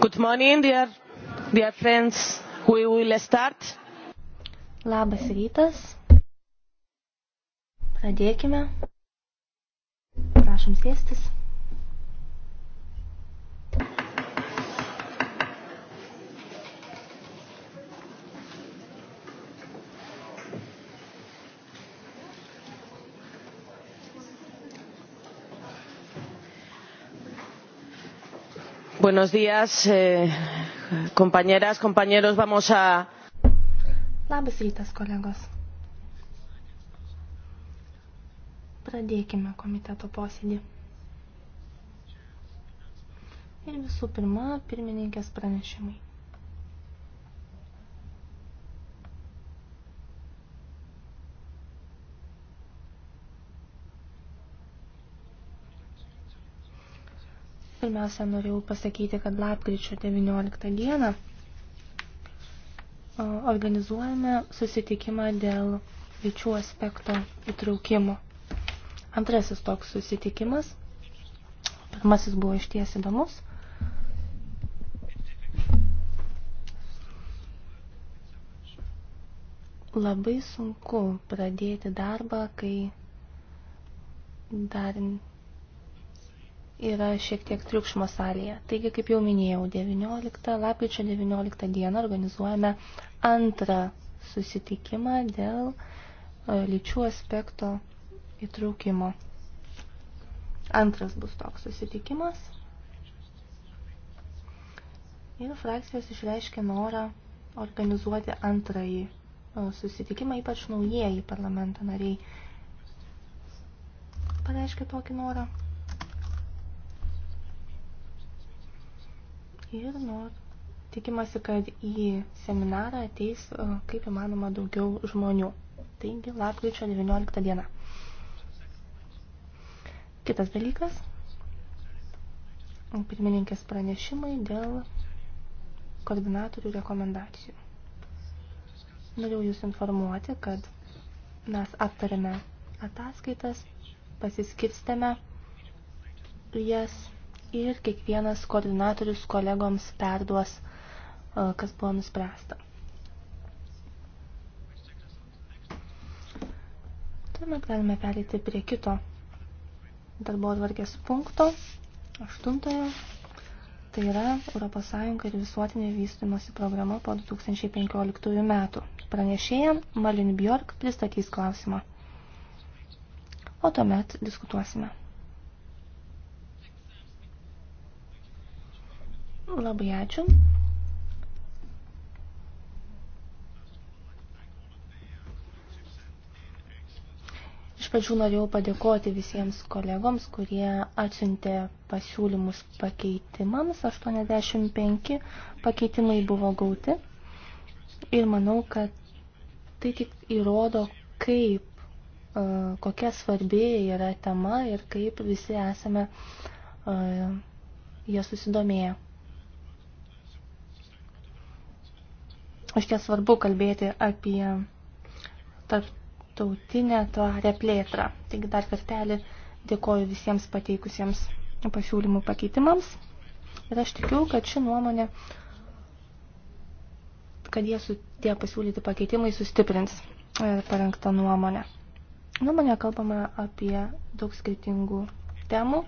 Good morning, dear, dear friends. We will start. Labas rytas. Pradėkime. Prašom sėstis. Buenos días, eh, compañeras, compañeros. Vamos a. Labas rytas, kolegos. Pradėkime komiteto posėdį. Ir visų pirma, pirmininkės pranešimai. pirmiausia, norėjau pasakyti, kad lapkričio 19 dieną organizuojame susitikimą dėl lyčių aspekto įtraukimo. Antrasis toks susitikimas. Pirmasis buvo išties įdomus. Labai sunku pradėti darbą, kai dar yra šiek tiek triukšmo salėje. Taigi, kaip jau minėjau, 19, lapkričio 19 dieną organizuojame antrą susitikimą dėl e, lyčių aspekto įtraukimo. Antras bus toks susitikimas. Ir frakcijos išreiškė norą organizuoti antrąjį e, susitikimą, ypač naujieji parlamento nariai pareiškė tokį norą. Ir nor, nu, tikimasi, kad į seminarą ateis e, kaip įmanoma daugiau žmonių. Taigi, lapkričio 19 diena. Kitas dalykas. Pirmininkės pranešimai dėl koordinatorių rekomendacijų. Norėjau Jūs informuoti, kad mes aptarėme ataskaitas, pasiskirstėme jas ir kiekvienas koordinatorius kolegoms perduos, e, kas buvo nuspręsta. Tuomet galime pereiti prie kito darbo atvarkės punkto, aštuntojo, tai yra ES ir visuotinė vystymosi programa po 2015 metų. Pranešėja Malin Bjork pristatys klausimą. O tuomet diskutuosime. Labai ačiū. Iš pradžių norėjau padėkoti visiems kolegoms, kurie atsiuntė pasiūlymus pakeitimams. 85 pakeitimai buvo gauti. Ir manau, kad tai tik įrodo, kaip, e, kokia svarbi yra tema ir kaip visi esame e, ją susidomėję. iš ties svarbu kalbėti apie tarptautinę tvarę plėtrą. Taigi dar kartelį dėkoju visiems pateikusiems pasiūlymų pakeitimams. Ir aš tikiu, kad ši nuomonė, kad jie su tie pasiūlyti pakeitimai sustiprins e, parengtą nuomonę. Nuomonė kalbama apie daug skirtingų temų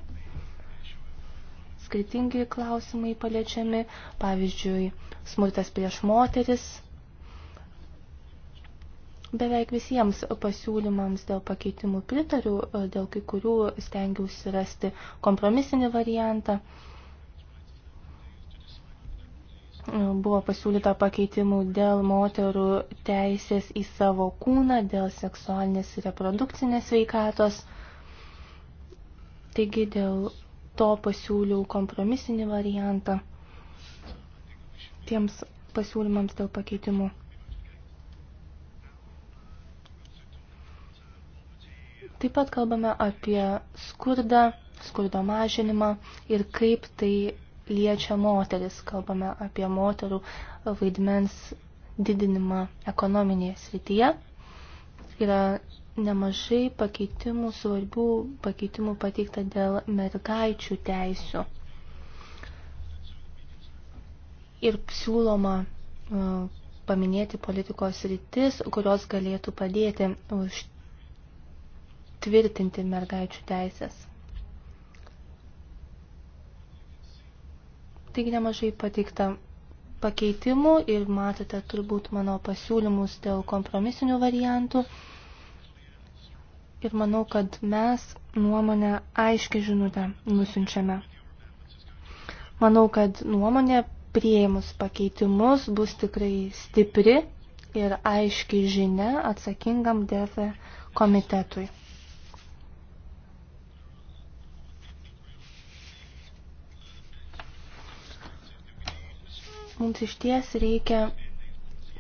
skirtingi klausimai paliečiami, pavyzdžiui, smurtas prieš moteris. Beveik visiems pasiūlymams dėl pakeitimų pritariu, dėl kai kurių stengiausi rasti kompromisinį variantą. Buvo pasiūlyta pakeitimų dėl moterų teisės į savo kūną, dėl seksualinės ir reprodukcinės veikatos. Taigi dėl to pasiūliau kompromisinį variantą tiems pasiūlymams dėl pakeitimų. Taip pat kalbame apie skurdą, skurdo mažinimą ir kaip tai liečia moteris. Kalbame apie moterų vaidmens didinimą ekonominėje srityje. Yra nemažai pakeitimų, svarbių pakeitimų pateikta dėl mergaičių teisių. Ir siūloma e, paminėti politikos rytis, kurios galėtų padėti užtvirtinti mergaičių teisės. Taigi nemažai pateikta pakeitimų ir matote turbūt mano pasiūlymus dėl kompromisinių variantų ir manau, kad mes nuomonę aiškiai žinutę nusinčiame. Manau, kad nuomonė prieimus pakeitimus bus tikrai stipri ir aiškiai žinia atsakingam DF komitetui. Mums iš ties reikia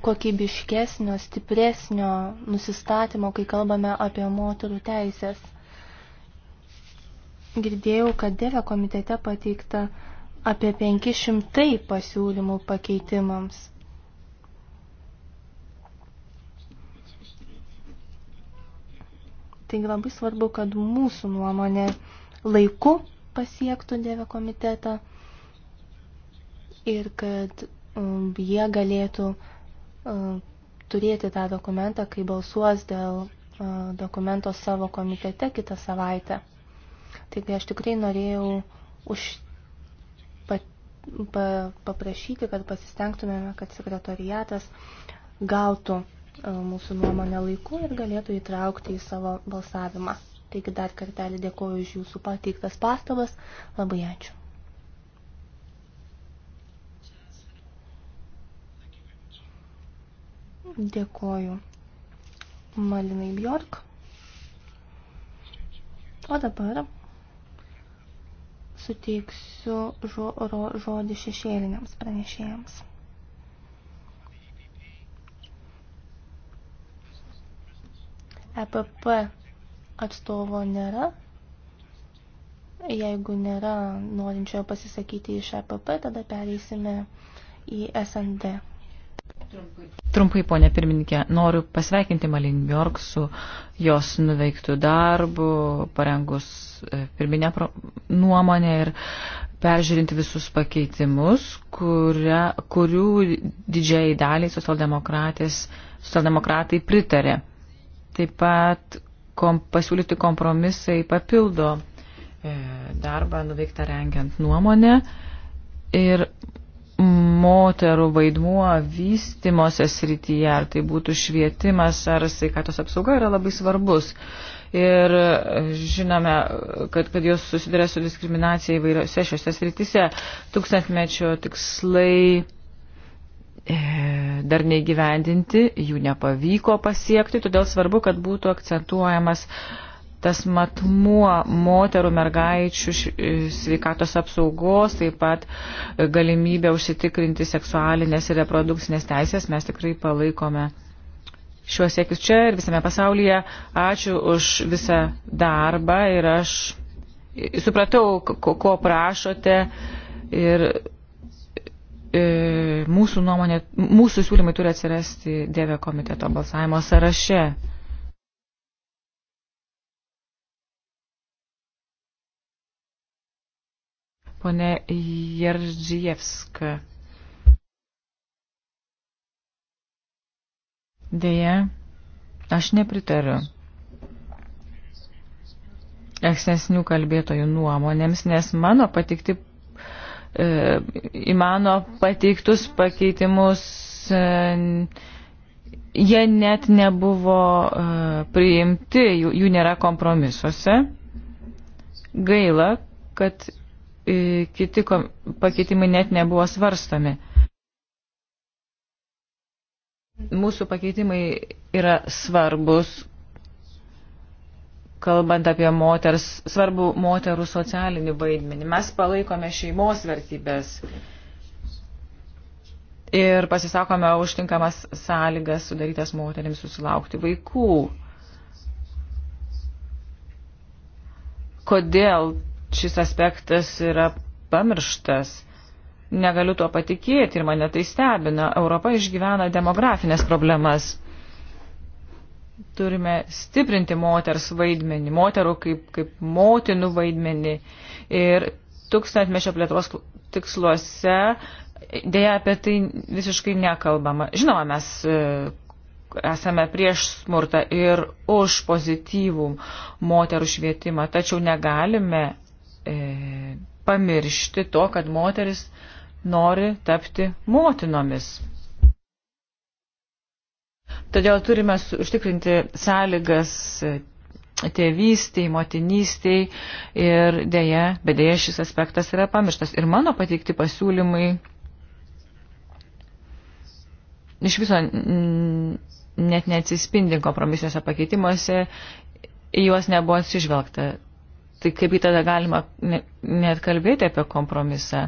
kokybiškesnio, stipresnio nusistatymo, kai kalbame apie moterų teisės. Girdėjau, kad Dėvė komitete pateikta apie 500 pasiūlymų pakeitimams. Taigi labai svarbu, kad mūsų nuomonė laiku pasiektų Dėvė komitetą ir kad um, jie galėtų turėti tą dokumentą, kai balsuos dėl dokumento savo komitete kitą savaitę. Taigi aš tikrai norėjau už pa, pa, paprašyti, kad pasistengtumėme, kad sekretariatas gautų mūsų nuomonę laiku ir galėtų įtraukti į savo balsavimą. Taigi dar kartelį dėkoju už jūsų pateiktas pastabas. Labai ačiū. Dėkoju Malinai Bjork. O dabar suteiksiu žo, ro, žodį šešėliniams pranešėjams. EPP atstovo nėra. Jeigu nėra norinčiojo pasisakyti iš EPP, tada pereisime į SND. Trumpai, Trumpai ponė pirmininkė, noriu pasveikinti Malin Bjork su jos nuveiktų darbų, parengus e, pirminę nuomonę ir peržiūrinti visus pakeitimus, kuria, kurių didžiai daliai socialdemokratai pritarė. Taip pat kom, pasiūlyti kompromisai papildo e, darbą nuveiktą rengiant nuomonę ir moterų vaidmuo vystimose srityje, ar tai būtų švietimas, ar sveikatos apsauga yra labai svarbus. Ir žinome, kad, kad jos susiduria su diskriminacija įvairiose šiose srityse. Tūkstantmečio tikslai e, dar neįgyvendinti, jų nepavyko pasiekti, todėl svarbu, kad būtų akcentuojamas uh, tas matmuo moterų mergaičių e, sveikatos apsaugos, taip pat e, galimybė užsitikrinti seksualinės ir reprodukcinės teisės, mes tikrai palaikome šiuos siekius čia ir visame pasaulyje. Ačiū už visą darbą ir aš supratau, ko prašote ir e, mūsų nuomonė, mūsų siūlymai turi atsirasti Dėvė komiteto balsavimo sąraše. Pone Jeržievska. Deja, aš nepritariu ankstesnių kalbėtojų nuomonėms, nes mano patikti, e, į mano pateiktus pakeitimus e, jie net nebuvo e, priimti, jų, jų nėra kompromisuose. Gaila, kad E, kiti pakeitimai net nebuvo svarstomi. Mūsų pakeitimai yra svarbus, kalbant apie moters, svarbu moterų socialinį vaidmenį. Mes palaikome šeimos vertybės ir pasisakome užtinkamas sąlygas sudarytas moterims susilaukti vaikų. Kodėl šis aspektas yra pamirštas. Negaliu tuo patikėti ir mane tai stebina. Europa išgyvena demografinės problemas. Turime stiprinti moters vaidmenį, moterų kaip, kaip motinų vaidmenį. Ir tūkstantmečio plėtros tiksluose dėja apie tai visiškai nekalbama. Žinoma, mes e, esame prieš smurtą ir už pozityvų moterų švietimą, tačiau negalime e, pamiršti to, kad moteris nori tapti motinomis. Todėl turime užtikrinti sąlygas e, tėvystiai, motinystiai ir dėja, bet dėja šis aspektas yra pamirštas. Ir mano pateikti pasiūlymai iš viso net neatsispindi kompromisiniuose pakeitimuose, į juos nebuvo atsižvelgta tai kaip jį tada galima net kalbėti apie kompromisą.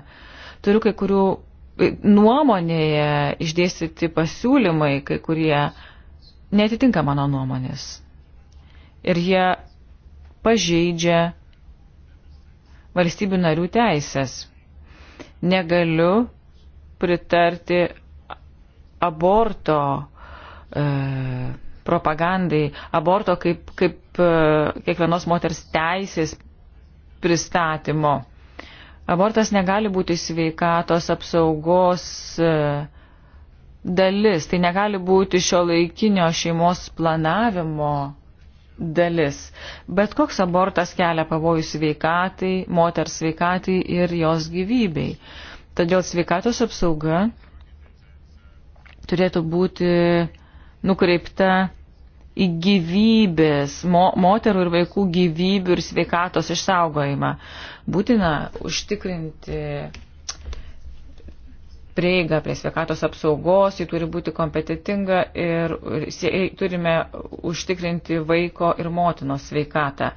Turiu kai kurių e, nuomonėje išdėstyti pasiūlymai, kai kurie netitinka mano nuomonės. Ir jie pažeidžia valstybių narių teisės. Negaliu pritarti aborto e, propagandai, aborto kaip, kaip E, kiekvienos moters teisės pristatymo. Abortas negali būti sveikatos apsaugos e, dalis, tai negali būti šio laikinio šeimos planavimo dalis. Bet koks abortas kelia pavojų sveikatai, moters sveikatai ir jos gyvybei. Todėl sveikatos apsauga turėtų būti nukreipta į gyvybės, mo, moterų ir vaikų gyvybių ir sveikatos išsaugojimą. Būtina užtikrinti prieiga prie sveikatos apsaugos, ji turi būti kompetitinga ir, ir turime užtikrinti vaiko ir motinos sveikatą.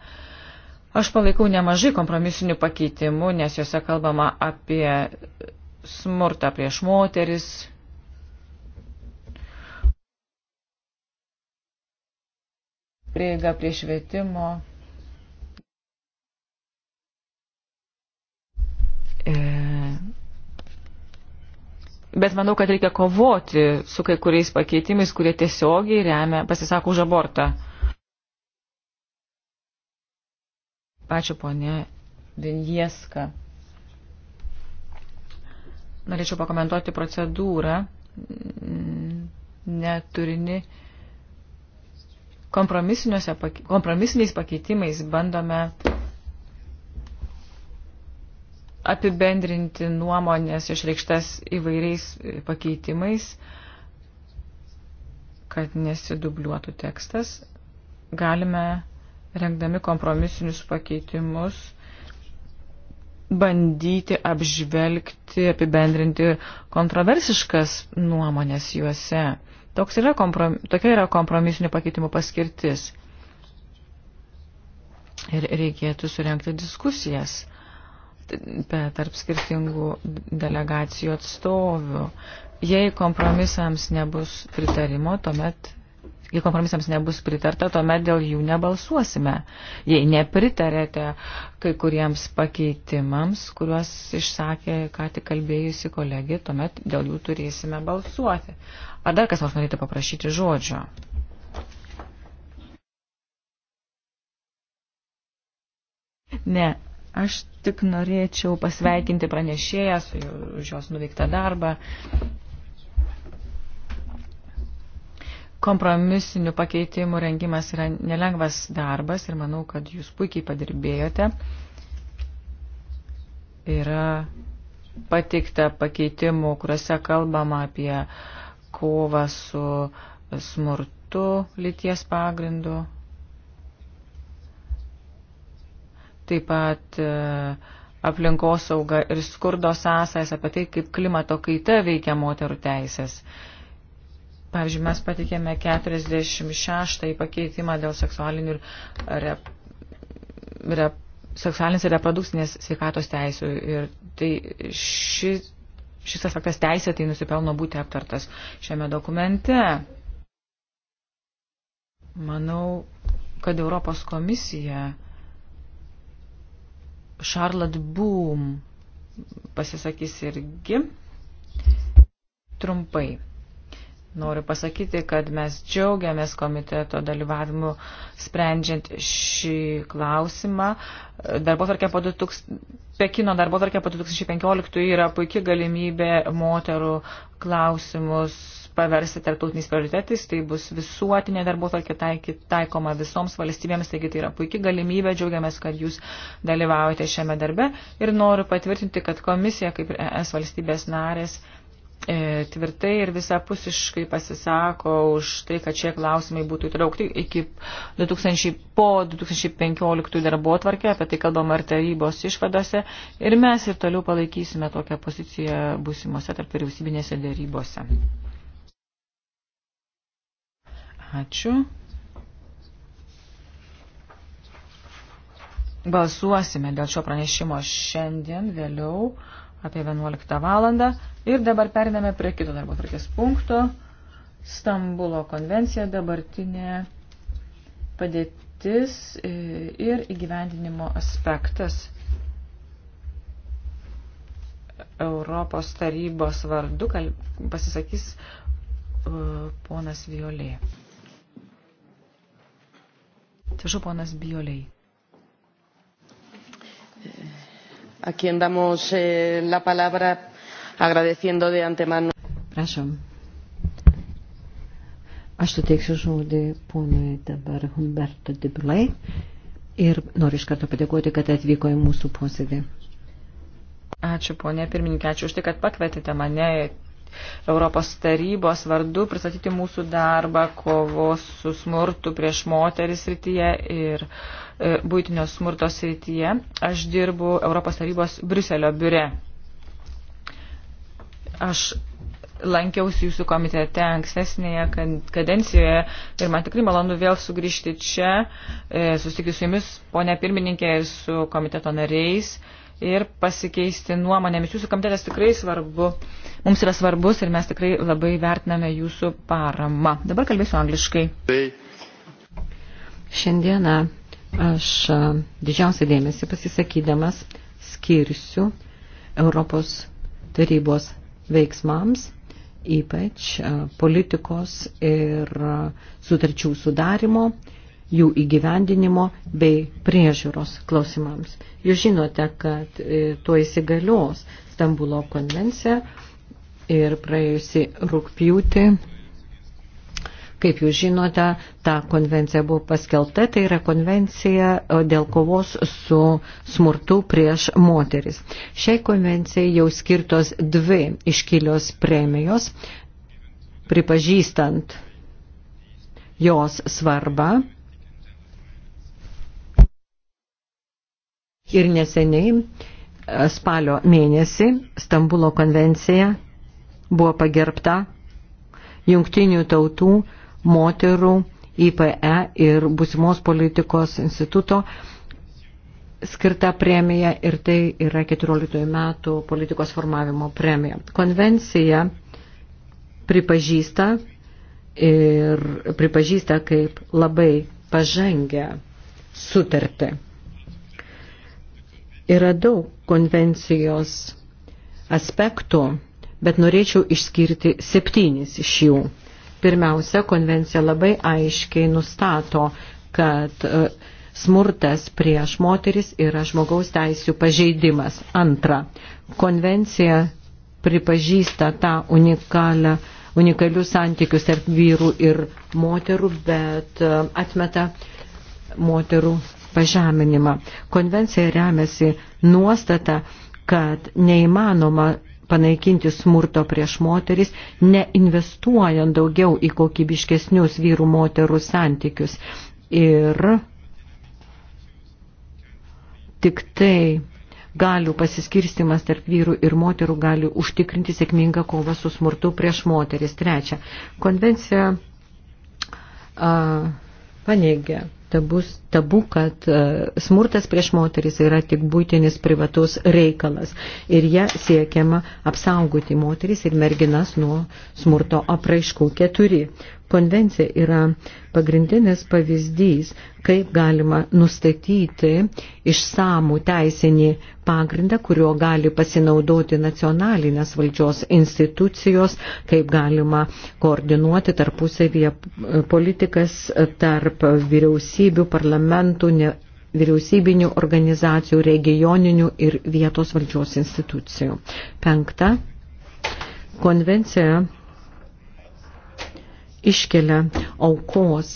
Aš palaikau nemažai kompromisinių pakeitimų, nes juose kalbama apie smurtą prieš moteris, prieiga prie švietimo. E, bet manau, kad reikia kovoti su kai kuriais pakeitimais, kurie tiesiogiai remia, pasisako už abortą. Ačiū ponė Vinjeska. Norėčiau pakomentuoti procedūrą, neturini. Ne kompromisiniais pakeitimais bandome apibendrinti nuomonės išreikštas įvairiais e, pakeitimais, kad nesidubliuotų tekstas. Galime, rengdami kompromisinius pakeitimus, bandyti apžvelgti, apibendrinti kontroversiškas nuomonės juose. Toks yra komprom, tokia yra kompromisinių pakeitimų paskirtis. Ir reikėtų surenkti diskusijas tarp skirtingų delegacijų atstovių. Jei kompromisams nebus pritarimo, tuomet Jei kompromisams nebus pritarta, tuomet dėl jų nebalsuosime. Jei nepritarėte kai kuriems pakeitimams, kuriuos išsakė ką tik kalbėjusi kolegė, tuomet dėl jų turėsime balsuoti. Ar dar kas nors norėtų paprašyti žodžio? Ne, aš tik norėčiau pasveikinti pranešėją su už jos nuveiktą darbą Kompromisinių pakeitimų rengimas yra nelengvas darbas ir manau, kad jūs puikiai padirbėjote. Yra pateikta pakeitimų, kuriuose kalbama apie kovą su smurtu lyties pagrindu. Taip pat e, aplinkosauga ir skurdo sąsajas apie tai, kaip klimato kaita veikia moterų teisės. Uh, Pavyzdžiui, mes patikėme 46 pakeitimą dėl seksualinių ir rep, rep, seksualinės ir reprodukcinės sveikatos teisų. Ir tai ši, šis aspektas teisė tai nusipelno būti aptartas šiame dokumente. Manau, kad Europos komisija Charlotte Boom pasisakys irgi trumpai. Noriu pasakyti, kad mes džiaugiamės komiteto dalyvavimu sprendžiant šį klausimą. Darbo po 2000, Pekino darbo tarkė po 2015 yra puikia galimybė moterų klausimus paversti tarptautiniais prioritetais. Tai bus visuotinė darbo tarkė taikoma visoms valstybėms, taigi tai yra puikia galimybė. Džiaugiamės, kad jūs dalyvaujate šiame darbe ir noriu patvirtinti, kad komisija kaip ir ES valstybės narės E, tvirtai ir visapusiškai pasisako už tai, kad šie klausimai būtų įtraukti iki 2000, po 2015 darbo atvarkė, apie tai kalbama ir tarybos išvadose, ir mes ir toliau palaikysime tokią poziciją būsimose tarp vyriausybinėse dėrybose. Ačiū. Balsuosime dėl šio pranešimo šiandien, vėliau apie 11 valandą. Ir dabar periname prie kito darbo tvarkės punkto. Stambulo konvencija dabartinė padėtis e, ir įgyvendinimo aspektas Europos tarybos vardu pasisakys e, ponas Violė. Atsiprašau, ponas Bioliai a quien damos eh, la palabra agradeciendo de antemano. Prašom. Aš suteiksiu žodį ponui dabar Humberto Dibilai ir noriu iš karto padėkoti, kad atvyko į mūsų posėdį. Ačiū, ponė pirmininkė, ačiū už tai, kad pakvietėte mane Europos tarybos vardu pristatyti mūsų darbą kovos su smurtu prieš moteris rytyje ir uh, E, būtinio smurto srityje. Aš dirbu Europos tarybos Briuselio biure. Aš lankiausi jūsų komitete ankstesnėje kadencijoje ir man tikrai malonu vėl sugrįžti čia, e, susitikti su jumis, ponia pirmininkė, ir su komiteto nariais ir pasikeisti nuomonėmis. Jūsų komitetas tikrai svarbu, mums yra svarbus ir mes tikrai labai vertiname jūsų paramą. Dabar kalbėsiu angliškai. Tai- Šiandieną Aš didžiausią dėmesį pasisakydamas skirsiu Europos tarybos veiksmams, ypač politikos ir sutarčių sudarimo, jų įgyvendinimo bei priežiūros klausimams. Jūs žinote, kad e, tuo įsigalios Stambulo konvencija ir praėjusi rūpjūti Kaip jūs žinote, ta konvencija buvo paskelbta, tai yra konvencija dėl kovos su smurtu prieš moteris. Šiai konvencijai jau skirtos dvi iškilios premijos, pripažįstant jos svarbą Ir neseniai e, spalio mėnesį Stambulo konvencija buvo pagerbta jungtinių tautų moterų IPE ir būsimos politikos instituto skirta premija ir tai yra 14 metų politikos formavimo premija. Konvencija pripažįsta ir pripažįsta kaip labai pažangę sutartį. Yra daug konvencijos aspektų, bet norėčiau išskirti septynis iš jų. Pirmiausia, konvencija labai aiškiai nustato, kad e, smurtas prieš moteris yra žmogaus teisių pažeidimas. Antra, konvencija pripažįsta tą unikalią unikalius santykius tarp vyrų ir moterų, bet e, atmeta moterų pažeminimą. Konvencija remiasi nuostata, kad neįmanoma panaikinti smurto prieš moteris, neinvestuojant daugiau į kokybiškesnius vyrų moterų santykius. Ir tik tai galių pasiskirstimas tarp vyrų ir moterų gali užtikrinti sėkmingą kovą su smurtu prieš moteris. Trečia, konvencija a, paneigia tabus, tabu, kad e, smurtas prieš moteris yra tik būtinis privatus reikalas ir ją siekiama apsaugoti moteris ir merginas nuo smurto apraiškų. Keturi. Konvencija yra pagrindinis pavyzdys, kaip galima nustatyti išsamų teisinį pagrindą, kurio gali pasinaudoti nacionalinės valdžios institucijos, kaip galima koordinuoti tarpusavyje politikas tarp vyriausybių, parlamentų, ne, vyriausybinių organizacijų, regioninių ir vietos valdžios institucijų. Penkta. Konvencija iškelia aukos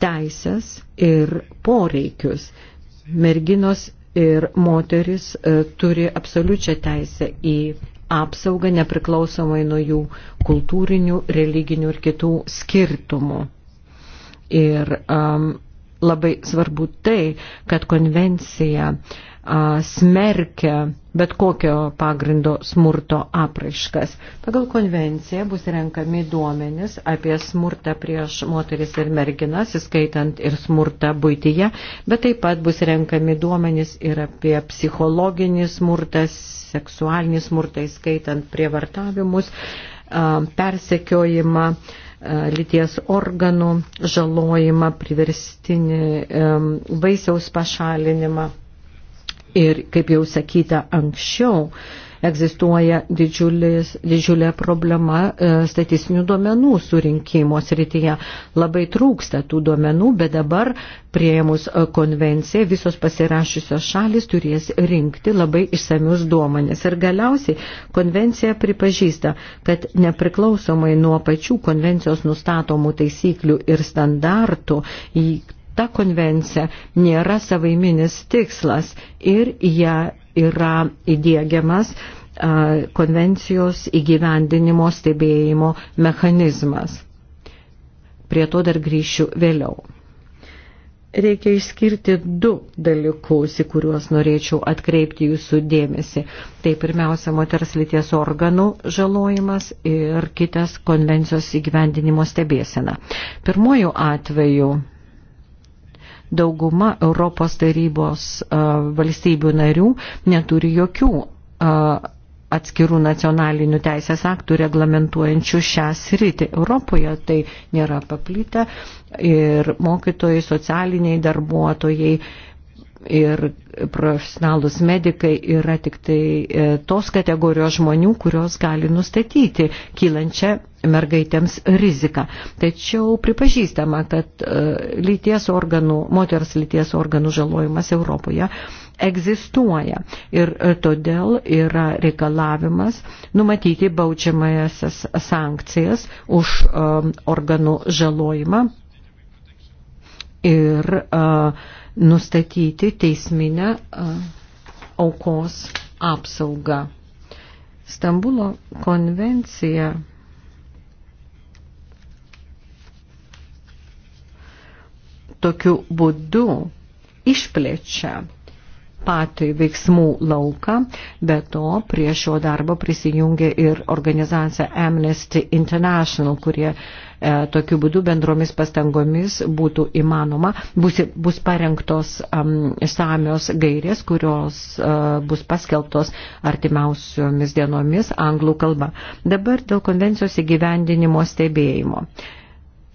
teisės ir poreikius. Merginos ir moteris e, turi absoliučią teisę į apsaugą nepriklausomai nuo jų kultūrinių, religinių ir kitų skirtumų. Ir um, labai svarbu tai, kad konvencija uh, smerkia bet kokio pagrindo smurto apraiškas. Pagal konvenciją bus renkami duomenis apie smurtą prieš moteris ir merginas, įskaitant ir smurtą būtyje, bet taip pat bus renkami duomenis ir apie psichologinį smurtą, seksualinį smurtą, įskaitant prievartavimus, persekiojimą lyties organų žalojimą, priverstinį vaisiaus pašalinimą Ir, kaip jau sakyta anksčiau, egzistuoja didžiulis, didžiulė problema e, statistinių duomenų surinkimo srityje. Labai trūksta tų duomenų, bet dabar prieimus e, konvenciją visos pasirašysios šalis turės rinkti labai išsamius duomenis. Ir galiausiai konvencija pripažįsta, kad nepriklausomai nuo pačių konvencijos nustatomų taisyklių ir standartų, ta konvencija nėra savaiminis tikslas ir ją yra įdėgiamas konvencijos įgyvendinimo stebėjimo mechanizmas. Prie to dar grįšiu vėliau. Reikia išskirti du dalykus, į kuriuos norėčiau atkreipti jūsų dėmesį. Tai pirmiausia, moters lyties organų žalojimas ir kitas konvencijos įgyvendinimo stebėsena. Pirmojų atveju dauguma Europos tarybos valstybių narių neturi jokių atskirų nacionalinių teisės aktų reglamentuojančių šią sritį. Europoje tai nėra paplitę ir mokytojai, socialiniai darbuotojai ir profesionalus medikai yra tik tai e, tos kategorijos žmonių, kurios gali nustatyti kylančią mergaitėms riziką. Tačiau pripažįstama, kad e, lyties organų, moters lyties organų žalojimas Europoje egzistuoja ir e, todėl yra reikalavimas numatyti baudžiamąjas sankcijas už organų žalojimą ir uh, nustatyti teisminę uh, aukos apsaugą. Stambulo konvencija tokiu būdu išplečia patį veiksmų lauką, bet to prie šio darbo prisijungė ir organizacija Amnesty International, kurie e, tokiu būdu bendromis pastangomis būtų įmanoma, bus, bus parengtos um, samios gairės, kurios uh, bus paskelbtos artimiausiomis dienomis anglų kalba. Dabar dėl konvencijos įgyvendinimo stebėjimo.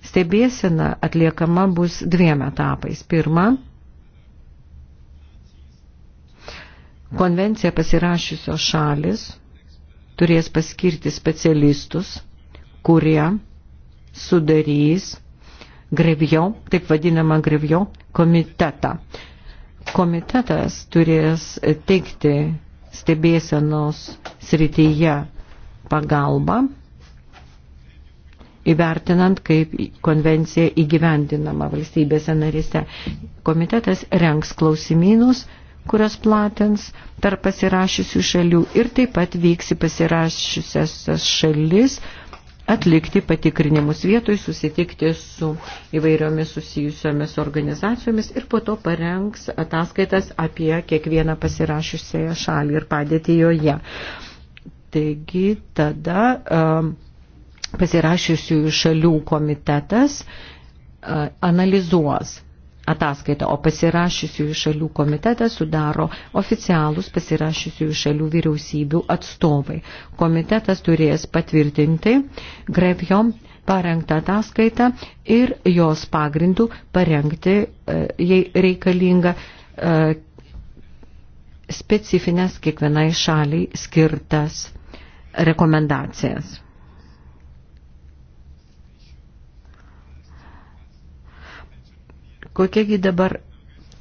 Stebėsena atliekama bus dviem etapais. Pirma, Konvenciją pasirašysios šalis turės paskirti specialistus, kurie sudarys grevjo, taip vadinamą grevjo komitetą. Komitetas turės teikti stebėsenos srityje pagalbą, įvertinant, kaip konvencija įgyvendinama valstybėse narise. Komitetas renks klausimynus kurios platins tarp pasirašysių šalių ir taip pat vyks į pasirašysias šalis atlikti patikrinimus vietoj, susitikti su įvairiomis susijusiomis organizacijomis ir po to parengs ataskaitas apie kiekvieną pasirašiusiąją šalį ir padėti joje. Taigi tada um, pasirašiusiųjų šalių komitetas uh, analizuos ataskaitą, o pasirašysiųjų šalių komitetą sudaro oficialūs pasirašysiųjų šalių vyriausybių atstovai. Komitetas turės patvirtinti Grevjom parengtą ataskaitą ir jos pagrindų parengti, e, jei reikalinga, e, specifines kiekvienai šaliai skirtas rekomendacijas. Kokiegi dabar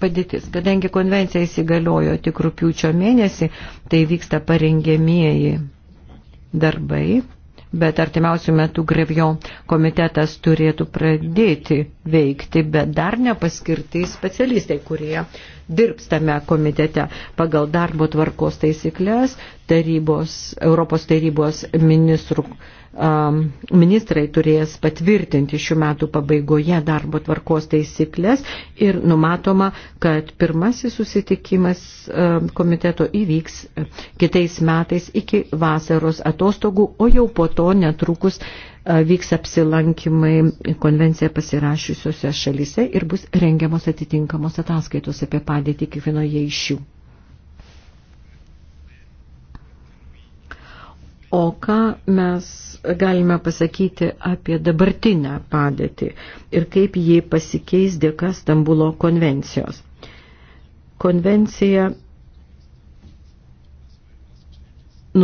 padėtis? Kadangi konvencija įsigaliojo tik rūpiučio mėnesį, tai vyksta parengėmieji darbai, bet artimiausių metų Grevion komitetas turėtų pradėti veikti, bet dar nepaskirti specialistai, kurie dirbs tame komitete pagal darbo tvarkos taisyklės tarybos, Europos tarybos ministrų um, ministrai turės patvirtinti šių metų pabaigoje darbo tvarkos taisyklės ir numatoma, kad pirmasis susitikimas um, komiteto įvyks kitais metais iki vasaros atostogų, o jau po to netrukus uh, vyks apsilankimai konvenciją pasirašiusiuose šalise ir bus rengiamos atitinkamos ataskaitos apie padėtį kiekvienoje iš jų. O ką mes galime pasakyti apie dabartinę padėtį ir kaip ji pasikeis dėka Stambulo konvencijos? Konvencija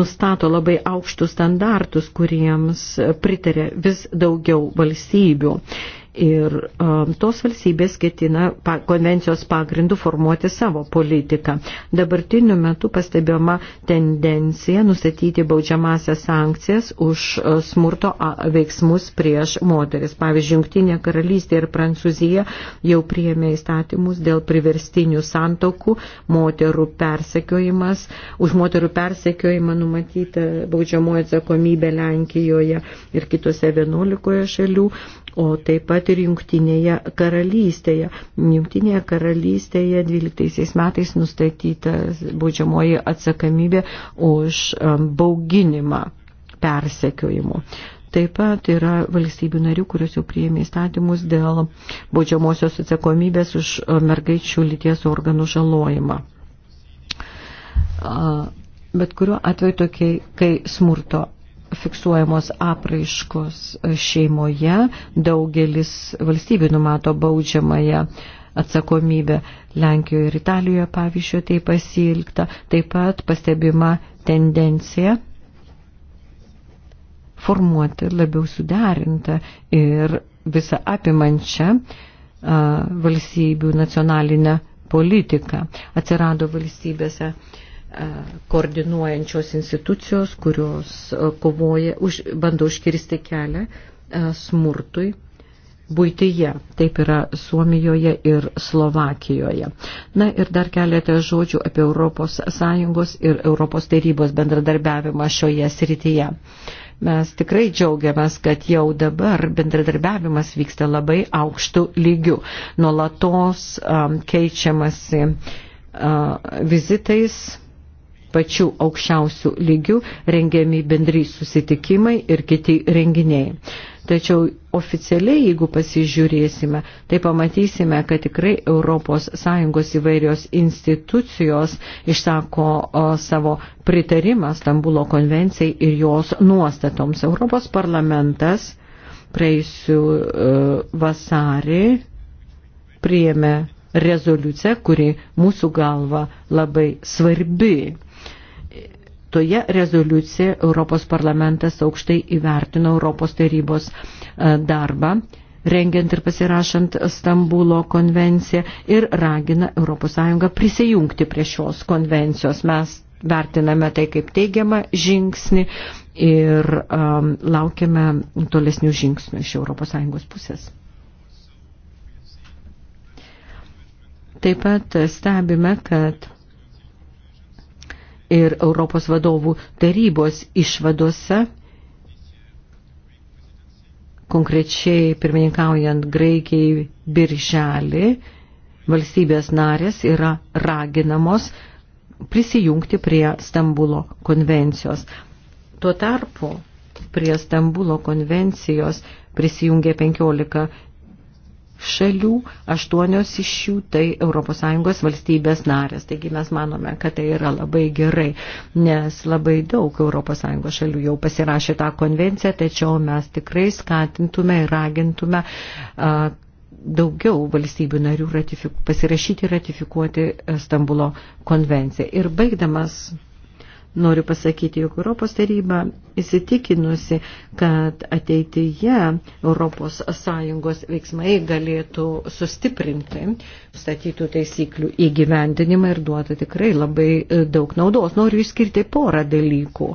nustato labai aukštus standartus, kuriems pritarė vis daugiau valstybių. Ir um, tos valstybės ketina pa, konvencijos pagrindų formuoti savo politiką. Dabartiniu metu pastebėjoma tendencija nustatyti baudžiamasias sankcijas už uh, smurto veiksmus prieš moteris. Pavyzdžiui, Junktinė karalystė ir Prancūzija jau priėmė įstatymus dėl priverstinių santokų, moterų persekiojimas, už moterų persekiojimą numatyta baudžiamoji atsakomybė Lenkijoje ir kitose 11 šalių o taip pat ir jungtinėje karalystėje. Jungtinėje karalystėje 12 metais nustatyta baudžiamoji atsakomybė už um, bauginimą persekiojimu. Taip pat yra valstybių narių, kurios jau priėmė įstatymus dėl baudžiamosios atsakomybės už uh, mergaičių lyties organų žalojimą. Uh, bet kuriuo atveju tokiai, kai smurto fiksuojamos apraiškos šeimoje, daugelis valstybių numato baudžiamąją atsakomybę. Lenkijoje ir Italijoje, pavyzdžiui, tai pasilgta. Taip pat pastebima tendencija formuoti labiau suderintą ir visą apimančią valstybių nacionalinę politiką. Atsirado valstybėse uh, E, koordinuojančios institucijos, kurios e, kovoja, už, bando užkirsti kelią e, smurtui būtyje. Taip yra Suomijoje ir Slovakijoje. Na ir dar keletą žodžių apie ES ir ES tarybos bendradarbiavimą šioje srityje. Mes tikrai džiaugiamės, kad jau dabar bendradarbiavimas vyksta labai aukštų lygių. Nuolatos um, keičiamasi uh, vizitais pačių aukščiausių lygių rengiami bendrai susitikimai ir kiti renginiai. Tačiau oficialiai, jeigu pasižiūrėsime, tai pamatysime, kad tikrai ES įvairios institucijos išsako o, savo pritarimą Stambulo konvencijai ir jos nuostatoms. Europos parlamentas praeisių e, vasarį priėmė rezoliuciją, kuri mūsų galva labai svarbi Toje rezoliucijoje Europos parlamentas aukštai įvertino Europos tarybos e, darbą rengiant ir pasirašant Stambulo konvenciją ir ragina ES prisijungti prie šios konvencijos. Mes vertiname tai kaip teigiamą žingsnį ir um, laukiame tolesnių žingsnių iš ES pusės. Taip pat stebime, kad ir Europos vadovų tarybos išvadose, konkrečiai pirmininkaujant Graikijai birželį, valstybės narės yra raginamos prisijungti prie Stambulo konvencijos. Tuo tarpu prie Stambulo konvencijos prisijungė 15 šalių, aštuonios iš jų tai ES valstybės narės. Taigi mes manome, kad tai yra labai gerai, nes labai daug ES šalių jau pasirašė tą konvenciją, tačiau mes tikrai skatintume ir ragintume daugiau valstybių narių ratifiku, pasirašyti ir ratifikuoti Stambulo konvenciją. Ir baigdamas Noriu pasakyti, jog Europos taryba įsitikinusi, kad ateityje Europos Sąjungos veiksmai galėtų sustiprinti statytų taisyklių įgyvendinimą ir duoti tikrai labai e, daug naudos. Noriu išskirti porą dalykų.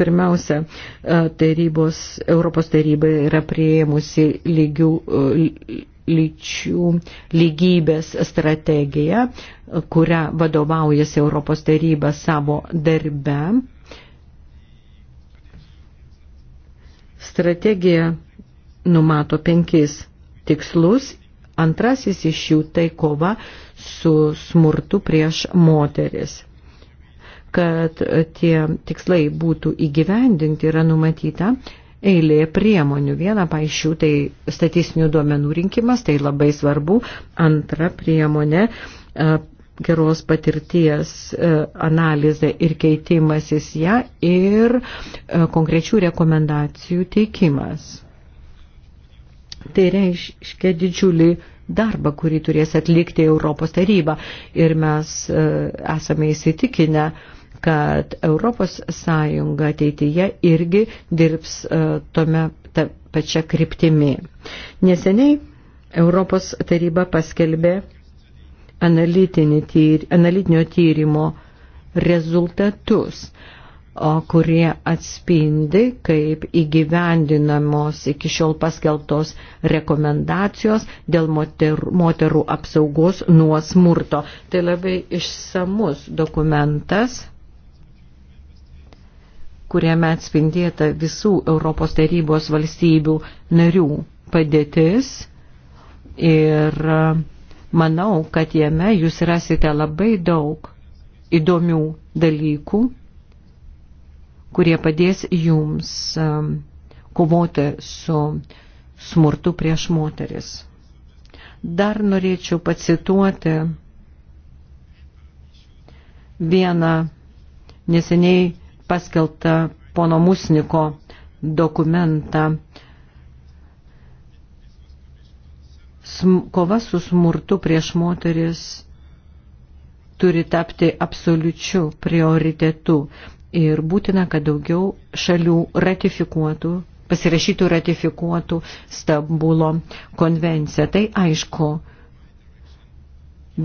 Pirmiausia, e, tarybos, Europos taryba yra prieimusi lygių e, lyčių lygybės strategija, kurią vadovaujasi Europos taryba savo darbe. Strategija numato penkis tikslus. Antrasis iš jų tai kova su smurtu prieš moteris kad tie tikslai būtų įgyvendinti, yra numatyta eilė priemonių. Viena paaiškių tai statistinių duomenų rinkimas, tai labai svarbu. Antra priemonė e, geros patirties e, analizė ir keitimasis ją ir e, konkrečių rekomendacijų teikimas. Tai reiškia didžiulį darbą, kurį turės atlikti Europos taryba ir mes esame įsitikinę, kad Europos Sąjunga ateityje irgi dirbs e, tome ta pačia kryptimi. Neseniai Europos taryba paskelbė tyr, analitinio tyrimo rezultatus kurie atspindi, kaip įgyvendinamos iki šiol paskeltos rekomendacijos dėl moterų, moterų apsaugos nuo smurto. Tai labai išsamus dokumentas, kuriame atspindėta visų Europos tarybos valstybių narių padėtis ir e, manau, kad jame jūs rasite labai daug įdomių dalykų, kurie padės jums e, kovoti su smurtu prieš moteris. Dar norėčiau pacituoti vieną neseniai paskelbtą pono Musniko dokumentą kova su smurtu prieš moteris turi tapti absoliučiu prioritetu ir būtina, kad daugiau šalių ratifikuotų, pasirašytų ratifikuotų Stambulo konvenciją. Tai aišku,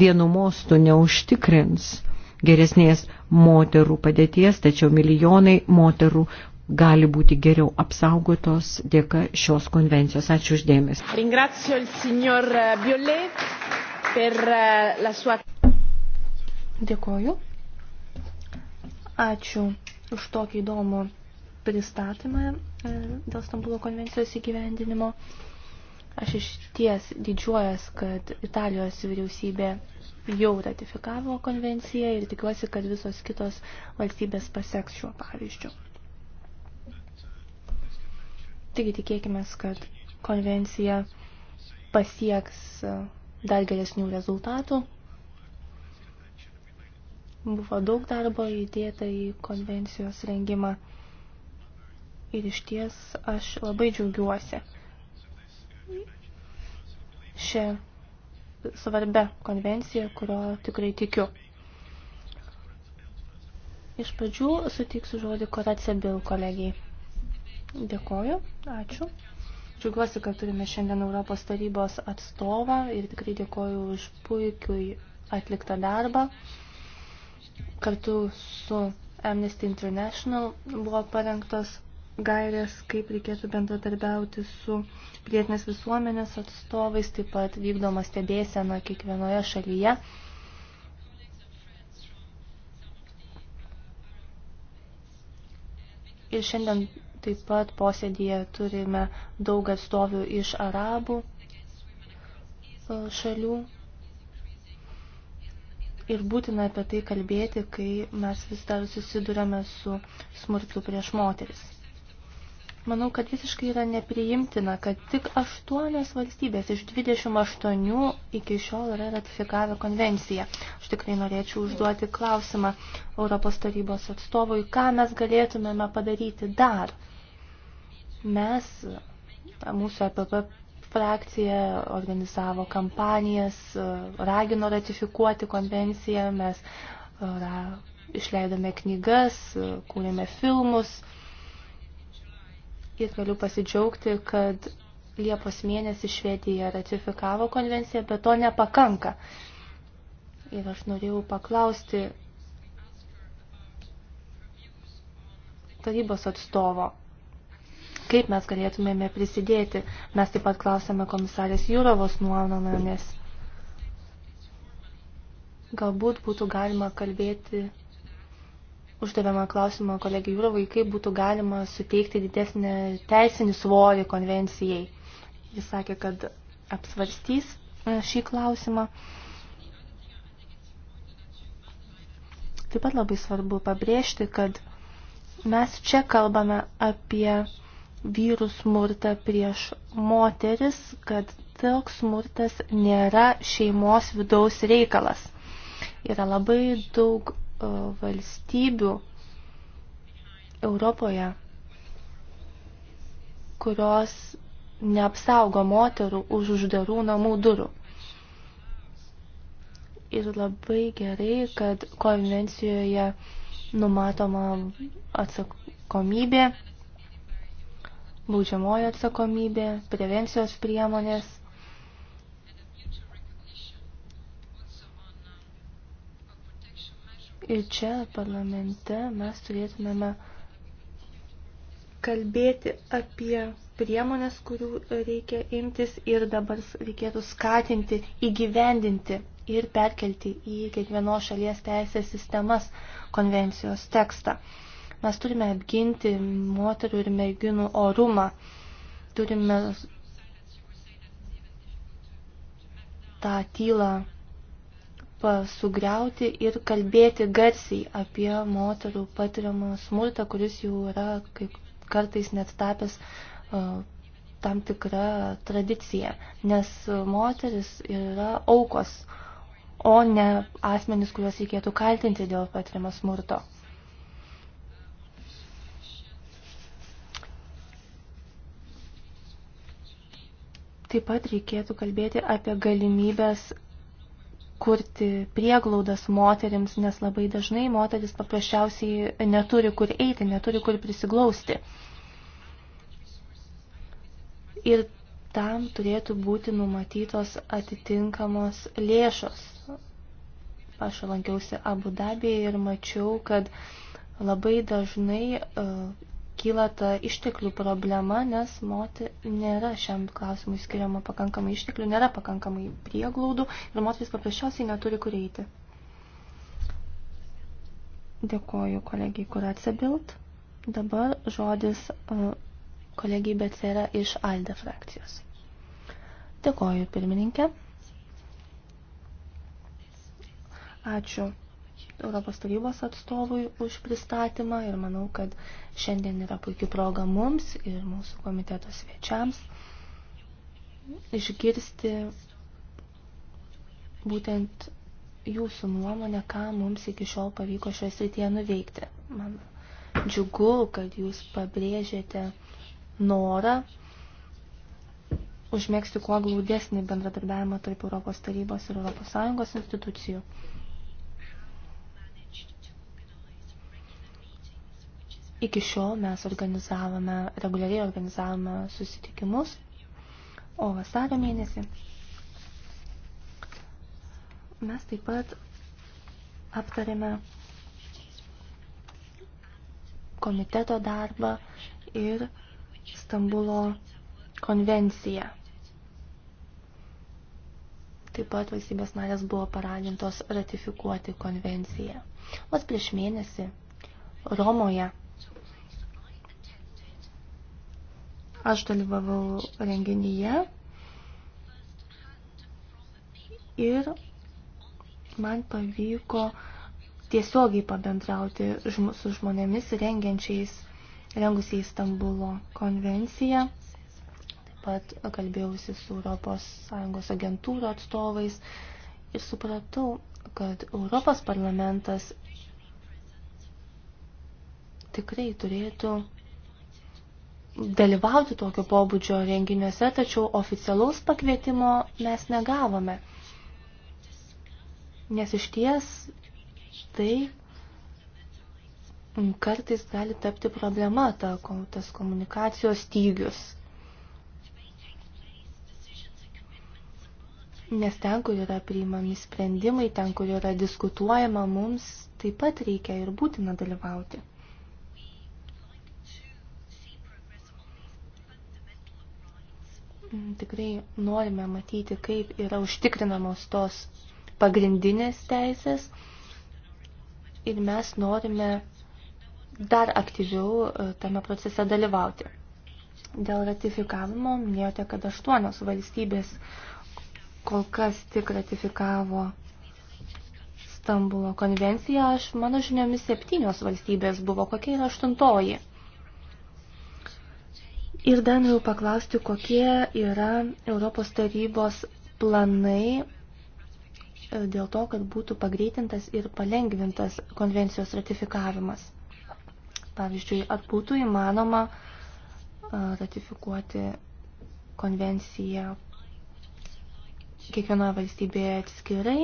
vienu mostu neužtikrins geresnės moterų padėties, tačiau milijonai moterų gali būti geriau apsaugotos dėka šios konvencijos. Ačiū uždėmesi. Eh, Dėkoju. Ačiū už tokį įdomų pristatymą eh, dėl Stambulo konvencijos įgyvendinimo. Aš iš ties didžiuojas, kad Italijos vyriausybė jau ratifikavo konvenciją ir tikiuosi, kad visos kitos valstybės paseks šiuo pavyzdžiu. Taigi tikėkime, kad konvencija pasieks e, dar geresnių rezultatų. Buvo daug darbo įdėta į konvencijos rengimą ir iš ties aš labai džiaugiuosi šią svarbia konvencija, kurio tikrai tikiu. Iš pradžių sutiksiu žodį Koracija Bil kolegijai. Dėkoju, ačiū. Džiaugiuosi, kad turime šiandien Europos tarybos atstovą ir tikrai dėkoju už puikiai atliktą darbą. Kartu su Amnesty International buvo parengtas gairės, kaip reikėtų bendradarbiauti su pilietinės visuomenės atstovais, taip pat vykdoma stebėsena kiekvienoje šalyje. Ir šiandien taip pat posėdėje turime daug atstovių iš arabų e, šalių. Ir būtina apie tai kalbėti, kai mes vis dar susidurėme su smurtu prieš moteris. Manau, kad visiškai yra nepriimtina, kad tik 8 valstybės iš 28 iki šiol yra ratifikavę konvenciją. Aš tikrai norėčiau užduoti klausimą Europos tarybos atstovui, ką mes galėtumėme padaryti dar. Mes, mūsų EPP frakcija organizavo kampanijas, ragino ratifikuoti konvenciją, mes ra, išleidome knygas, kūrėme filmus ir galiu pasidžiaugti, kad Liepos mėnesį Švedija ratifikavo konvenciją, bet to nepakanka. Ir aš norėjau paklausti tarybos atstovo, kaip mes galėtumėme prisidėti. Mes taip pat klausėme komisarės Jūrovos nuomonės. Galbūt būtų galima kalbėti uždavėme klausimą kolegijai Jūrovai, kaip būtų galima suteikti didesnį teisinį svorį konvencijai. Jis sakė, kad apsvarstys e, šį klausimą. Taip pat labai svarbu pabrėžti, kad mes čia kalbame apie vyrų smurtą prieš moteris, kad toks smurtas nėra šeimos vidaus reikalas. Yra labai daug valstybių Europoje, kurios neapsaugo moterų už uždarų namų durų. Ir labai gerai, kad konvencijoje numatoma atsakomybė, baudžiamojo atsakomybė, prevencijos priemonės Ir čia parlamente mes turėtumėme kalbėti apie priemonės, kurių reikia imtis ir dabar reikėtų skatinti, įgyvendinti ir perkelti į kiekvienos šalies teisės sistemas konvencijos tekstą. Mes turime apginti moterų ir merginų orumą. Turime tą tylą sugriauti ir kalbėti garsiai apie moterų patiriamą smurtą, kuris jau yra kaip kartais net tapęs uh, tam tikra tradicija, nes moteris yra aukos, o ne asmenys, kuriuos reikėtų kaltinti dėl patiriamo smurto. Taip pat reikėtų kalbėti apie galimybės kurti prieglaudas moterims, nes labai dažnai moteris paprasčiausiai neturi kur eiti, neturi kur prisiglausti. Ir tam turėtų būti numatytos atitinkamos lėšos. Aš lankiausi Abu Dabėje ir mačiau, kad labai dažnai uh, kyla ta išteklių problema, nes moti nėra šiam klausimui skiriama pakankamai išteklių, nėra pakankamai prieglaudų ir moteris paprasčiausiai neturi kur eiti. Dėkoju kolegijai Kuratse Bild. Dabar žodis uh, kolegijai Becera iš ALDE frakcijos. Dėkoju pirmininkė. Ačiū Europos tarybos atstovui už pristatymą ir manau, kad šiandien yra puikia proga mums ir mūsų komiteto svečiams išgirsti būtent jūsų nuomonę, ką mums iki šiol pavyko šioje srityje nuveikti. Man džiugu, kad jūs pabrėžėte norą užmėgsti kuo glaudesnį bendradarbiavimą tarp Europos tarybos ir Europos Sąjungos institucijų. Iki šiol mes organizavome, reguliariai organizavome susitikimus, o vasario mėnesį mes taip pat aptarėme komiteto darbą ir Stambulo konvenciją. Taip pat valstybės narės buvo paragintos ratifikuoti konvenciją. Vas prieš mėnesį Romoje Aš dalyvavau renginyje ir man pavyko tiesiogiai pabendrauti su žmonėmis rengiančiais, rengusiais Stambulo konvenciją. Taip pat kalbėjausi su ES agentūrų atstovais ir supratau, kad Europos parlamentas tikrai turėtų dalyvauti tokio pobūdžio renginiuose, tačiau oficialaus pakvietimo mes negavome. Nes iš ties tai kartais gali tapti problema ta, tas komunikacijos stygius. Nes ten, kur yra priimami sprendimai, ten, kur yra diskutuojama, mums taip pat reikia ir būtina dalyvauti. Mm, tikrai norime matyti, kaip yra užtikrinamos tos pagrindinės teisės ir mes norime dar aktyviau e, tame procese dalyvauti. Dėl ratifikavimo minėjote, kad aštuonios valstybės kol kas tik ratifikavo Stambulo konvenciją. Aš, mano žiniomis, septynios valstybės buvo. Kokia yra aštuntoji? Ir dar noriu paklausti, kokie yra Europos tarybos planai e, dėl to, kad būtų pagreitintas ir palengvintas konvencijos ratifikavimas. Pavyzdžiui, ar būtų įmanoma e, ratifikuoti konvenciją kiekvienoje valstybėje atskirai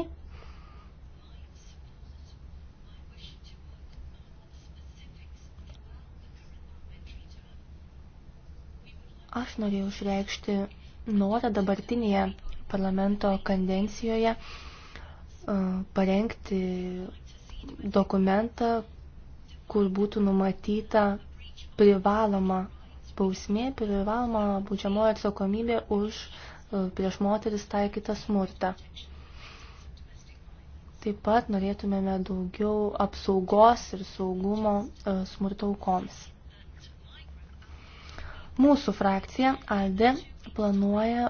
Aš norėjau išreikšti norą dabartinėje parlamento kandencijoje e, parengti dokumentą, kur būtų numatyta privaloma bausmė, privaloma būdžiamoji atsakomybė už e, prieš moteris taikytą smurtą. Taip pat norėtumėme daugiau apsaugos ir saugumo e, smurto aukoms. Mūsų frakcija ALDE planuoja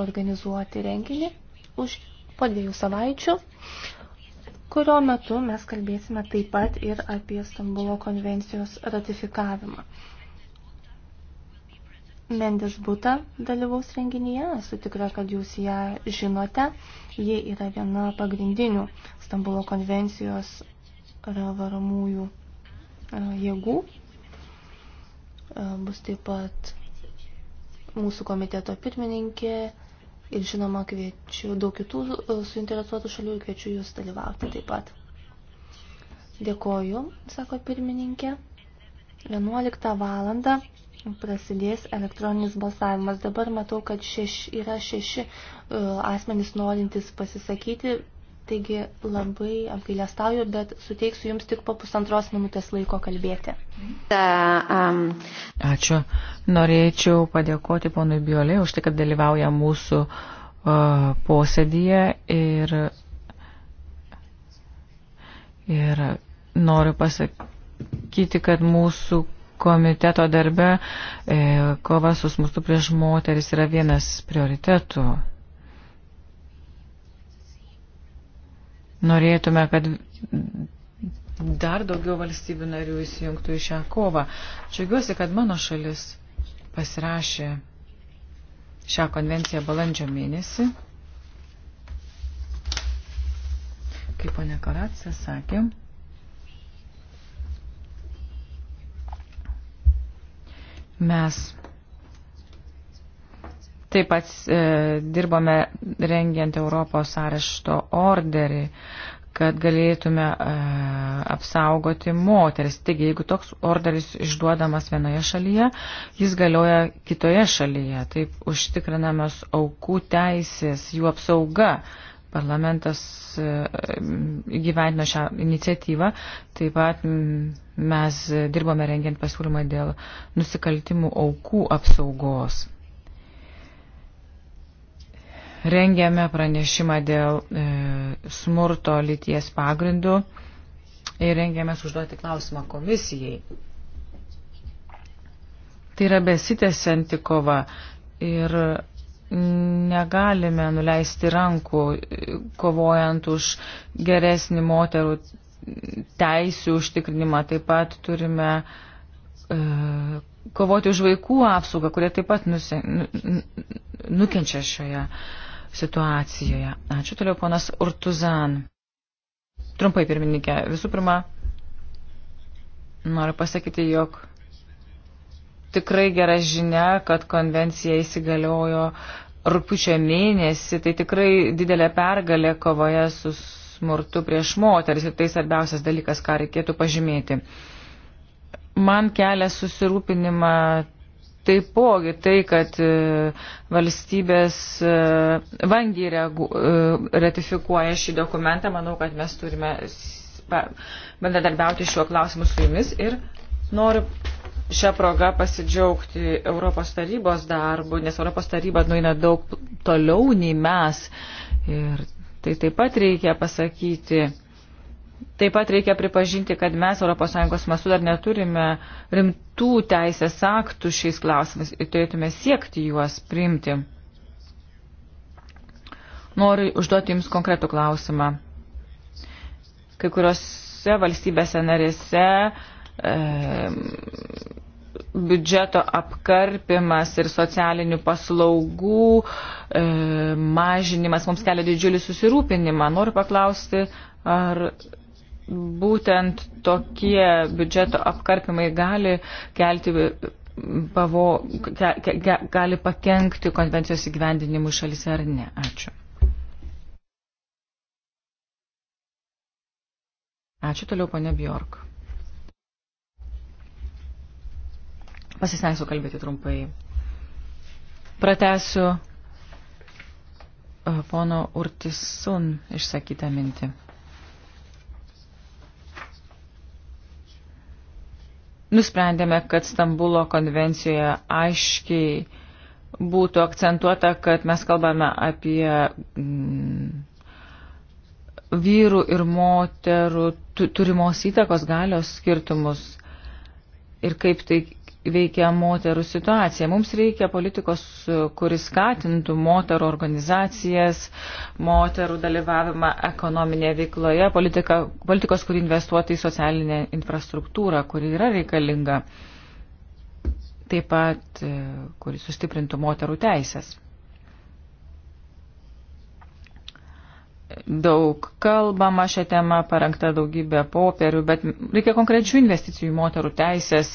organizuoti renginį už po dviejų savaičių, kurio metu mes kalbėsime taip pat ir apie Stambulo konvencijos ratifikavimą. Mendes Buta dalyvaus renginyje, esu tikra, kad jūs ją žinote. Ji yra viena pagrindinių Stambulo konvencijos varomųjų e, jėgų bus taip pat mūsų komiteto pirmininkė ir žinoma kviečiu daug kitų e, suinteresuotų šalių ir kviečiu jūs dalyvauti taip pat. Dėkoju, sako pirmininkė. 11 valandą prasidės elektroninis balsavimas. Dabar matau, kad šeš, yra šeši uh, asmenys norintys pasisakyti. Taigi labai apgailestauju, bet suteiksiu jums tik po pusantros minutės laiko kalbėti. Um, Ačiū. Norėčiau padėkoti ponui Biolė už tai, kad dalyvauja mūsų uh, posėdyje ir, ir noriu pasakyti, kad mūsų komiteto darbe e, kova su smurtu prieš moteris yra vienas prioritetų Norėtume, kad dar daugiau valstybių narių įsijungtų į šią kovą. Džiaugiuosi, kad mano šalis pasirašė šią konvenciją balandžio mėnesį. Kaip ponė Karatsa sakė, mes Taip pat e, dirbome rengiant Europos arešto orderį, kad galėtume e, apsaugoti moteris. Taigi, jeigu toks orderis išduodamas vienoje šalyje, jis galioja kitoje šalyje. Taip užtikrinamos aukų teisės, jų apsauga. Parlamentas e, įgyvendino šią iniciatyvą. Taip pat mes dirbome rengiant pasiūlymą dėl nusikaltimų aukų apsaugos. Rengiame pranešimą dėl e, smurto lyties pagrindų ir rengiamės užduoti klausimą komisijai. Tai yra besitęsianti kova ir negalime nuleisti rankų, e, kovojant už geresnį moterų teisių užtikrinimą. Taip pat turime e, kovoti už vaikų apsaugą, kurie taip pat nusen, nukenčia šioje situacijoje. Ačiū toliau, ponas Urtuzan. Trumpai, pirmininkė, visų pirma, noriu pasakyti, jog tikrai gera žinia, kad konvencija įsigaliojo rūpiučio mėnesį, tai tikrai didelė pergalė kovoje su smurtu prieš moteris ir tai svarbiausias dalykas, ką reikėtų pažymėti. Man kelia susirūpinimą Taipogi tai, kad e, valstybės e, vangiai reagu, e, ratifikuoja šį dokumentą, manau, kad mes turime bendradarbiauti šiuo klausimu su jumis ir noriu šią progą pasidžiaugti Europos tarybos darbu, nes Europos taryba nueina daug toliau nei mes ir tai taip pat reikia pasakyti Taip pat reikia pripažinti, kad mes ES mastu dar neturime rimtų teisės aktų šiais klausimais ir turėtume siekti juos priimti. Noriu užduoti Jums konkretų klausimą. Kai kuriuose valstybėse narėse e, biudžeto apkarpimas ir socialinių paslaugų e, mažinimas mums kelia didžiulį susirūpinimą. Noriu paklausti, ar būtent tokie biudžeto apkarpimai gali kelti pavo, ke, ke, gali pakengti konvencijos įgyvendinimui šalyse ar ne. Ačiū. Ačiū toliau, ponė Bjork. Pasistengsiu kalbėti trumpai. Pratesiu e, pono Urtisun išsakytą mintį. nusprendėme, kad Stambulo konvencijoje aiškiai būtų akcentuota, kad mes kalbame apie mm, vyrų ir moterų turimos įtakos galios skirtumus ir kaip tai veikia moterų situacija. Mums reikia politikos, kuris skatintų moterų organizacijas, moterų dalyvavimą ekonominėje veikloje, politika, politikos, kuri investuotų į socialinę infrastruktūrą, kuri yra reikalinga, taip pat, e, kuri sustiprintų moterų teisės. daug kalbama šią temą, parengta daugybė popierių, bet reikia konkrečių investicijų į moterų teisės,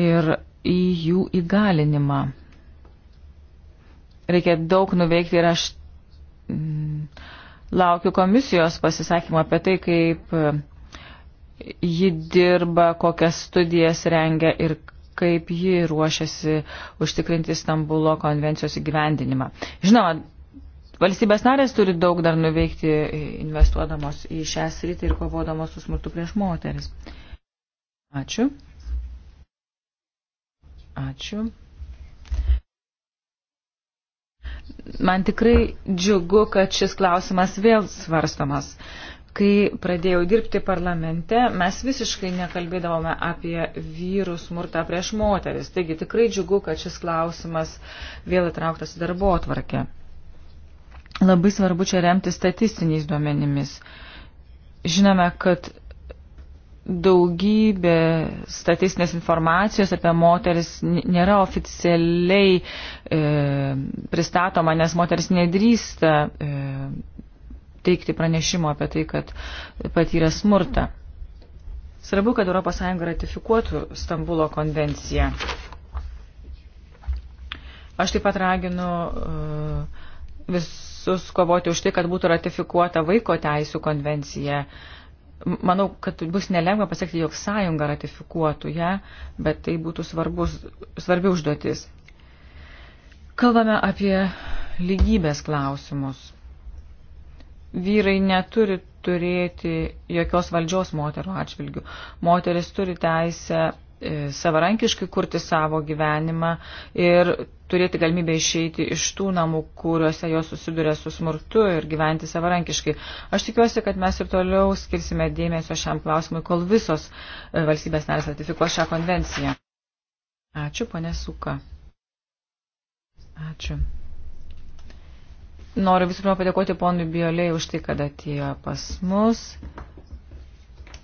ir į jų įgalinimą. Reikia daug nuveikti ir aš mm, laukiu komisijos pasisakymo apie tai, kaip e, ji dirba, kokias studijas rengia ir kaip ji ruošiasi užtikrinti Stambulo konvencijos įgyvendinimą. Žinoma, valstybės narės turi daug dar nuveikti e, investuodamos į šią sritį ir kovodamos su smurtu prieš moteris. Ačiū. Ačiū. Man tikrai džiugu, kad šis klausimas vėl svarstomas. Kai pradėjau dirbti parlamente, mes visiškai nekalbėdavome apie vyrų smurtą prieš moteris. Taigi tikrai džiugu, kad šis klausimas vėl įtrauktas į darbo atvarkę. Labai svarbu čia remti statistiniais duomenimis. Žinome, kad daugybė statistinės informacijos apie moteris nėra oficialiai e, pristatoma, nes moteris nedrįsta e, teikti pranešimo apie tai, kad patyrė smurtą. Svarbu, kad ES ratifikuotų Stambulo konvenciją. Aš taip pat raginu e, visus kovoti už tai, kad būtų ratifikuota vaiko teisų konvencija. E, Manau, kad bus nelengva pasiekti, jog sąjunga ratifikuotų ją, bet tai būtų svarbus, svarbi užduotis. Kalbame apie lygybės klausimus. Vyrai neturi turėti jokios valdžios moterų atžvilgių. Moteris turi teisę e, savarankiškai kurti savo gyvenimą ir turėti galimybę išeiti iš tų namų, kuriuose jos susiduria su smurtu ir gyventi savarankiškai. Aš tikiuosi, kad mes ir toliau skirsime dėmesio šiam klausimui, kol visos e, valstybės narės ratifikuos šią konvenciją. Ačiū, ponė Suka. Ačiū. Noriu visų pirma padėkoti ponui Biolėjui už tai, kad atėjo pas mus.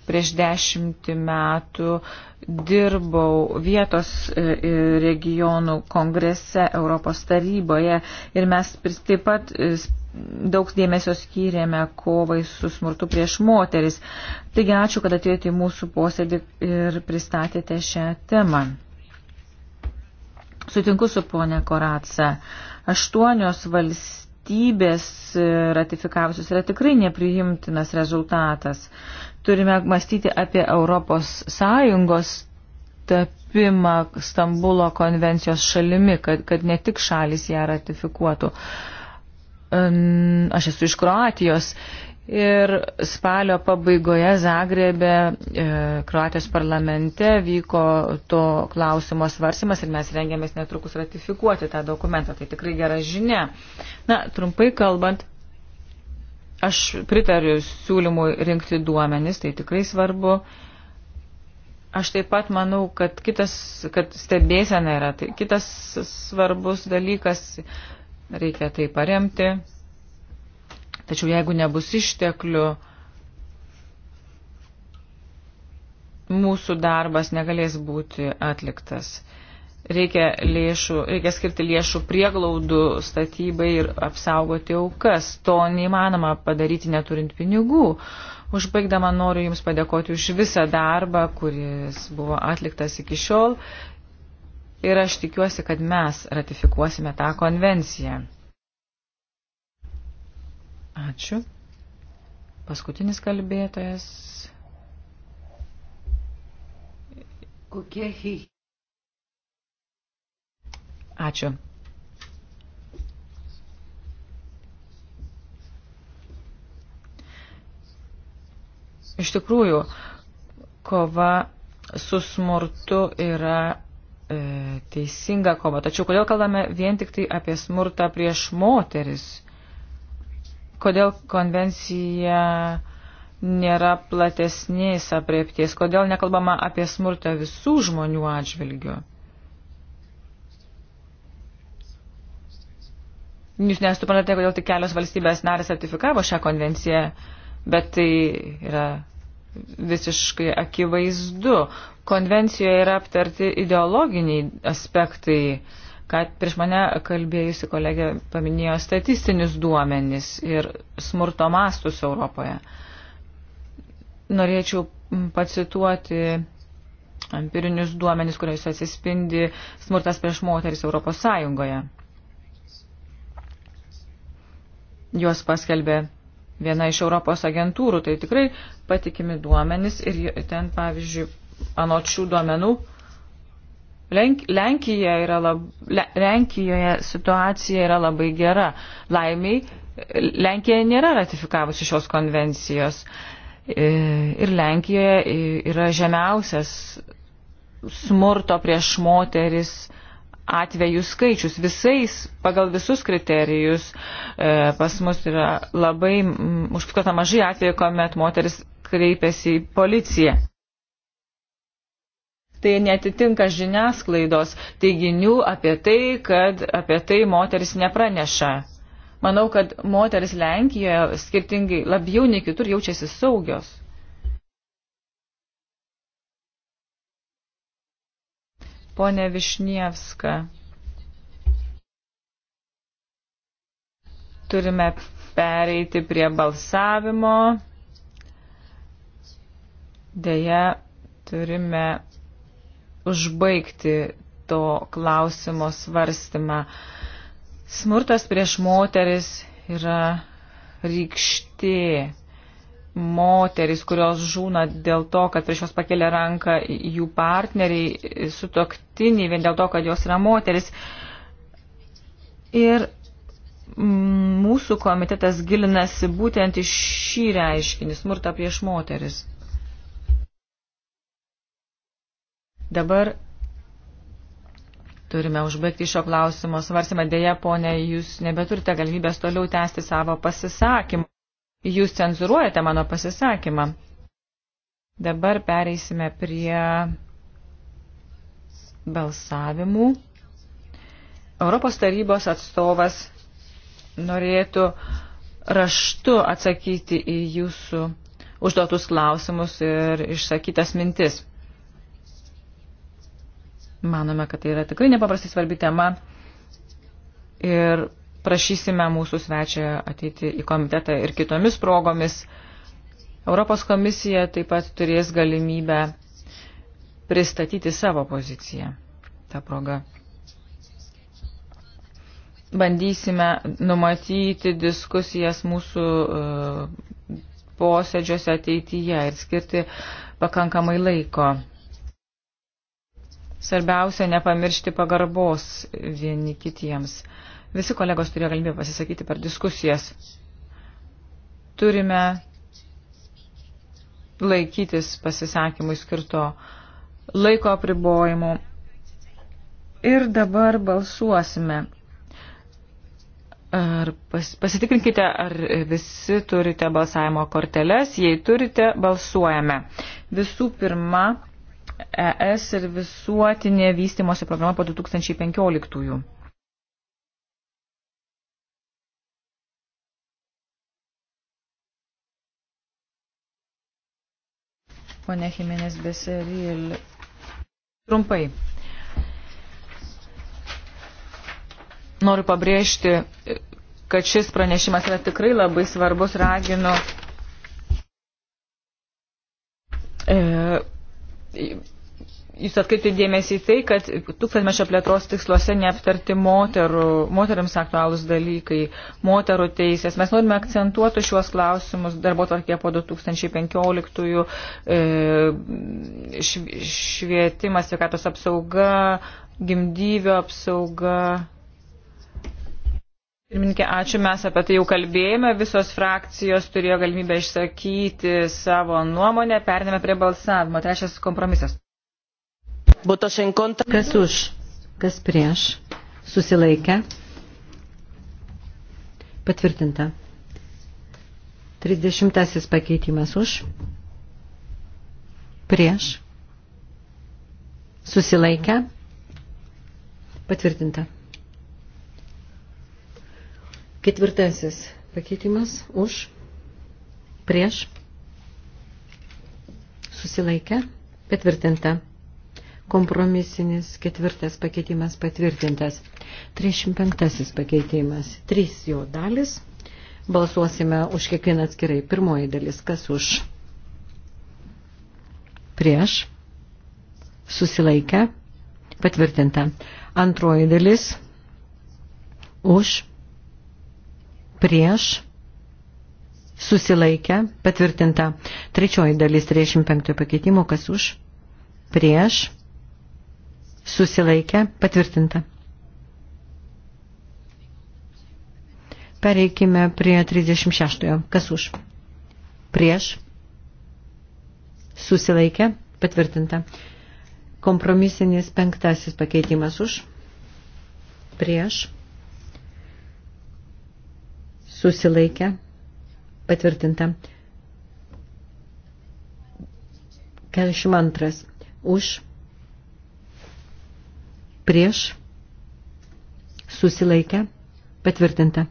Prieš dešimtį metų dirbau vietos e, regionų kongrese Europos taryboje ir mes taip pat e, daug dėmesio skyrėme kovai su smurtu prieš moteris. Taigi ačiū, kad atėjote į mūsų posėdį ir pristatėte šią temą. Sutinku su ponė Koratsa. Aštuonios valstybės valstybės e, ratifikavusios yra tikrai nepriimtinas rezultatas. Turime mąstyti apie Europos Sąjungos tapimą Stambulo konvencijos šalimi, kad, kad ne tik šalis ją ratifikuotų. Aš esu iš Kroatijos Ir spalio pabaigoje Zagrebe, e, Kroatijos parlamente vyko to klausimo svarsimas ir mes rengiamės netrukus ratifikuoti tą dokumentą. Tai tikrai gera žinia. Na, trumpai kalbant, aš pritariu siūlymui rinkti duomenis, tai tikrai svarbu. Aš taip pat manau, kad kitas, kad stebėsena yra tai kitas svarbus dalykas, reikia tai paremti. Tačiau jeigu nebus išteklių, mūsų darbas negalės būti atliktas. Reikia, lėšų, reikia skirti lėšų prieglaudų statybai ir apsaugoti aukas. To neįmanoma padaryti neturint pinigų. Užbaigdama noriu Jums padėkoti už visą darbą, kuris buvo atliktas iki šiol. Ir aš tikiuosi, kad mes ratifikuosime tą konvenciją. Ačiū. Paskutinis kalbėtojas. Kokie hi. Ačiū. Iš tikrųjų, kova su smurtu yra e, teisinga kova. Tačiau kodėl kalbame vien tik tai apie smurtą prieš moteris? Kodėl konvencija nėra platesnės apriepties? Kodėl nekalbama apie smurtą visų žmonių atžvilgių? Jūs nesuprantate, kodėl tik kelios valstybės narės ratifikavo šią konvenciją, bet tai yra visiškai akivaizdu. Konvencijoje yra aptarti ideologiniai aspektai, kad prieš mane kalbėjusi kolegė paminėjo statistinius duomenis ir smurto mastus Europoje. Norėčiau pacituoti empirinius duomenis, kuriais atsispindi smurtas prieš moteris Europos Sąjungoje. Juos paskelbė viena iš Europos agentūrų, tai tikrai patikimi duomenis ir ten, pavyzdžiui, anot šių duomenų Lenk, Lenkija yra lab, Lenkijoje situacija yra labai gera. Laimiai, Lenkija nėra ratifikavusi šios konvencijos. E, ir Lenkijoje yra žemiausias smurto prieš moteris atvejų skaičius visais, pagal visus kriterijus e, pas mus yra labai mm, užfiksuota mažai atvejų, kuomet moteris kreipiasi į policiją tai netitinka žiniasklaidos teiginių apie tai, kad apie tai moteris nepraneša. Manau, kad moteris Lenkijoje skirtingai labiau nei kitur jaučiasi saugios. Pone Višnievska, turime pereiti prie balsavimo. Deja, turime užbaigti to klausimo svarstymą. Smurtas prieš moteris yra rykšti. Moteris, kurios žūna dėl to, kad prieš jos pakelia ranką jų partneriai, sutoktiniai, vien dėl to, kad jos yra moteris. Ir mūsų komitetas gilinasi būtent į šį reiškinį smurtą prieš moteris. Dabar turime užbaigti šio klausimo svarsimą. Deja, ponė, jūs nebeturite galimybės toliau tęsti savo pasisakymą. Jūs cenzuruojate mano pasisakymą. Dabar pereisime prie balsavimų. Europos tarybos atstovas norėtų raštu atsakyti į jūsų užduotus klausimus ir išsakytas mintis. Manome, kad tai yra tikrai nepaprastai svarbi tema ir prašysime mūsų svečią ateiti į komitetą ir kitomis progomis. Europos komisija taip pat turės galimybę pristatyti savo poziciją. Ta proga. Bandysime numatyti diskusijas mūsų e, posėdžiuose ateityje ir skirti pakankamai laiko Svarbiausia nepamiršti pagarbos vieni kitiems. Visi kolegos turėjo galimybę pasisakyti per diskusijas. Turime laikytis pasisakymui skirto laiko apribojimų. Ir dabar balsuosime. Ar pas, pasitikrinkite, ar visi turite balsavimo korteles. Jei turite, balsuojame. Visų pirma, ES ir visuotinė vystimosi programa po 2015-ųjų. Pone Jimenez Beseril. Trumpai. Noriu pabrėžti, kad šis pranešimas yra tikrai labai svarbus, raginu e, jūs atkreipti dėmesį į tai, kad tūkstantmečio plėtros tiksluose neaptarti moterų, moteriams aktualūs dalykai, moterų teisės. Mes norime akcentuoti šiuos klausimus darbo tvarkė po 2015-ųjų e, švietimas, sveikatos apsauga, gimdyvio apsauga. Pirmininkė, ačiū, mes apie tai jau kalbėjome, visos frakcijos turėjo galimybę išsakyti savo nuomonę, perdėme prie balsavimo. Trečias kompromisas. Kas už, kas prieš, susilaikę, patvirtinta. 30 pakeitimas už, prieš, susilaikę, patvirtinta. Ketvirtasis pakeitimas už, prieš, susilaikę, patvirtinta. Kompromisinis ketvirtas pakeitimas patvirtintas. 35 pakeitimas. Trys jo dalis. Balsuosime už kiekvieną atskirai. Pirmoji dalis. Kas už? Prieš. Susilaikę. Patvirtinta. Antroji dalis. Už. Prieš. Susilaikę, patvirtinta. Trečioji dalis 35 pakeitimo, kas už, prieš, susilaikę, patvirtinta. Pereikime prie 36. Kas už? Prieš. Susilaikę. Patvirtinta. Kompromisinis penktasis pakeitimas už. Prieš. Susilaikę. Patvirtinta. 42. Už prieš, susilaikę, patvirtinta.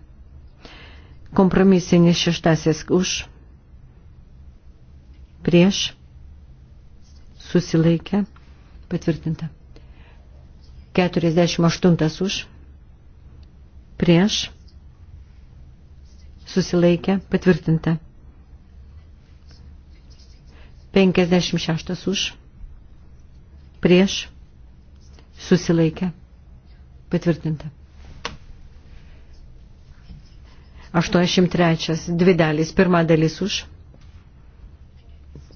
Kompromisinis šeštasis už, prieš, susilaikę, patvirtinta. 48 už, prieš, susilaikę, patvirtinta. 56 už, prieš, susilaikė, patvirtinta. 83. Dvi dalys. Pirma dalis už.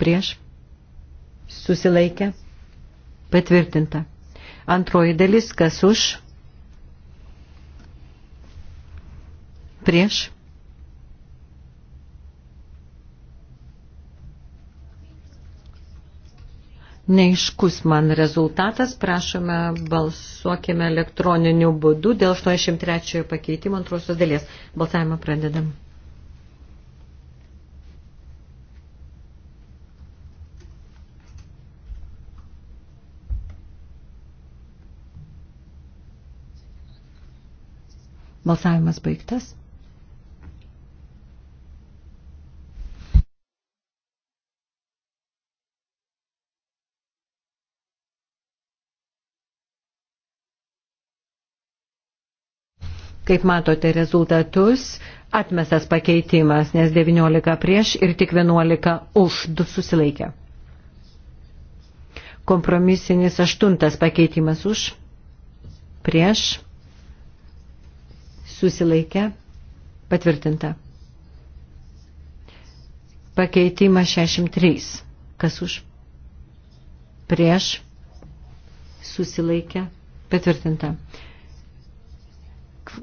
Prieš. Susilaikė. Patvirtinta. Antroji dalis. Kas už? Prieš. Neiškus man rezultatas, prašome balsuokime elektroniniu būdu dėl 83 pakeitimo antrosios dalies. Balsavimą pradedam. Balsavimas baigtas. Kaip matote rezultatus, atmestas pakeitimas, nes 19 prieš ir tik 11 už 2 susilaikė. Kompromisinis aštuntas pakeitimas už, prieš, susilaikė, patvirtinta. Pakeitimas 63. Kas už? Prieš, susilaikė, patvirtinta.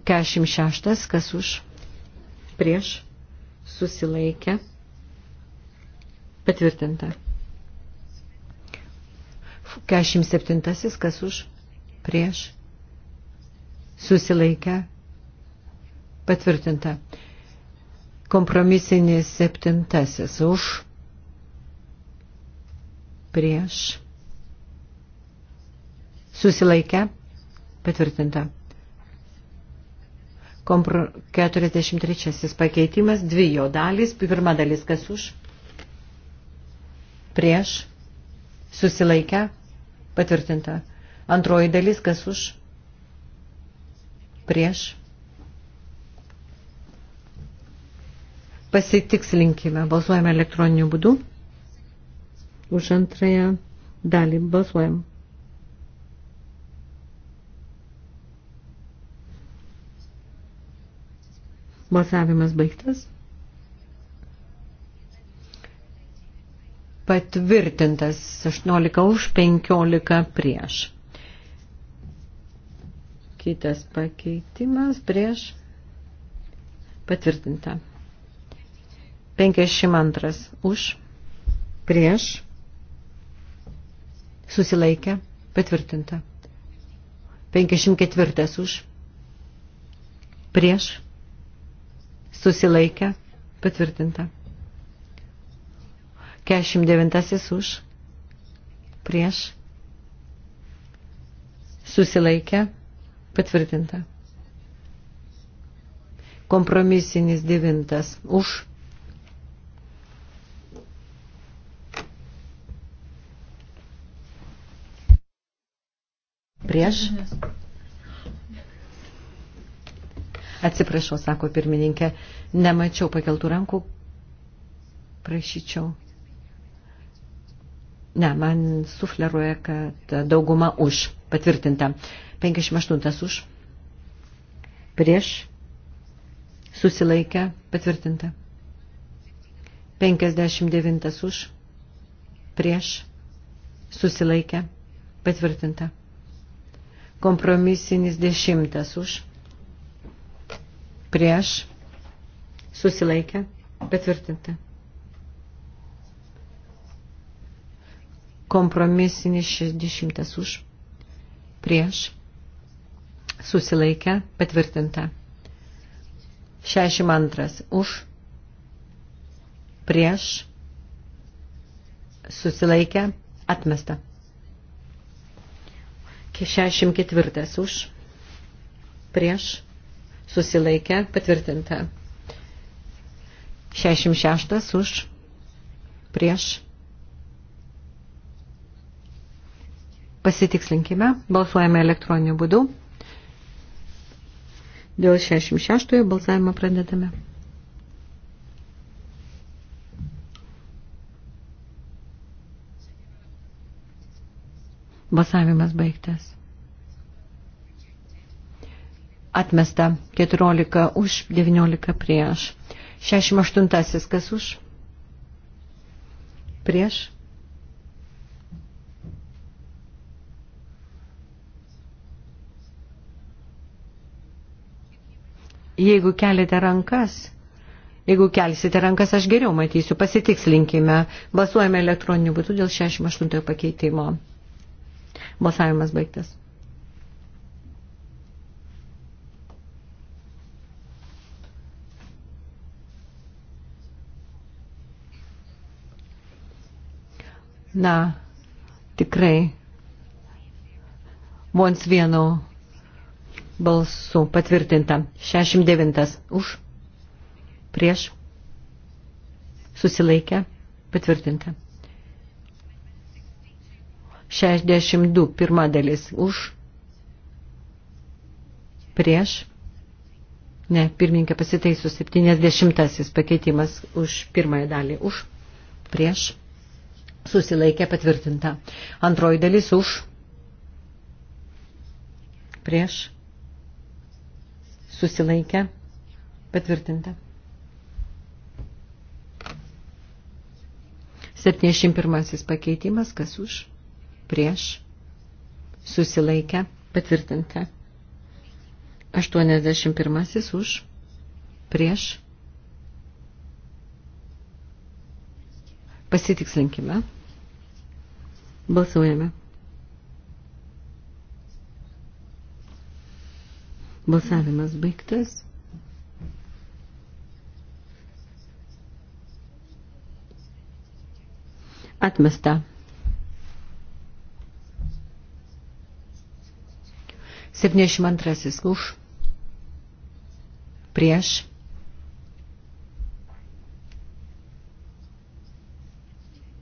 46, kas už, prieš, susilaikę, patvirtinta. 47, kas už, prieš, susilaikę, patvirtinta. Kompromisinis septintasis už, prieš, susilaikę, patvirtinta. Kompro 43 pakeitimas, dvi jo dalys. Pirma dalis kas už, prieš, susilaikę, patvirtinta. Antroji dalis kas už, prieš. Pasitikslinkime, balsuojame elektroniniu būdu. Už antrąją dalį balsuojame. Balsavimas baigtas. Patvirtintas 18 už 15 prieš. Kitas pakeitimas prieš patvirtinta. 52 už prieš susilaikę patvirtinta. 54 už prieš susilaikę, patvirtinta. 49 už, prieš, susilaikę, patvirtinta. Kompromisinis devintas už. Prieš. Mhm Atsiprašau, sako pirmininkė, nemačiau pakeltų rankų, prašyčiau. Ne, man sufleruoja, kad dauguma už, patvirtinta. 58 už, prieš, susilaikę, patvirtinta. 59 už, prieš, susilaikę, patvirtinta kompromisinis dešimtas už, prieš, susilaikę, patvirtinta. Kompromisinis 60 už, prieš, susilaikę, patvirtinta. 62 už, prieš, susilaikę, atmesta. 64 už, prieš, susilaikę, patvirtinta. 66 už, prieš. Pasitikslinkime, balsuojame elektroniniu būdu. Dėl 66 balsavimo pradedame. Balsavimas baigtas. Atmesta 14 už 19 prieš. 68 kas už? Prieš. Jeigu keliate rankas, jeigu kelsite rankas, aš geriau matysiu, pasitikslinkime, balsuojame elektroniniu būdu dėl 68 pakeitimo. Balsavimas baigtas. na, tikrai vons vienu balsu patvirtinta. 69 už, prieš, susilaikę, patvirtinta. 62 pirma dalis už, prieš, ne, pirmininkė pasitaisus 70 pakeitimas už pirmąją dalį, už, prieš, susilaikė patvirtinta. Antroji dalis už, prieš, susilaikė patvirtinta. 71 pakeitimas, kas už, prieš, susilaikę, patvirtinta. 81 už, prieš. Pasitikslinkime. Balsujeme. Balsavimas baigtas. Atmesta. 72 už. Prieš.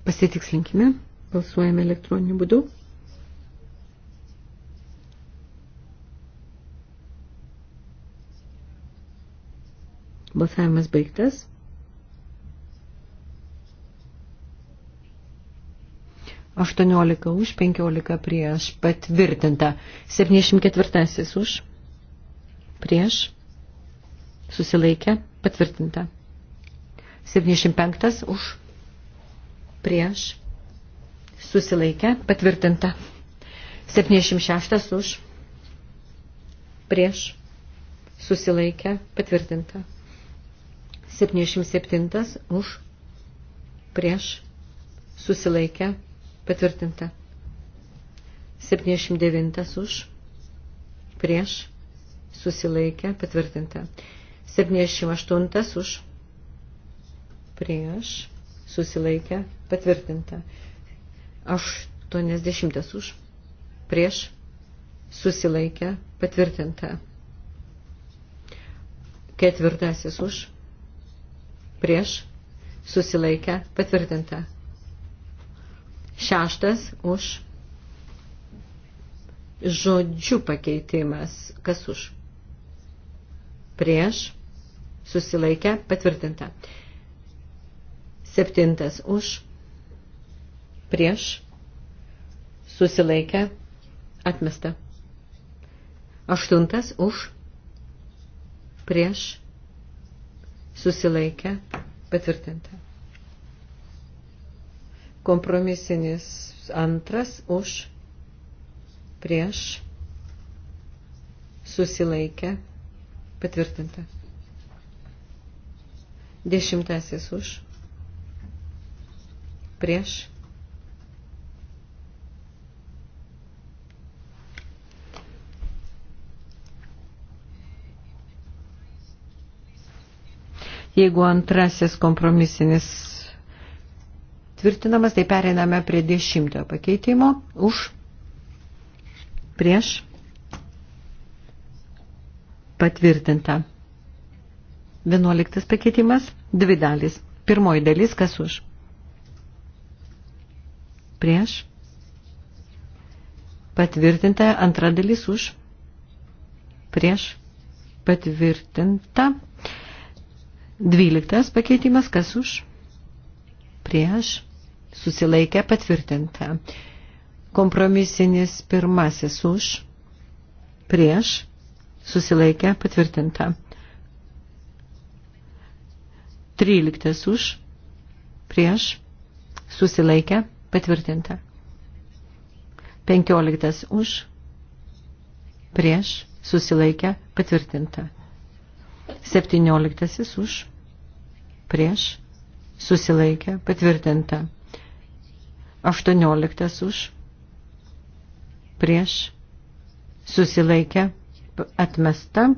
Pasitikslinkime. Balsuojame elektroniniu būdu. Balsavimas baigtas. Aštuoniolika už, penkiolika prieš patvirtinta. Septyniasdešimt ketvirtasis už, prieš, susilaikė, patvirtinta. Septyniasdešimt penktas už, prieš, susilaikę, patvirtinta. 76 už, prieš, susilaikę, patvirtinta. 77 už, prieš, susilaikę, patvirtinta. 79 už, prieš, susilaikę, patvirtinta. 78 už, prieš, susilaikę, patvirtinta. 80 už, prieš, susilaikę, patvirtinta. Ketvirtasis už, prieš, susilaikę, patvirtinta. Šeštas už, žodžių pakeitimas, kas už, prieš, susilaikę, patvirtinta. Septintas už, prieš, susilaikę, atmesta. Aštuntas už, prieš, susilaikę, patvirtinta. Kompromisinis antras už, prieš, susilaikę, patvirtinta. Dešimtasis už, prieš, Jeigu antrasis kompromisinis tvirtinamas, tai pereiname prie dešimtojo pakeitimo už prieš patvirtinta. Vienuoliktas pakeitimas, dvi dalys. Pirmoji dalis, kas už? Prieš. Patvirtinta antra dalis už. Prieš. Patvirtinta. Dvyliktas pakeitimas, kas už? Prieš. Susilaikę patvirtinta. Kompromisinis pirmasis už. Prieš. Susilaikę patvirtinta. Tryliktas už. Prieš. Susilaikę patvirtinta. Penkioliktas už. Prieš. Susilaikę patvirtinta. Septynioliktasis už prieš, susilaikė, patvirtinta. 18 už, prieš, susilaikė, atmesta.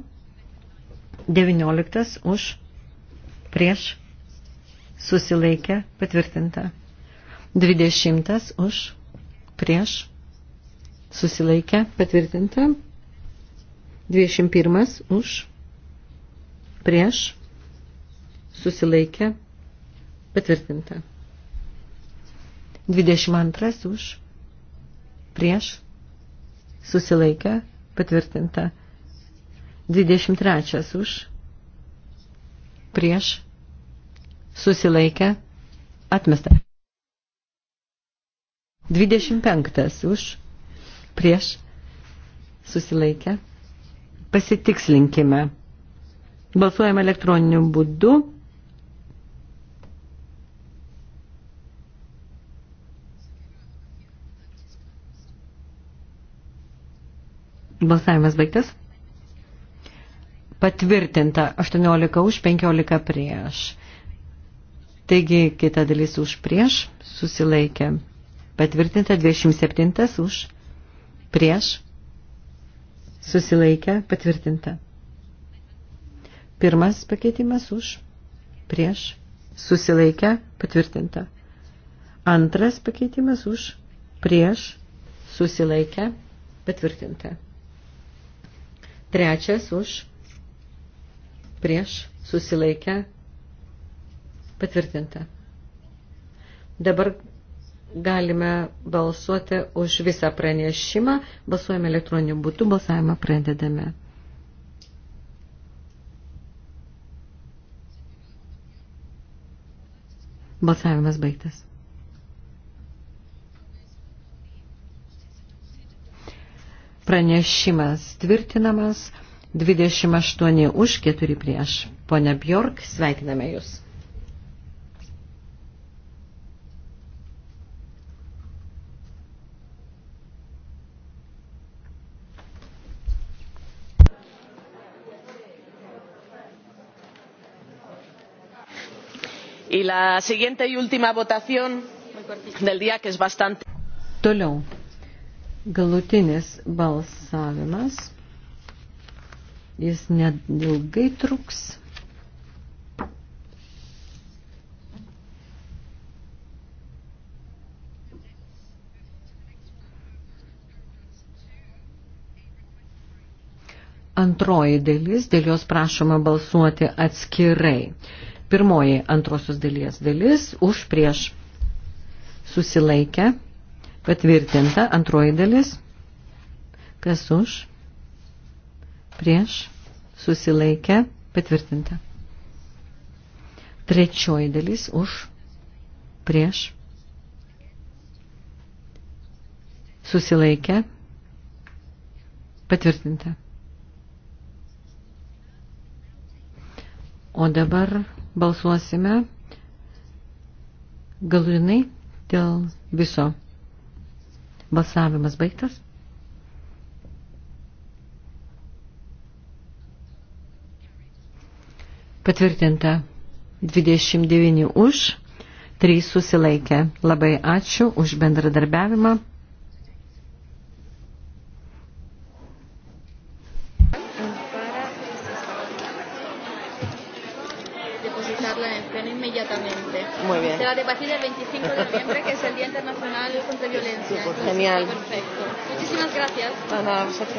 19 už, prieš, susilaikė, patvirtinta. 20 už, prieš, susilaikė, patvirtinta. 21 už, prieš, susilaikė, patvirtinta. 22 už, prieš, susilaikė, patvirtinta. 23 už, prieš, susilaikė, atmesta. 25 už, prieš, susilaikę. Pasitikslinkime. Balsuojame elektroniniu būdu Balsavimas baigtas. Patvirtinta 18 už 15 prieš. Taigi kita dalis už prieš susilaikė. Patvirtinta 27 už prieš susilaikė patvirtinta. Pirmas pakeitimas už prieš susilaikė patvirtinta. Antras pakeitimas už prieš susilaikę patvirtinta. Trečias už prieš susilaikę patvirtinta. Dabar galime balsuoti už visą pranešimą. Balsuojame elektroniniu būdu, balsavimą pradedame. Balsavimas baigtas. Pranešimas tvirtinamas 28 už 4 prieš. Pone Bjork, sveikiname Jūs. y la siguiente y última votación del día que es bastante. Toliau. Galutinis balsavimas. Jis nedilgai truks. Antroji dalis, dėl jos prašoma balsuoti atskirai. Pirmoji antrosios dalies dalis už prieš susilaikę Patvirtinta antroji dalis. Kas už? Prieš? Susilaikę? Patvirtinta. Trečioji dalis už? Prieš? Susilaikę? Patvirtinta. O dabar balsuosime galutinai dėl viso Balsavimas baigtas. Patvirtinta 29 už, 3 susilaikė. Labai ačiū už bendradarbiavimą. Muy bien. Te la debatí el 25 de noviembre, que es el Día Internacional contra Violencia. Súper, Entonces, genial. Perfecto. Muchísimas gracias. Ana, a vosotros.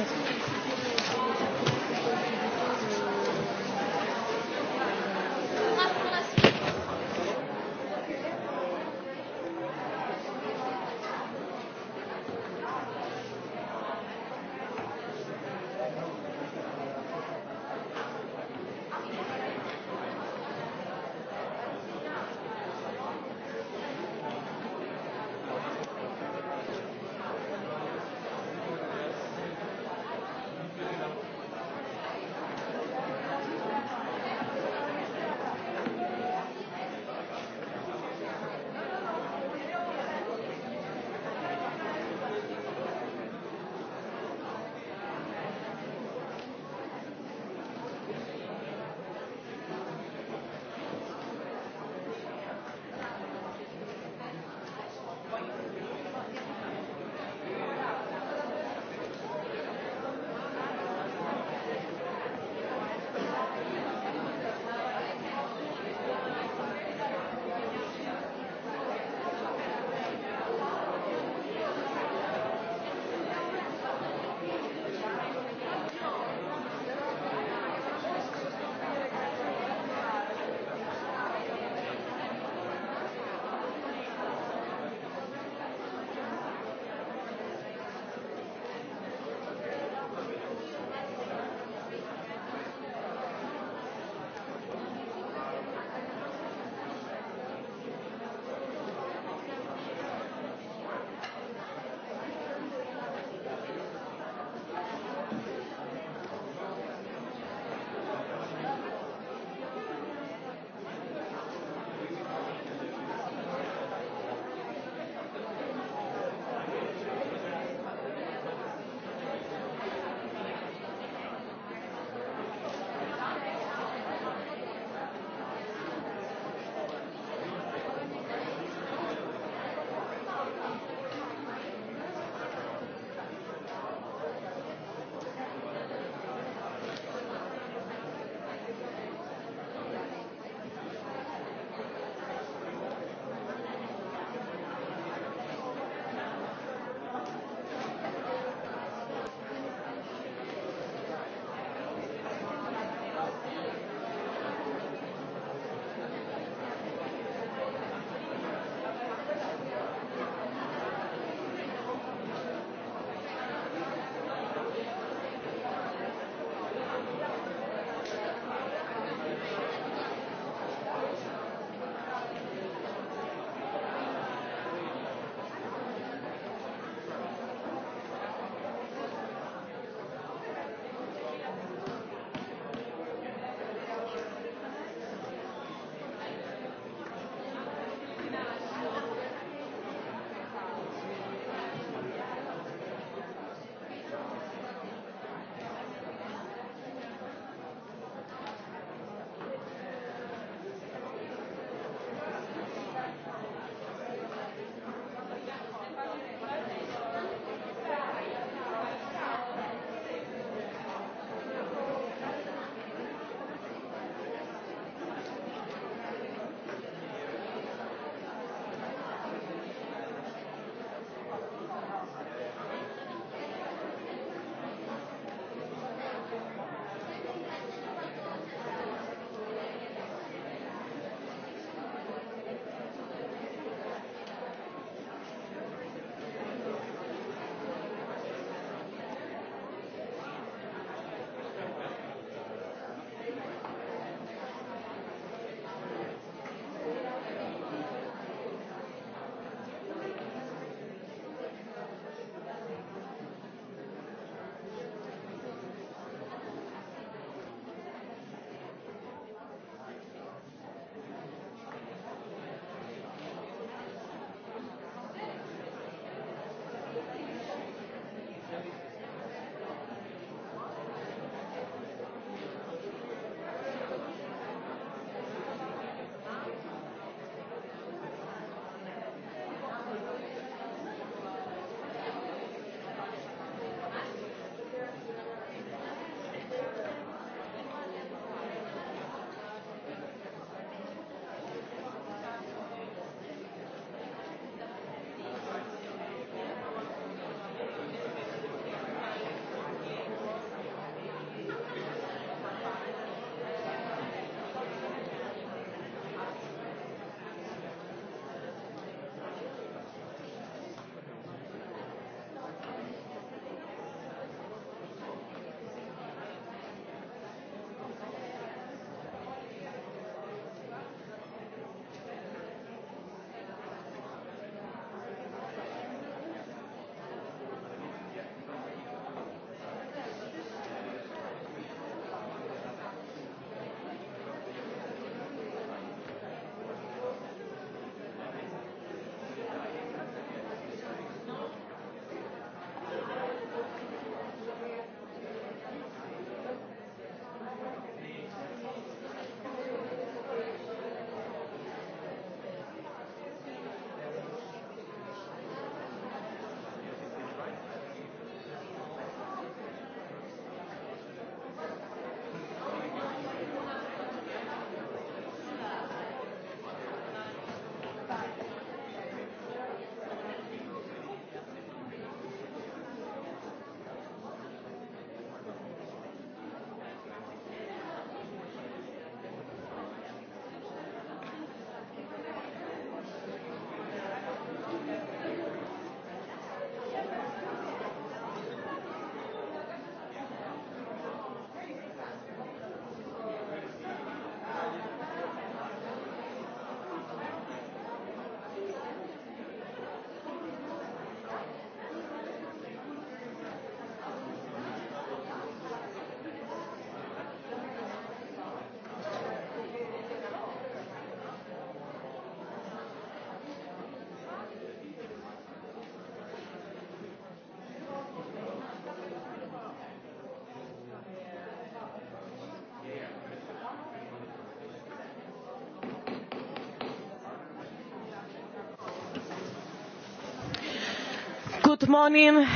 Good morning.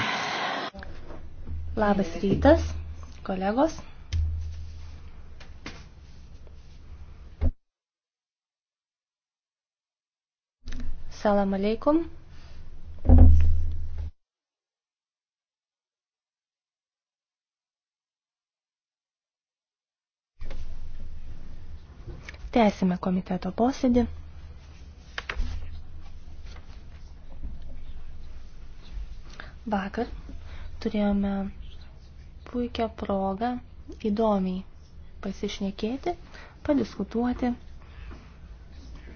Labas rytas, kolegos. Salam aleikum. Tęsime komiteto posėdį. vakar turėjome puikią progą įdomiai pasišnekėti, padiskutuoti,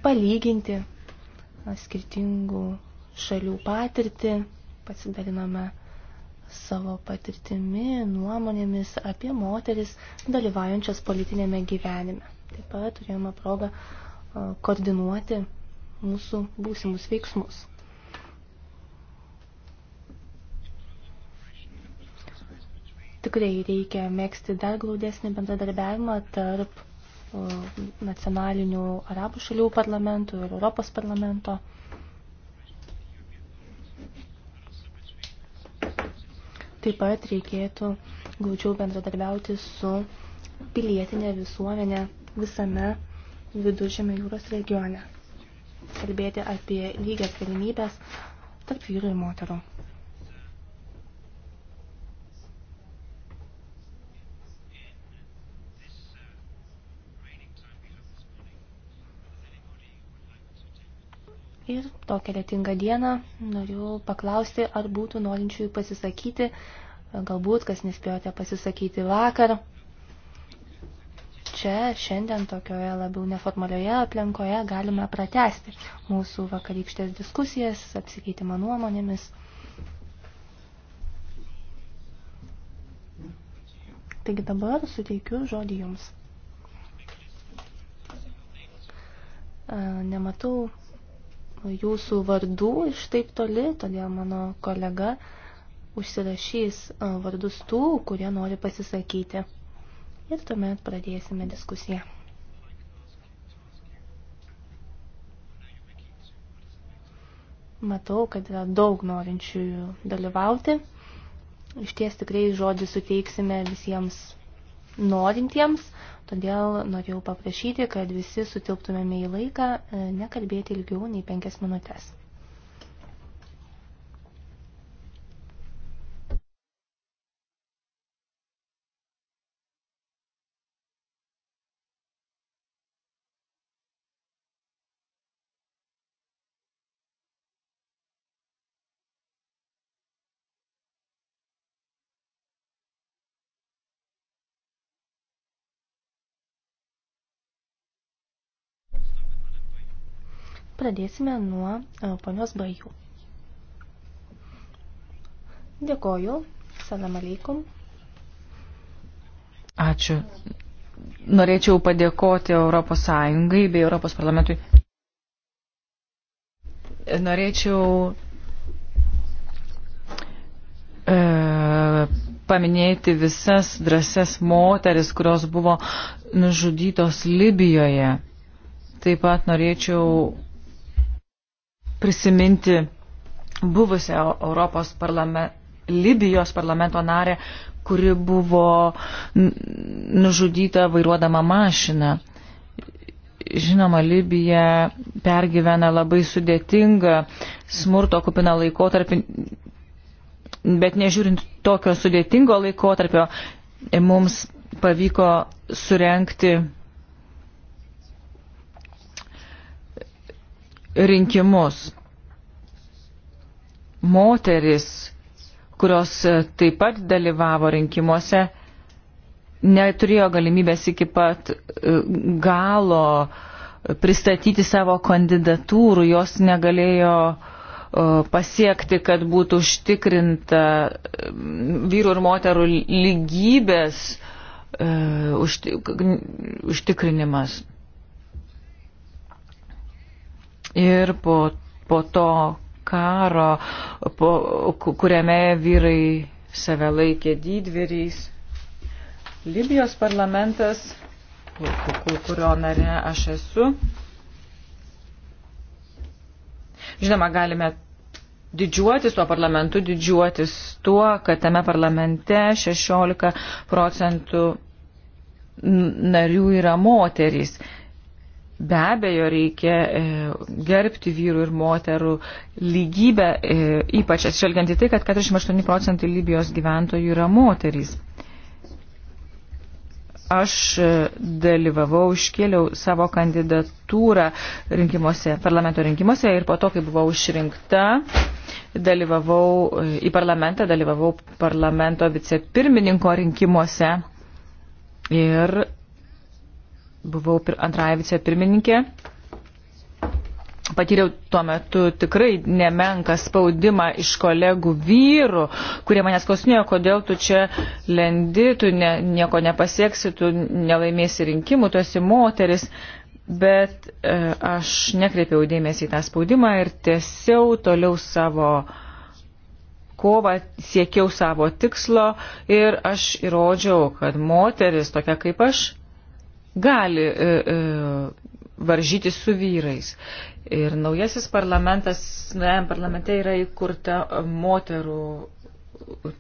palyginti skirtingų šalių patirtį, pasidalinome savo patirtimi, nuomonėmis apie moteris dalyvaujančias politinėme gyvenime. Taip pat turėjome progą koordinuoti mūsų būsimus veiksmus. tikrai reikia mėgsti dar glaudesnį bendradarbiavimą tarp nacionalinių arabų šalių parlamentų ir Europos parlamento. Taip pat reikėtų glaudžiau bendradarbiauti su pilietinė visuomenė visame viduržėme jūros regione. Kalbėti apie lygias galimybės tarp vyrų ir moterų. tokią lėtingą dieną noriu paklausti, ar būtų norinčiųjų pasisakyti, galbūt kas nespėjote pasisakyti vakar. Čia šiandien tokioje labiau neformalioje aplinkoje galime pratesti mūsų vakarykštės diskusijas, apsikeitimą nuomonėmis. Taigi dabar suteikiu žodį jums. Nematau jūsų vardų iš taip toli, todėl mano kolega užsirašys vardus tų, kurie nori pasisakyti. Ir tuomet pradėsime diskusiją. Matau, kad yra daug norinčių dalyvauti. Iš ties tikrai žodį suteiksime visiems norintiems, todėl norėjau paprašyti, kad visi sutilptumėme į laiką, e, nekalbėti ilgiau nei penkias minutės. pradėsime nuo e, ponios Bajų. Dėkoju. Salam aleikum. Ačiū. Norėčiau padėkoti Europos Sąjungai bei Europos parlamentui. Norėčiau e, paminėti visas drąsias moteris, kurios buvo nužudytos Libijoje. Taip pat norėčiau prisiminti buvusią Europos parlamentą. Libijos parlamento narė, kuri buvo nužudyta vairuodama mašiną. Žinoma, Libija pergyvena labai sudėtingą smurto kupiną laikotarpį, bet nežiūrint tokio sudėtingo laikotarpio, mums pavyko surenkti rinkimus. Moteris, kurios e, taip pat dalyvavo rinkimuose, neturėjo galimybės iki pat e, galo pristatyti savo kandidatūrų, jos negalėjo e, pasiekti, kad būtų užtikrinta vyrų ir moterų lygybės užtikrinimas ir po, po to karo, po, kuriame vyrai save laikė didvyriais. Libijos parlamentas, kurio nare aš esu, žinoma, galime didžiuotis tuo parlamentu, didžiuotis tuo, kad tame parlamente 16 procentų narių yra moterys. Be abejo, reikia e, gerbti vyrų ir moterų lygybę, e, ypač atšvelgiant į tai, kad 48 procentai Libijos gyventojų yra moterys. Aš e, dalyvavau, iškėliau savo kandidatūrą rinkimuose, parlamento rinkimuose ir po to, kai buvau išrinkta, dalyvavau į parlamentą, dalyvavau parlamento vicepirmininko rinkimuose ir buvau antrąją vicepirmininkė. Patyriau tuo metu tikrai nemenką spaudimą iš kolegų vyrų, kurie manęs klausinėjo, kodėl tu čia lendi, tu ne, nieko nepasieksi, tu nelaimėsi rinkimų, tu esi moteris. Bet e, aš nekreipiau dėmesį į tą spaudimą ir tiesiau toliau savo kovą, siekiau savo tikslo ir aš įrodžiau, kad moteris tokia kaip aš gali e, e, varžyti su vyrais. Ir naujasis parlamentas, naujajam parlamente yra įkurta moterų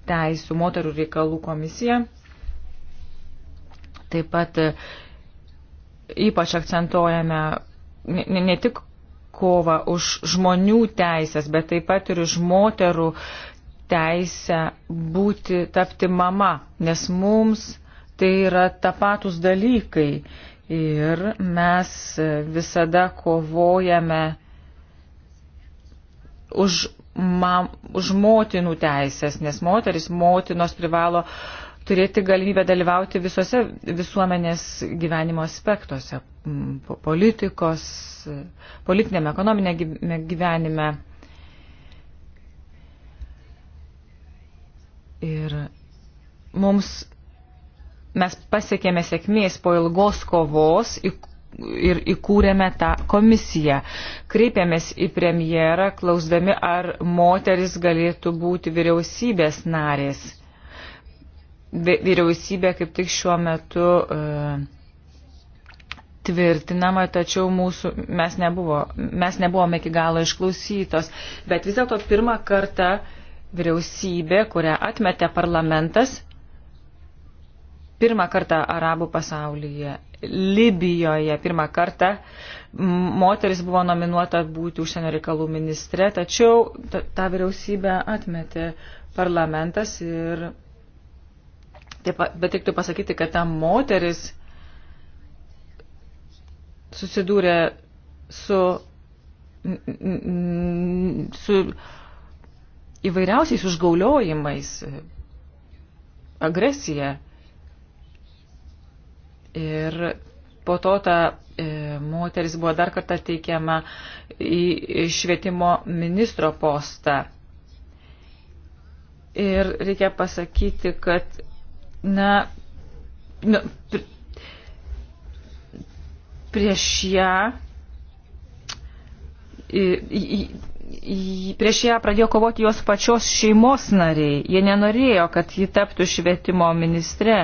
teisų, moterų reikalų komisija. Taip pat e, ypač akcentuojame ne, ne tik kovą už žmonių teisės, bet taip pat ir už moterų teisę būti, tapti mama, nes mums tai yra tapatus dalykai ir mes visada kovojame už, mam, už motinų teisės, nes moteris, motinos privalo turėti galimybę dalyvauti visose visuomenės gyvenimo aspektuose - politikos, politinėme, ekonominėme gyvenime. Ir mums mes pasiekėme sėkmės po ilgos kovos ir įkūrėme tą komisiją. Kreipėmės į premjerą, klausdami, ar moteris galėtų būti vyriausybės narės. Vyriausybė kaip tik šiuo metu uh, tvirtinama, tačiau mūsų, mes, nebuvo, mes nebuvome iki galo išklausytos. Bet vis dėlto pirmą kartą vyriausybė, kurią atmetė parlamentas, pirmą kartą arabų pasaulyje. Libijoje pirmą kartą moteris buvo nominuota būti užsienio reikalų ministre, tačiau tą vyriausybę atmetė parlamentas ir taip, bet reiktų pasakyti, kad ta moteris susidūrė su, su įvairiausiais užgauliojimais, agresija. Ir po to ta e, moteris buvo dar kartą teikiama į švietimo ministro postą. Ir reikia pasakyti, kad, na, na nu, pr prieš ją prieš ją pradėjo kovoti jos pačios šeimos nariai. Jie nenorėjo, kad ji taptų švietimo ministre.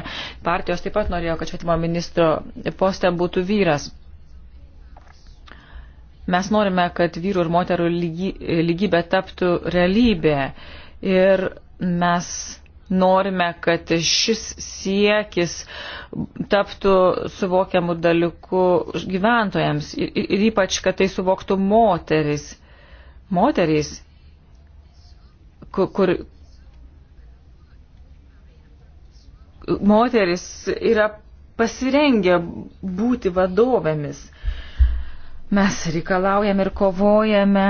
Partijos taip pat norėjo, kad švietimo ministro poste būtų vyras. Mes norime, kad vyrų ir moterų lygy, lygybė taptų realybė. Ir mes norime, kad šis siekis taptų suvokiamų dalykų gyventojams ir ypač, kad tai suvoktų moteris. Moterys, kur, kur moteris yra pasirengę būti vadovėmis. Mes reikalaujame ir kovojame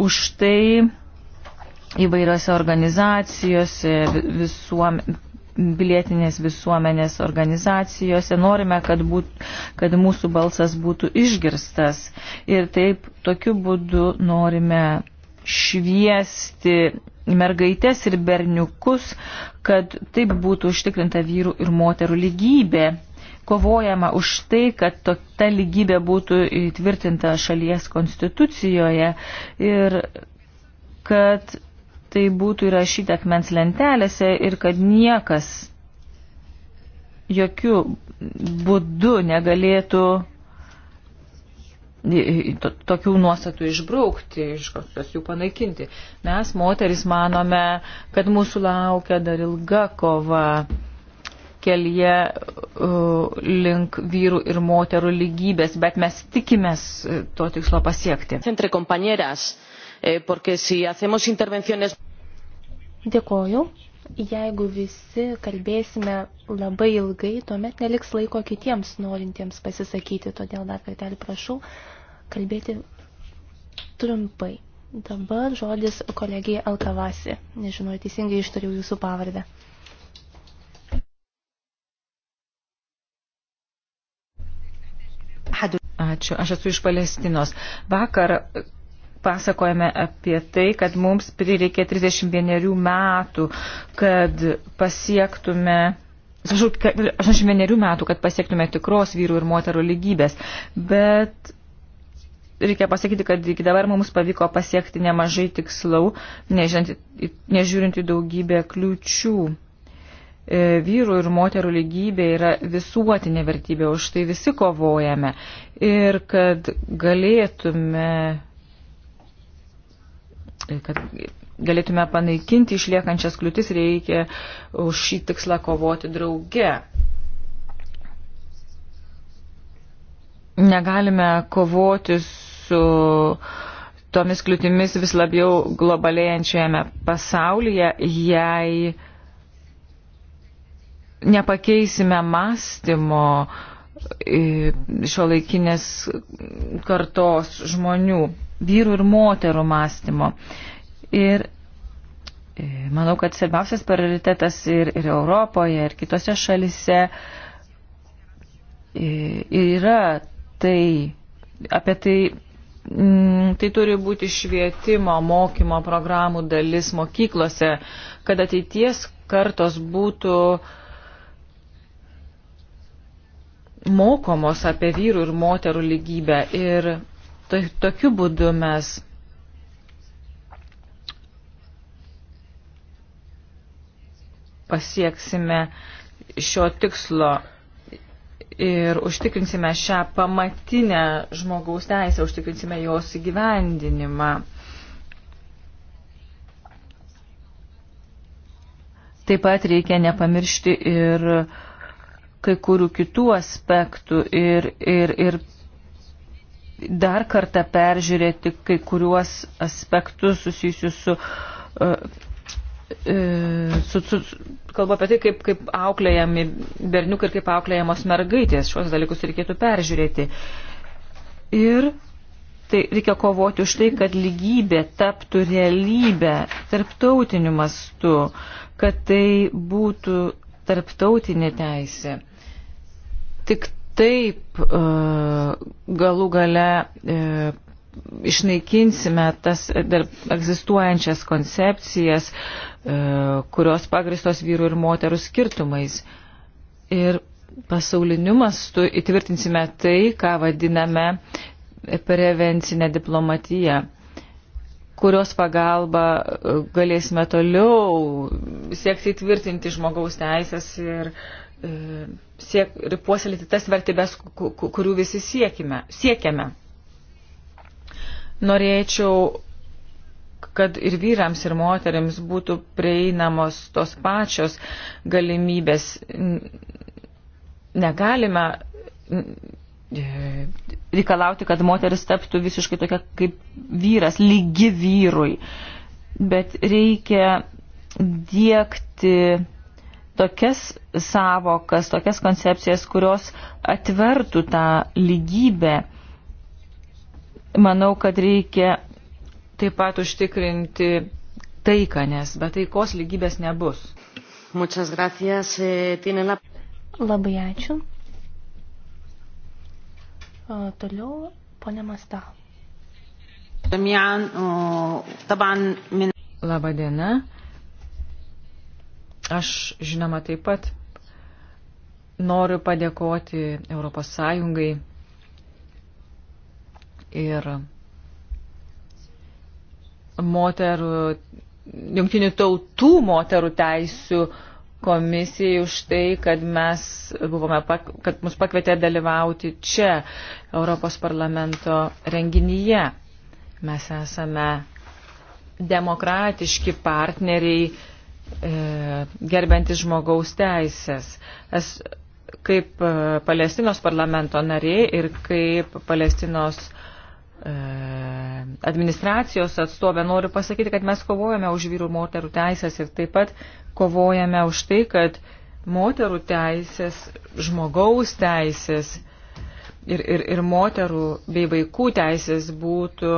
už tai, įvairiose organizacijose, visuom, bilietinės visuomenės organizacijose. Norime, kad, būt, kad mūsų balsas būtų išgirstas ir taip tokiu būdu norime šviesti mergaitės ir berniukus, kad taip būtų užtikrinta vyrų ir moterų lygybė. Kovojama už tai, kad to, ta lygybė būtų įtvirtinta šalies konstitucijoje ir kad tai būtų įrašyta akmens lentelėse ir kad niekas jokių būdų negalėtų tokių nuostatų išbraukti, iš kažkokios jų panaikinti. Mes, moteris, manome, kad mūsų laukia dar ilga kova kelyje uh, link vyrų ir moterų lygybės, bet mes tikimės e, to tikslo pasiekti. Entre compañeras Eh, porque si hacemos intervenciones. Dėkoju. Jeigu visi kalbėsime labai ilgai, tuomet neliks laiko kitiems norintiems pasisakyti, todėl dar kartelį prašau kalbėti trumpai. Dabar žodis kolegijai Alkavasi. Nežinau, teisingai ištariau jūsų pavardę. Ačiū, aš esu iš Palestinos. Vakar pasakojame apie tai, kad mums prireikė 31 metų, kad pasiektume. 81 metų, kad pasiektume tikros vyrų ir moterų lygybės, bet reikia pasakyti, kad iki dabar mums pavyko pasiekti nemažai tikslau, nežiūrint, nežiūrint į daugybę kliučių. E, vyrų ir moterų lygybė yra visuotinė vertybė, už tai visi kovojame. Ir kad galėtume kad galėtume panaikinti išliekančias kliūtis, reikia už šį tikslą kovoti drauge. Negalime kovoti su tomis kliūtimis vis labiau globalėjančiame pasaulyje, jei nepakeisime mąstymo e, šio laikinės kartos žmonių vyrų ir moterų mąstymo. Ir e, manau, kad svarbiausias prioritetas ir, ir Europoje, ir kitose šalise e, yra tai, apie tai, mm, tai turi būti švietimo, mokymo programų dalis mokyklose, kad ateities kartos būtų mokomos apie vyrų ir moterų lygybę ir Tokiu būdu mes pasieksime šio tikslo ir užtikrinsime šią pamatinę žmogaus teisę, užtikrinsime jos įgyvendinimą. Taip pat reikia nepamiršti ir kai kurių kitų aspektų ir, ir, ir dar kartą peržiūrėti kai kuriuos aspektus susijusius su, e, e, su, su, su kalbu apie tai, kaip, kaip auklėjami berniukai ir kaip auklėjamos mergaitės. Šios dalykus reikėtų peržiūrėti. Ir tai reikia kovoti už tai, kad lygybė taptų realybę tarptautiniu mastu, kad tai būtų tarptautinė teisė. Tik taip e, galų gale e, išnaikinsime tas egzistuojančias koncepcijas, e, kurios pagristos vyrų ir moterų skirtumais. Ir pasauliniu mastu įtvirtinsime tai, ką vadiname prevencinę diplomatiją kurios pagalba galėsime toliau siekti įtvirtinti žmogaus teisės ir, ir siek, ir puoselėti tas vertybės, kurių visi siekime, siekiame. Norėčiau, kad ir vyrams, ir moteriams būtų prieinamos tos pačios galimybės. Negalime e, reikalauti, kad moteris taptų visiškai tokia kaip vyras, lygi vyrui. Bet reikia diekti tokias savokas, tokias koncepcijas, kurios atvertų tą lygybę. Manau, kad reikia taip pat užtikrinti taiką, nes be taikos lygybės nebus. Eh, Labai ačiū. Toliau, ponė Masta. Labadiena. Aš, žinoma, taip pat noriu padėkoti Europos Sąjungai ir moterų, jungtinių tautų moterų teisių komisijai už tai, kad mes buvome, kad mus pakvietė dalyvauti čia Europos parlamento renginyje. Mes esame demokratiški partneriai E, gerbiantis žmogaus teisės. Es, kaip e, Palestinos parlamento narė ir kaip Palestinos e, administracijos atstovė noriu pasakyti, kad mes kovojame už vyrų ir moterų teisės ir taip pat kovojame už tai, kad moterų teisės, žmogaus teisės ir, ir, ir moterų bei vaikų teisės būtų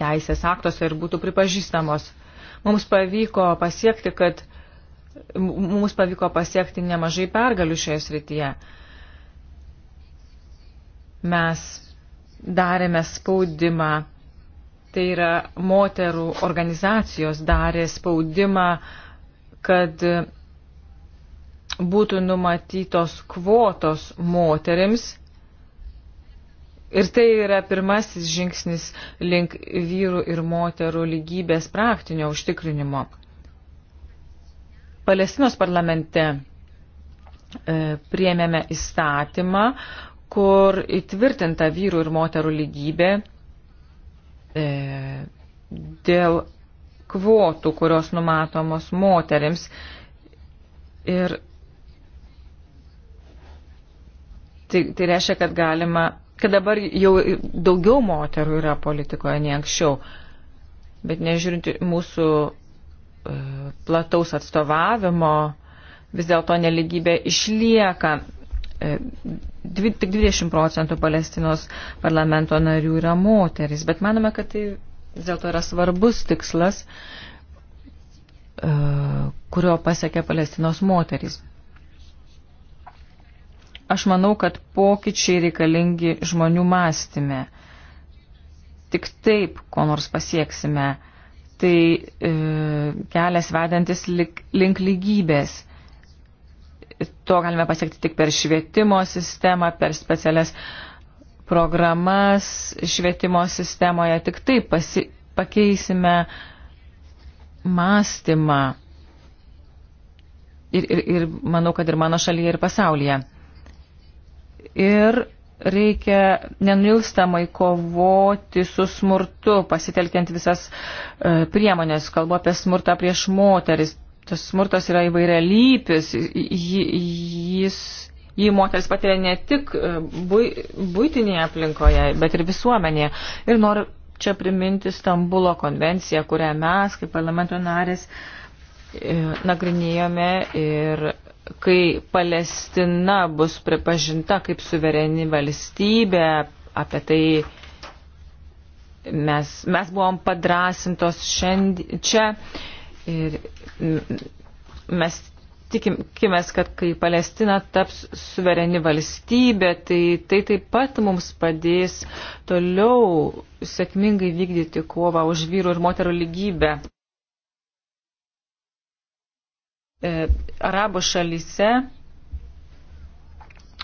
teisės aktuose ir būtų pripažįstamos. Mums pavyko pasiekti, kad mums pavyko pasiekti nemažai pergalių šioje srityje. Mes darėme spaudimą, tai yra moterų organizacijos darė spaudimą, kad būtų numatytos kvotos moterims Ir tai yra pirmasis žingsnis link vyrų ir moterų lygybės praktinio užtikrinimo. Palestinos parlamente e, priemėme įstatymą, kur įtvirtinta vyrų ir moterų lygybė e, dėl kvotų, kurios numatomos moterims. Ir tai, tai reiškia, kad galima kad dabar jau daugiau moterų yra politikoje nei anksčiau. Bet nežiūrint mūsų e, plataus atstovavimo, vis dėlto neligybė išlieka. E, dvi, tik 20 procentų Palestinos parlamento narių yra moteris, bet manome, kad tai vis dėlto yra svarbus tikslas, e, kurio pasiekė Palestinos moteris. Aš manau, kad pokyčiai reikalingi žmonių mąstymė. Tik taip, ko nors pasieksime, tai e, kelias vedantis lik, link lygybės. To galime pasiekti tik per švietimo sistemą, per specialias programas švietimo sistemoje. Tik taip pasi, pakeisime mąstymą. Ir, ir, ir manau, kad ir mano šalyje, ir pasaulyje ir reikia nenilstamai kovoti su smurtu, pasitelkiant visas e, priemonės. Kalbu apie smurtą prieš moteris. Tas smurtas yra įvairialypis, jis jį moteris patiria ne tik e, būtinėje aplinkoje, bet ir visuomenėje. Ir noriu čia priminti Stambulo konvenciją, kurią mes, kaip parlamento narės, e, nagrinėjome ir kai Palestina bus pripažinta kaip suvereni valstybė, apie tai mes, mes buvom padrasintos šiandien čia ir mes tikimės, kad kai Palestina taps suvereni valstybė, tai tai taip pat mums padės toliau sėkmingai vykdyti kovą už vyrų ir moterų lygybę e, arabų šalyse,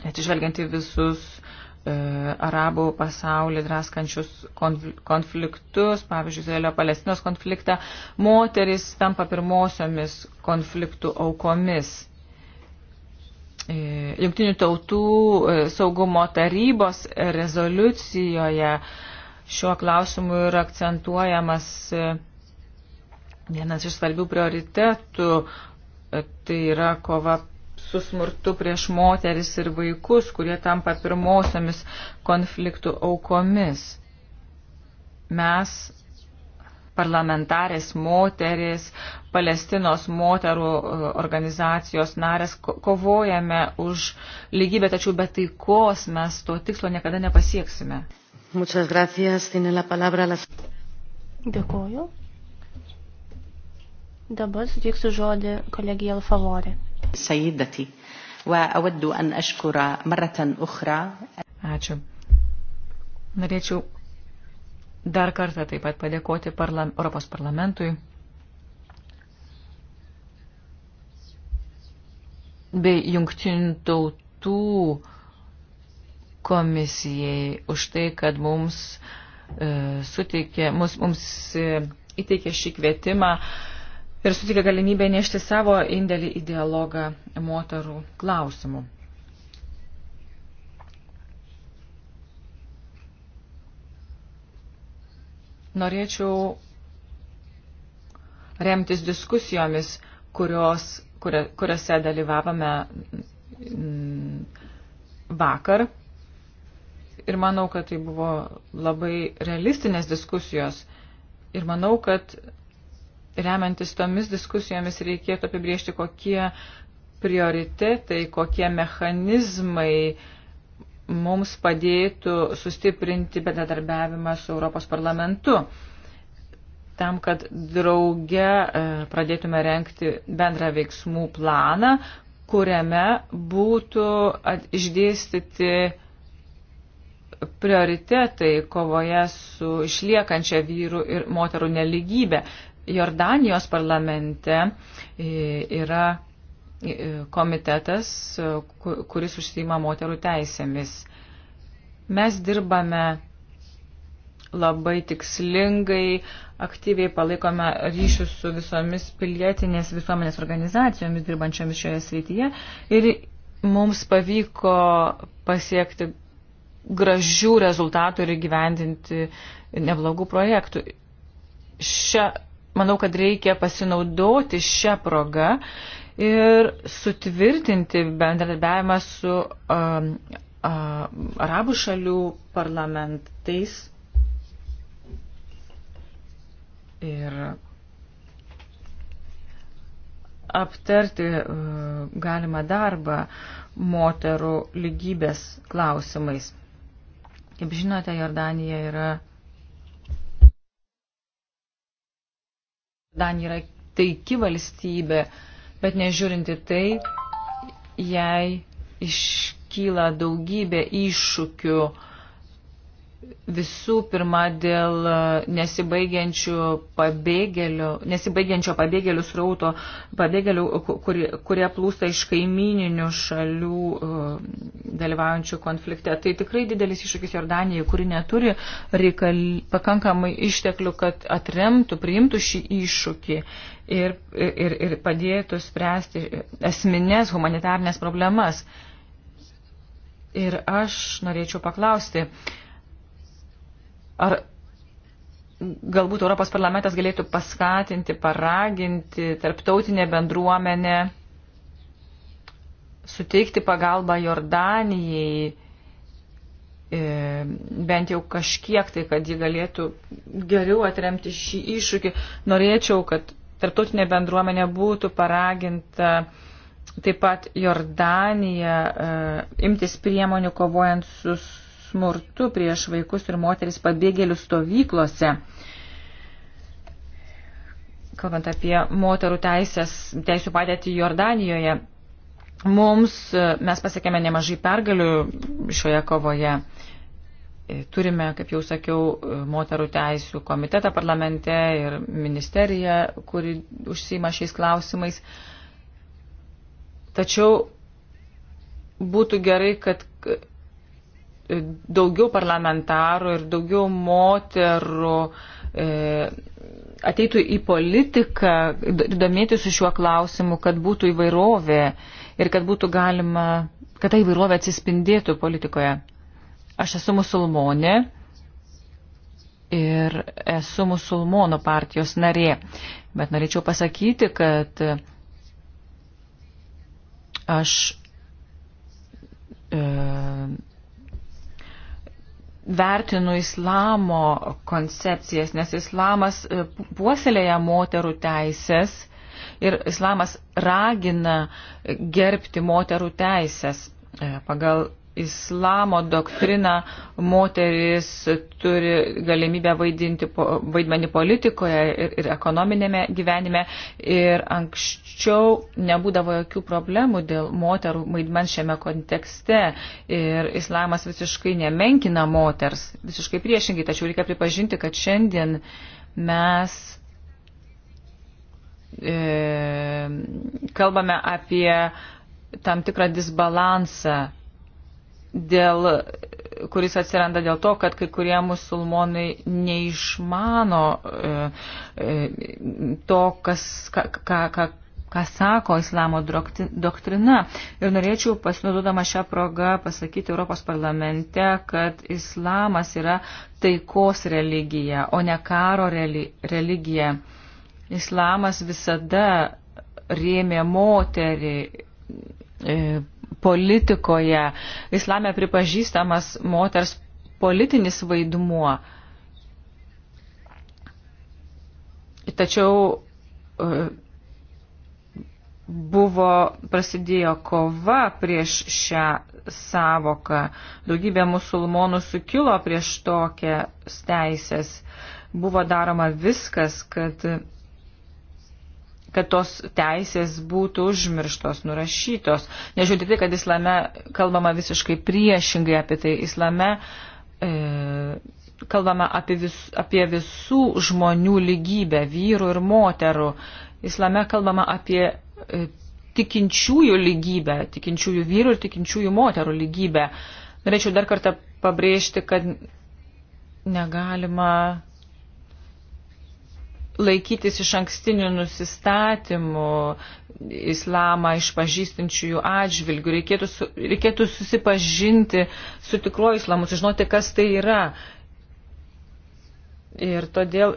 atsižvelgiant į visus e, arabų pasaulį draskančius konfliktus, pavyzdžiui, Izraelio-Palestinos konfliktą, moteris tampa pirmosiomis konfliktų aukomis. E, Junktinių tautų e, saugumo tarybos rezoliucijoje šiuo klausimu yra akcentuojamas e, vienas iš svarbių prioritetų tai yra kova su smurtu prieš moteris ir vaikus, kurie tampa pirmosiomis konfliktų aukomis. Mes, parlamentarės moteris, Palestinos moterų e, organizacijos narės, kovojame už lygybę, tačiau be taikos mes to tikslo niekada nepasieksime. Muchas gracias. Tiene la palabra la... Dėkoju. Dabar suteiksiu žodį kolegijai Alfavorė. Saidati. وأود أن أشكر مرة أخرى Ačiū. Norėčiau dar kartą taip pat padėkoti parla Europos parlamentui bei jungtinių tautų komisijai už tai, kad mums e, suteikė, mums, mums e, įteikė šį kvietimą e, ir suteikia galimybę nešti savo indėlį į dialogą moterų klausimų. Norėčiau remtis diskusijomis, kurios, kuria, kuriuose dalyvavome mm, vakar. Ir manau, kad tai buvo labai realistinės diskusijos. Ir manau, kad remiantis tomis diskusijomis reikėtų apibriežti, kokie prioritetai, kokie mechanizmai mums padėtų sustiprinti bendradarbiavimą su Europos parlamentu, tam, kad drauge e, pradėtume renkti bendrą veiksmų planą, kuriame būtų išdėstyti prioritetai kovoje su išliekančia vyrų ir moterų neligybė. Jordanijos parlamente e, yra e, komitetas, e, kuris užsima moterų teisėmis. Mes dirbame labai tikslingai, aktyviai palaikome ryšius su visomis pilietinės visuomenės organizacijomis dirbančiomis šioje srityje ir mums pavyko pasiekti gražių rezultatų ir įgyvendinti neblogų projektų. Šia manau, kad reikia pasinaudoti šią progą ir sutvirtinti bendradarbiavimą su um, um, arabų šalių parlamentais ir aptarti uh, galimą darbą moterų lygybės klausimais. Kaip žinote, Jordanija yra Danija yra taiki valstybė, bet nežiūrinti tai, jai iškyla daugybė iššūkių Visų pirma, dėl e, pabėgėlių, nesibaigiančio pabėgėlių srauto, pabėgėlių, kurie, kurie plūsta iš kaimininių šalių e, dalyvaujančių konflikte. Tai tikrai didelis iššūkis Jordanijai, kuri neturi reikal, pakankamai išteklių, kad atremtų, priimtų šį iššūkį ir, ir, ir padėtų spręsti esminės humanitarnės problemas. Ir aš norėčiau paklausti, uh, Ar galbūt Europos parlamentas galėtų paskatinti, paraginti tarptautinę bendruomenę, suteikti pagalbą Jordanijai, e, bent jau kažkiek tai, kad ji galėtų geriau atremti šį iššūkį. Norėčiau, kad tarptautinė bendruomenė būtų paraginta taip pat Jordanija e, imtis priemonių kovojant su smurtu prieš vaikus ir moteris pabėgėlių stovyklose. Kalbant apie moterų teisės, teisų padėtį Jordanijoje, mums e, mes pasiekėme nemažai pergalių šioje kovoje. E, turime, kaip jau sakiau, e, moterų teisų komitetą parlamente ir ministeriją, kuri užsima šiais klausimais. Tačiau būtų gerai, kad daugiau parlamentarų ir daugiau moterų e, ateitų į politiką, domėtųsi šiuo klausimu, kad būtų įvairovė ir kad būtų galima, kad ta įvairovė atsispindėtų politikoje. Aš esu musulmonė ir esu musulmonų partijos narė, bet norėčiau pasakyti, kad aš e, vertinu islamo koncepcijas, nes islamas e, puoselėja moterų teisės ir islamas ragina gerbti moterų teisės e, pagal islamo doktriną moteris turi galimybę vaidinti vaidmenį politikoje ir, ir ekonominėme gyvenime ir anksčiau nebūdavo jokių problemų dėl moterų vaidmens šiame kontekste ir islamas visiškai nemenkina moters, visiškai priešingai, tačiau reikia pripažinti, kad šiandien mes e, kalbame apie tam tikrą disbalansą dėl, kuris atsiranda dėl to, kad kai kurie musulmonai neišmano e, e to, kas, ką, ką, ką, ką sako islamo doktrina. Ir norėčiau pasinaudodama šią progą pasakyti Europos parlamente, kad islamas yra taikos religija, o ne karo religija. Islamas visada rėmė moterį, e, politikoje. Islame pripažįstamas moters politinis vaidmuo. Tačiau e, buvo prasidėjo kova prieš šią savoką. Daugybė musulmonų sukilo prieš tokias teisės. Buvo daroma viskas, kad kad tos teisės būtų užmirštos, nurašytos. Nežiūrėti tai, kad islame kalbama visiškai priešingai apie tai. Islame e, kalbama apie, vis, apie visų žmonių lygybę, vyrų ir moterų. Islame kalbama apie e, tikinčiųjų lygybę, tikinčiųjų vyrų ir tikinčiųjų moterų lygybę. Norėčiau dar kartą pabrėžti, kad negalima laikytis iš ankstinių nusistatymų islamą išpažįstančiųjų atžvilgių. Reikėtų, su, reikėtų susipažinti su tikruoju islamu, sužinoti, kas tai yra. Ir todėl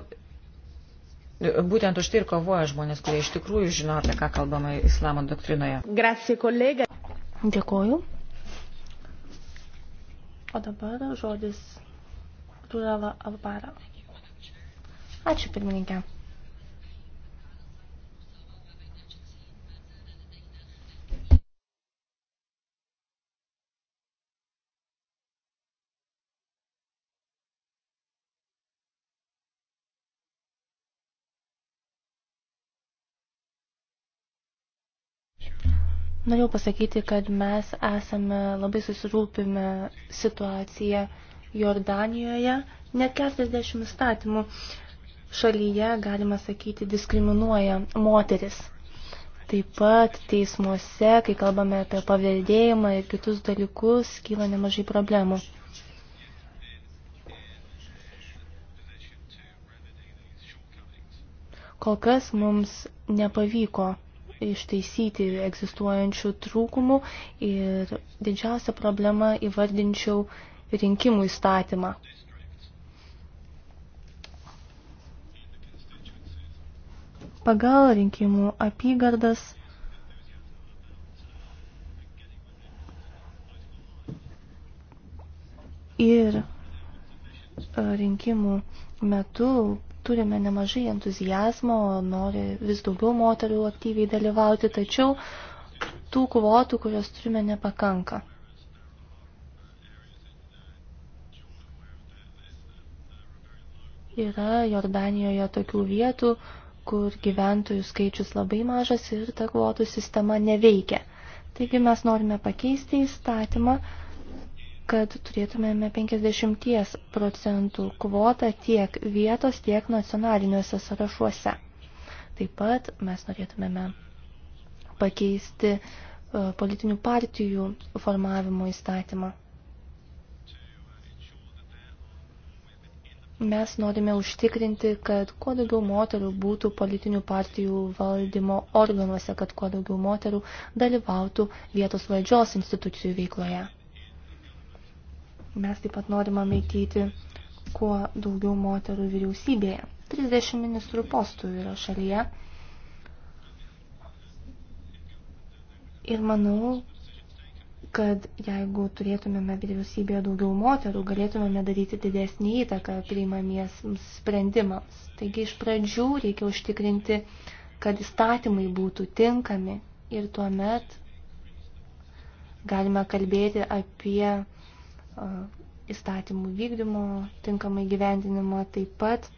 būtent už tai ir kovoja žmonės, kurie iš tikrųjų žino, apie ką kalbama islamo doktrinoje. Grazie, kolega. Dėkoju. O dabar žodis Turava Alpara. Ačiū pirmininkė. Norėjau pasakyti, kad mes esame labai susirūpime situaciją Jordanijoje, net 40 statymų šalyje, galima sakyti, diskriminuoja moteris. Taip pat teismuose, kai kalbame apie paveldėjimą ir kitus dalykus, kyla nemažai problemų. Kol kas mums nepavyko ištaisyti egzistuojančių trūkumų ir didžiausia problema įvardinčiau rinkimų įstatymą. pagal rinkimų apygardas. Ir e, rinkimų metu turime nemažai entuzijazmo, nori vis daugiau moterų aktyviai dalyvauti, tačiau tų kvotų, kurias turime, nepakanka. Yra Jordanijoje tokių vietų, kur gyventojų skaičius labai mažas ir ta kvotų sistema neveikia. Taigi mes norime pakeisti įstatymą, kad turėtumėme 50 procentų kvotą tiek vietos, tiek nacionaliniuose sąrašuose. Taip pat mes norėtumėme pakeisti e, politinių partijų formavimo įstatymą. Mes norime užtikrinti, kad kuo daugiau moterų būtų politinių partijų valdymo organuose, kad kuo daugiau moterų dalyvautų vietos valdžios institucijų veikloje. Mes taip pat norime matyti kuo daugiau moterų vyriausybėje. 30 ministrų postų yra šalyje. Ir manau, kad jeigu turėtumėme vyriausybėje daugiau moterų, galėtumėme daryti didesnį įtaką priimamiesiems sprendimams. Taigi iš pradžių reikia užtikrinti, kad įstatymai būtų tinkami ir tuomet galime kalbėti apie įstatymų vykdymo tinkamą įgyvendinimą, taip pat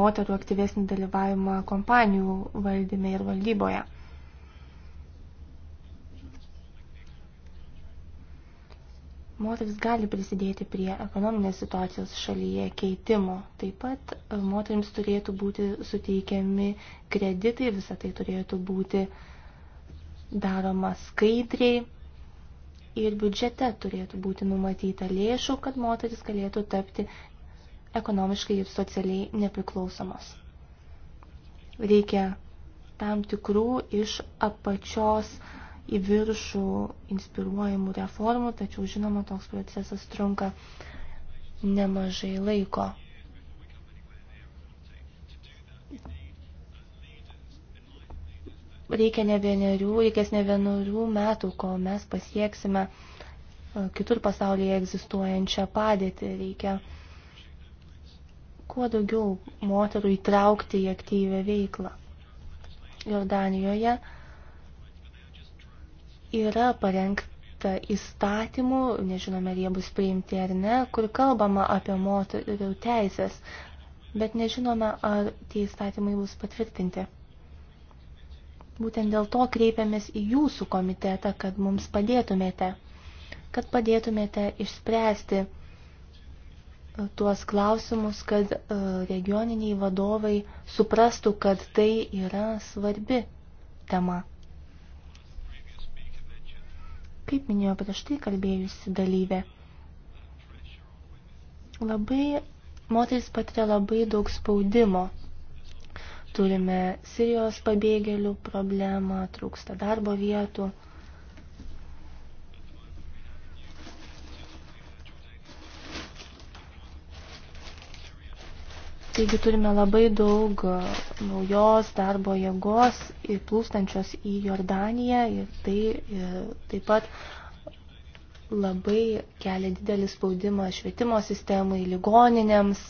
moterų aktyvesnį dalyvavimą kompanijų valdyme ir valdyboje. Moteris gali prisidėti prie ekonominės situacijos šalyje keitimo. Taip pat e, moterims turėtų būti suteikiami kreditai, visą tai turėtų būti daroma skaidriai ir biudžete turėtų būti numatyta lėšų, kad moteris galėtų tapti ekonomiškai ir socialiai nepriklausomos. Reikia tam tikrų iš apačios uh, į viršų inspiruojamų reformų, tačiau žinoma, toks procesas trunka nemažai laiko. Reikia ne vienerių, reikės ne vienerių metų, kol mes pasieksime e, kitur pasaulyje egzistuojančią padėtį. Reikia kuo daugiau moterų įtraukti į aktyvę veiklą. Jordanijoje yra parengta įstatymų, nežinome, ar jie bus priimti ar ne, kur kalbama apie moterų teisės, bet nežinome, ar tie įstatymai bus patvirtinti. Būtent dėl to kreipiamės į jūsų komitetą, kad mums padėtumėte, kad padėtumėte išspręsti e, tuos klausimus, kad e, regioniniai vadovai suprastų, kad tai yra svarbi tema kaip minėjo prieš tai kalbėjusi dalyvė. Labai, moteris patiria labai daug spaudimo. Turime Sirijos pabėgėlių problemą, trūksta darbo vietų. Taigi turime labai daug e, naujos darbo jėgos įplūstančios į Jordaniją ir tai e, taip pat labai kelia didelį spaudimą švietimo sistemai, ligoninėms.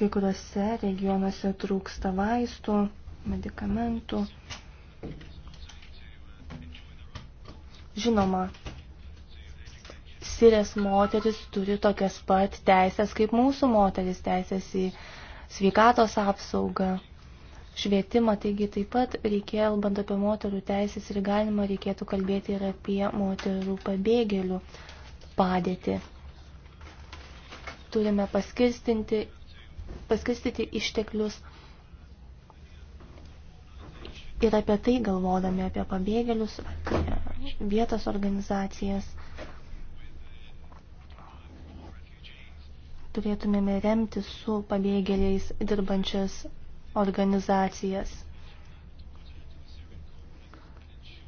Kai kuriuose regionuose trūksta vaistų, medikamentų. Žinoma, Sirės moteris turi tokias pat teisės kaip mūsų moteris, teisės į sveikatos apsaugą, švietimą, taigi taip pat reikėjo, band apie moterų teisės ir galima reikėtų kalbėti ir apie moterų pabėgėlių padėtį. Turime paskirstinti, paskirstyti išteklius ir apie tai galvodami apie pabėgėlius, apie vietos organizacijas. turėtumėme remti su pabėgėliais dirbančias organizacijas.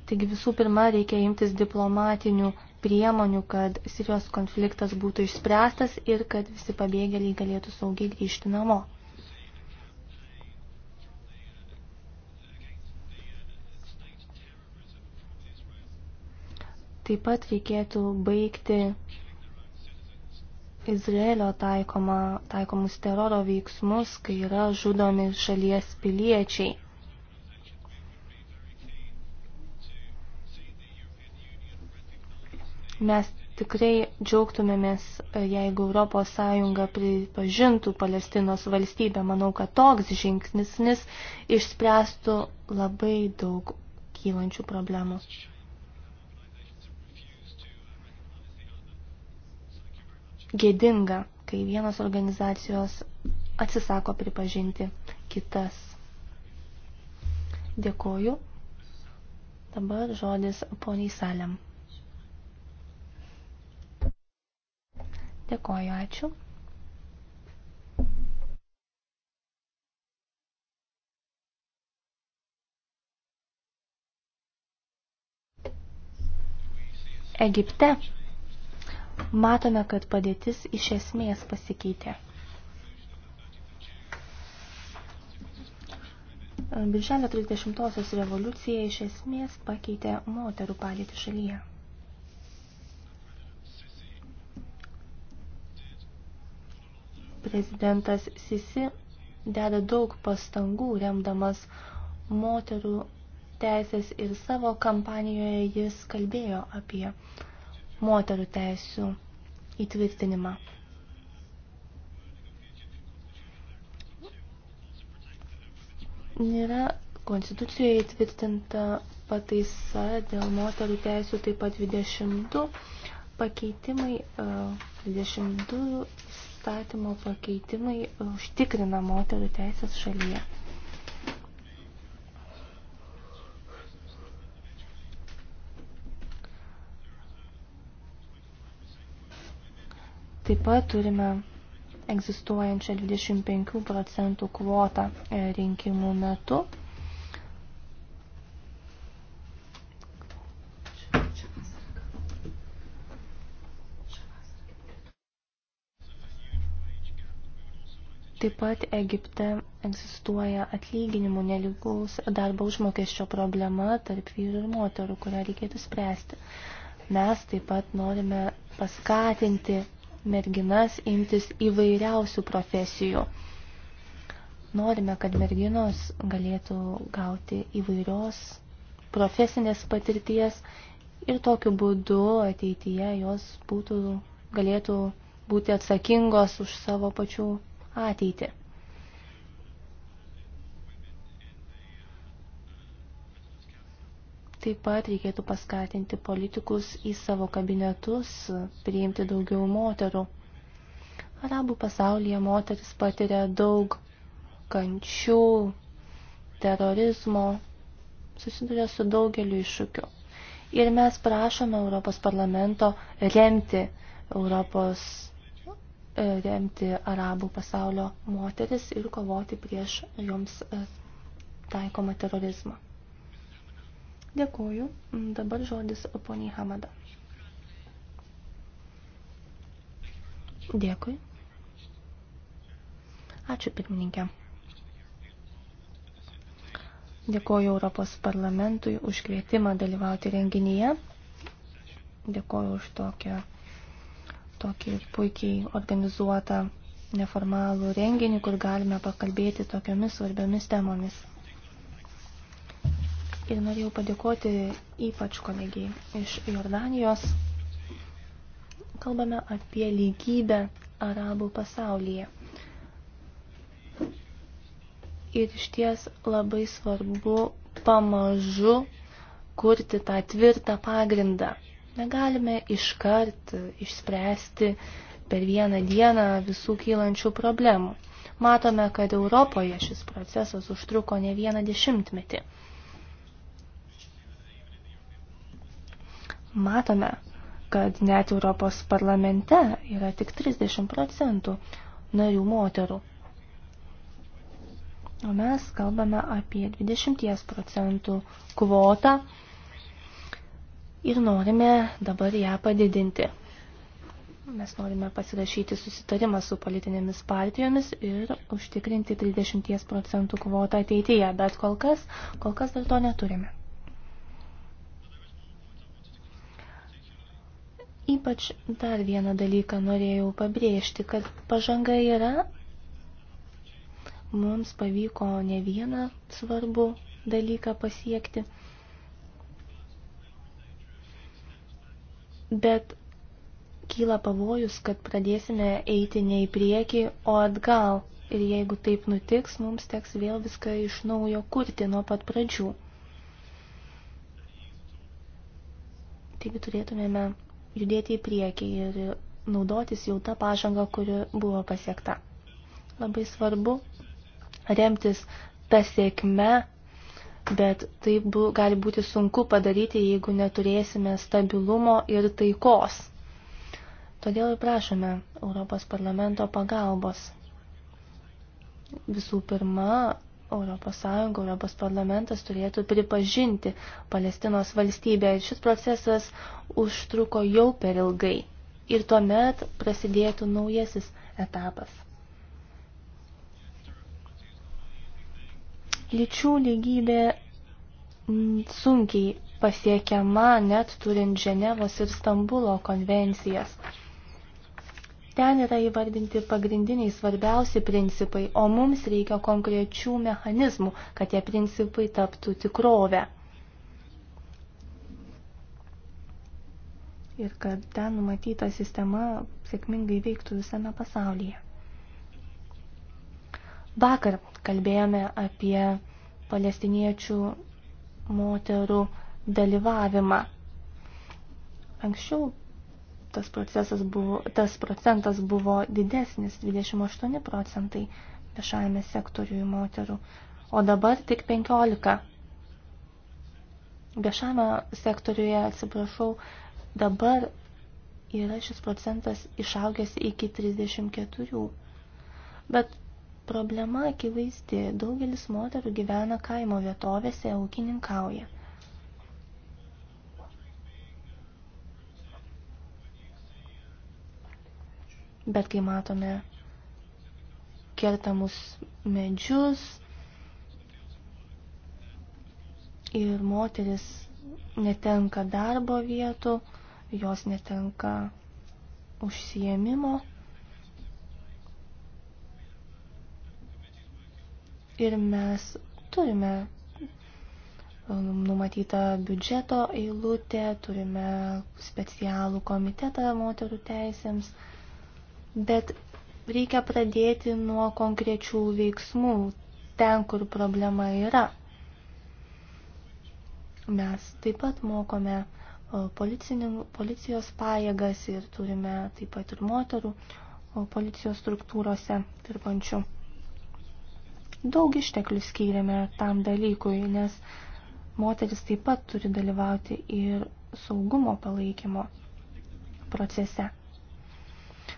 Taigi visų pirma reikia imtis diplomatinių priemonių, kad Sirijos konfliktas būtų išspręstas ir kad visi pabėgėliai galėtų saugiai grįžti namo. Taip pat reikėtų baigti Izraelio taikoma, taikomus teroro veiksmus, kai yra žudomi šalies piliečiai. Mes tikrai džiaugtumėmės, jeigu ES pripažintų Palestinos valstybę. Manau, kad toks žingsnis išspręstų labai daug kylančių problemų. gėdinga, kai vienos organizacijos atsisako pripažinti kitas. Dėkoju. Dabar žodis poniai Salem. Dėkoju, ačiū. Egipte matome, kad padėtis iš esmės pasikeitė. Birželio 30-osios revoliucija iš esmės pakeitė moterų padėtį šalyje. Prezidentas Sisi deda daug pastangų remdamas moterų teisės ir savo kampanijoje jis kalbėjo apie moterų teisų įtvirtinimą. Yra Konstitucijoje įtvirtinta pataisa dėl moterų teisų, taip pat 22 pakeitimai, 22 e, statymo pakeitimai e, užtikrina moterų teisės šalyje. Taip pat turime egzistuojančią 25 procentų kvotą e, rinkimų metu. Taip pat Egipte egzistuoja atlyginimų neligaus darbo užmokesčio problema tarp vyrų ir moterų, kurią reikėtų spręsti. Mes taip pat norime paskatinti merginas imtis įvairiausių profesijų. Norime, kad merginos galėtų gauti įvairios profesinės patirties ir tokiu būdu ateityje jos būtų, galėtų būti atsakingos už savo pačių ateitį. Taip pat reikėtų paskatinti politikus į savo kabinetus priimti daugiau moterų. Arabų pasaulyje moteris patiria daug kančių, terorizmo, susiduria su daugeliu iššūkiu. Ir mes prašome Europos parlamento remti Europos e, remti arabų pasaulio moteris ir kovoti prieš joms e, taikomą terorizmą. Dėkuoju. Mm, dabar žodis poniai Hamada. Dėkui. Ačiū pirmininkė. Dėkoju Europos parlamentui už kvietimą dalyvauti renginyje. Dėkoju už tokią, tokį puikiai organizuotą neformalų renginį, kur galime pakalbėti tokiomis svarbiomis temomis ir norėjau padėkoti ypač kolegijai iš Jordanijos. Kalbame apie lygybę arabų pasaulyje. Ir iš ties labai svarbu pamažu kurti tą tvirtą pagrindą. Negalime iškart išspręsti per vieną dieną visų kylančių problemų. Matome, kad Europoje šis procesas užtruko ne vieną dešimtmetį. matome, kad net Europos parlamente yra tik 30 procentų narių moterų. O mes kalbame apie 20 procentų kvotą ir norime dabar ją padidinti. Mes norime pasirašyti susitarimą su politinėmis partijomis ir užtikrinti 30 procentų kvotą ateityje, bet kol kas, kol kas dar to neturime. Ypač dar vieną dalyką norėjau pabrėžti, kad pažanga yra, mums pavyko ne vieną svarbų dalyką pasiekti, bet kyla pavojus, kad pradėsime eiti ne į priekį, o atgal. Ir jeigu taip nutiks, mums teks vėl viską iš naujo kurti nuo pat pradžių. Taigi turėtumėme judėti į priekį ir naudotis jau tą pažangą, kuri buvo pasiekta. Labai svarbu remtis tą sėkme, bet tai bu, gali būti sunku padaryti, jeigu neturėsime stabilumo ir taikos. Todėl ir prašome Europos parlamento pagalbos. Visų pirma, Europos Sąjunga, Europos parlamentas turėtų pripažinti Palestinos valstybę. Ir šis procesas užtruko jau per ilgai. Ir tuomet prasidėtų naujasis etapas. Lyčių lygybė sunkiai pasiekiama net turint Ženevos ir Stambulo konvencijas. Ten yra įvardinti pagrindiniai svarbiausi principai, o mums reikia konkrečių mechanizmų, kad tie principai taptų tikrovę. Ir kad ten numatyta sistema sėkmingai veiktų visame pasaulyje. Vakar kalbėjome apie palestiniečių moterų dalyvavimą. Anksčiau tas, procesas buvo, tas procentas buvo didesnis, 28 procentai viešajame sektoriuje moterų, o dabar tik 15. Viešame sektoriuje, atsiprašau, dabar yra šis procentas išaugęs iki 34. Bet problema akivaizdi, daugelis moterų gyvena kaimo vietovėse, ūkininkauja. Bet kai matome kertamus medžius ir moteris netenka darbo vietų, jos netenka užsiemimo. Ir mes turime um, numatytą biudžeto eilutę, turime specialų komitetą moterų teisėms bet reikia pradėti nuo konkrečių veiksmų, ten, kur problema yra. Mes taip pat mokome policijos pajėgas ir turime taip pat ir moterų policijos struktūrose dirbančių. Daug išteklių skyrėme tam dalykui, nes moteris taip pat turi dalyvauti ir saugumo palaikymo procese.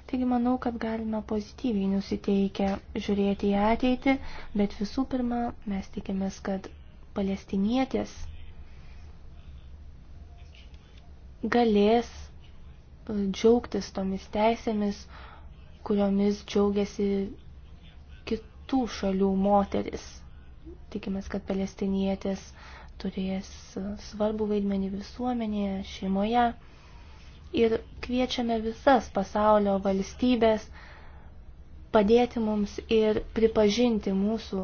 Taigi manau, kad galime pozityviai nusiteikę žiūrėti į ateitį, bet visų pirma, mes tikimės, kad palestinietės galės e, džiaugtis tomis teisėmis, kuriomis džiaugiasi kitų šalių moteris. Tikimės, kad palestinietės turės e, svarbų vaidmenį visuomenėje, šeimoje ir kviečiame visas pasaulio valstybės padėti mums ir pripažinti mūsų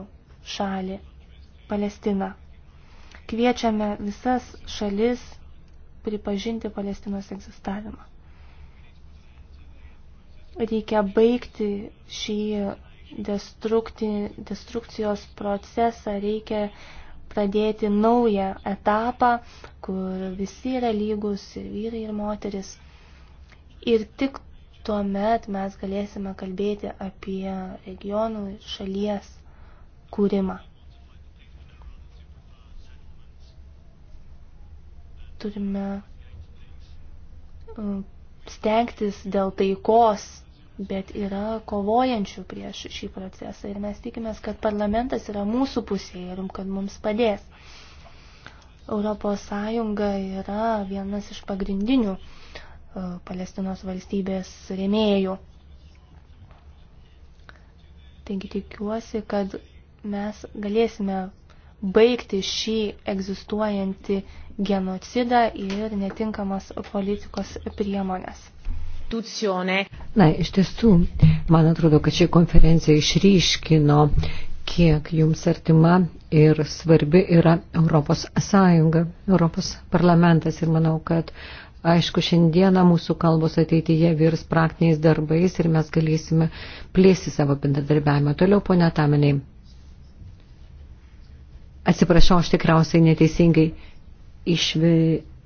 šalį Palestiną. Kviečiame visas šalis pripažinti Palestinos egzistavimą. Reikia baigti šį destrukcijos procesą, reikia pradėti naują etapą, kur visi yra lygus ir vyrai ir moteris. Ir tik tuomet mes galėsime kalbėti apie regionų ir šalies kūrimą. Turime uh, stengtis dėl taikos bet yra kovojančių prieš šį procesą ir mes tikimės, kad parlamentas yra mūsų pusėje ir kad mums padės. Europos Sąjunga yra vienas iš pagrindinių e, Palestinos valstybės rėmėjų. Taigi tikiuosi, kad mes galėsime baigti šį egzistuojantį genocidą ir netinkamas politikos priemonės istituzione. Na, iš tiesų, man atrodo, kad ši konferencija išryškino, kiek jums artima ir svarbi yra Europos Sąjunga, Europos parlamentas ir manau, kad Aišku, šiandieną mūsų kalbos ateityje virs praktiniais darbais ir mes galėsime plėsti savo bendradarbiavimą. Toliau, ponia Taminiai. Atsiprašau, aš tikriausiai neteisingai išvi,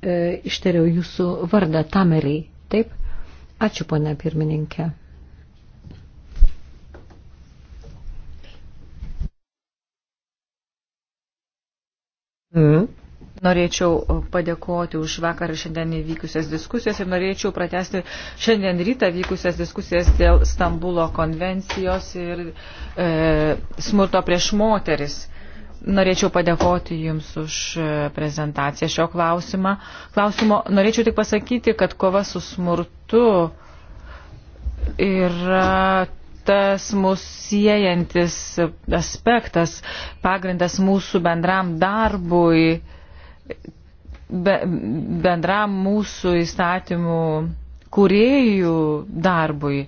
e, ištariau jūsų vardą Tameriai. Taip? Ačiū, ponia pirmininkė. Mm. Norėčiau padėkoti už vakar ir šiandien įvykusias diskusijas ir norėčiau pratesti šiandien rytą vykusias diskusijas dėl Stambulo konvencijos ir e, smurto prieš moteris. Norėčiau padėkoti Jums už e, prezentaciją šio klausimą. klausimo. Norėčiau tik pasakyti, kad kova su smurtu yra tas mūsų siejantis aspektas, pagrindas mūsų bendram darbui, be, bendram mūsų įstatymų kuriejų darbui.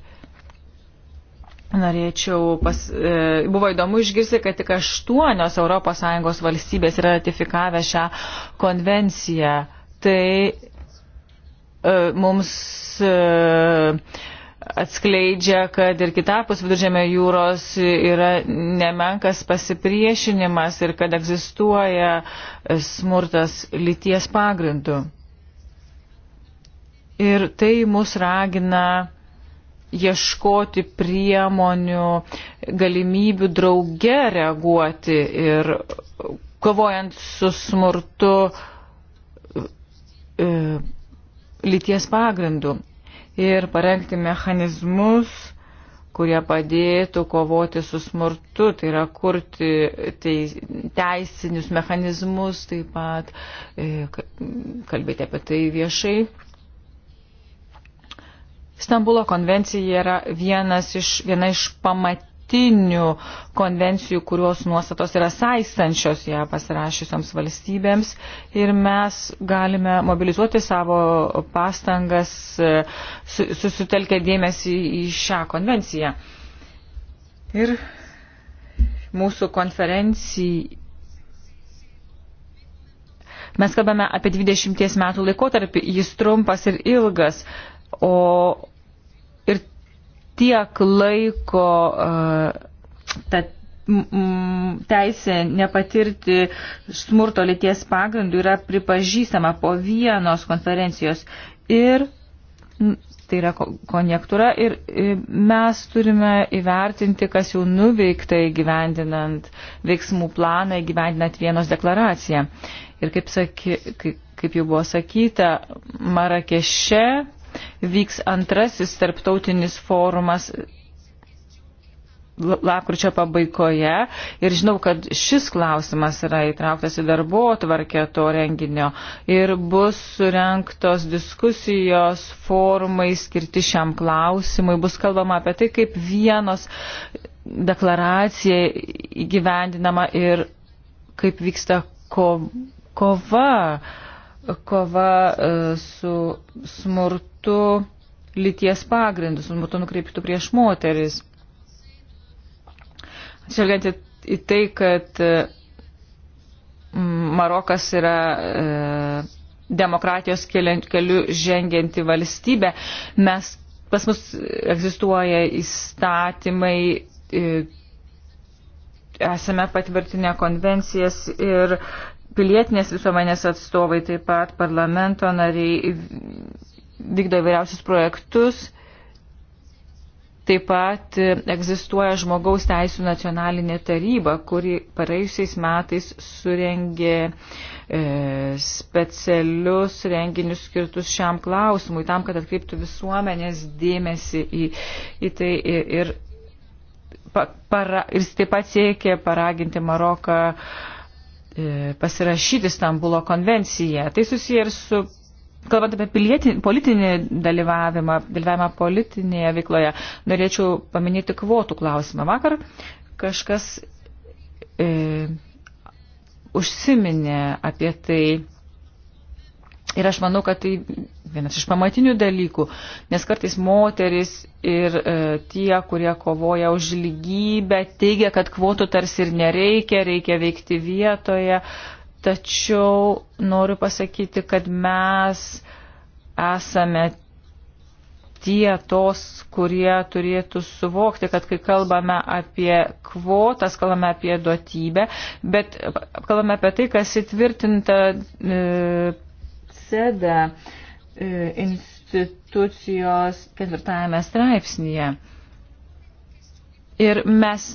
Norėčiau, pas, e, buvo įdomu išgirsti, kad tik aštuonios ES valstybės yra ratifikavę šią konvenciją. Tai e, mums e, atskleidžia, kad ir kitapus viduržėmio jūros yra nemenkas pasipriešinimas ir kad egzistuoja e, smurtas lyties pagrindu. Ir tai mus ragina ieškoti priemonių, galimybių drauge reaguoti ir kovojant su smurtu e, lyties pagrindu ir parengti mechanizmus, kurie padėtų kovoti su smurtu, tai yra kurti teis, teisinius mechanizmus, taip pat e, kalbėti apie tai viešai. Stambulo konvencija yra vienas iš, viena iš pamatinių konvencijų, kurios nuostatos yra saistančios ją pasirašysioms valstybėms ir mes galime mobilizuoti savo pastangas e, susitelkę dėmesį į šią konvenciją. Ir mūsų konferencijai Mes kalbame apie 20 metų laikotarpį, jis trumpas ir ilgas, O ir tiek laiko e, ta teisė nepatirti smurto lyties pagrindų yra pripažįstama po vienos konferencijos. Ir tai yra konjektūra ir mes turime įvertinti, kas jau nuveikta įgyvendinant veiksmų planą, įgyvendinant vienos deklaraciją. Ir kaip, saky, kaip, kaip jau buvo sakyta, Marakeše vyks antrasis tarptautinis forumas lapkričio pabaigoje ir žinau, kad šis klausimas yra įtrauktas į darbo tvarkę to renginio ir bus surenktos diskusijos, forumai skirti šiam klausimui, bus kalbama apie tai, kaip vienos deklaracija įgyvendinama ir kaip vyksta ko, kova, kova e, su smurtu numatytų lyties pagrindus, būtų nukreiptų prieš moteris. Atsižvelgiant į tai, kad e, Marokas yra e, demokratijos keliu žengianti valstybė, mes, pas mus egzistuoja įstatymai, e, esame patvirtinę konvencijas ir pilietinės visuomenės atstovai, taip pat parlamento nariai vykdo įvairiausius projektus. Taip pat egzistuoja žmogaus teisų nacionalinė taryba, kuri praėjusiais metais surengė e, specialius renginius skirtus šiam klausimui, tam, kad atkreiptų visuomenės dėmesį į, į tai ir, ir, para, ir taip pat siekė paraginti Maroką e, pasirašyti Stambulo konvenciją. Tai susiję ir su Kalbant apie pilietį, politinį dalyvavimą, dalyvavimą politinėje veikloje, norėčiau paminėti kvotų klausimą. Vakar kažkas e, užsiminė apie tai ir aš manau, kad tai vienas iš pamatinių dalykų, nes kartais moteris ir e, tie, kurie kovoja už lygybę, teigia, kad kvotų tarsi ir nereikia, reikia veikti vietoje. E, Tačiau noriu pasakyti, kad mes esame tie tos, kurie turėtų suvokti, kad kai kalbame apie kvotas, kalbame apie duotybę, bet kalbame apie tai, kas įtvirtinta e, CEDA e, institucijos ketvirtajame straipsnėje. Ir mes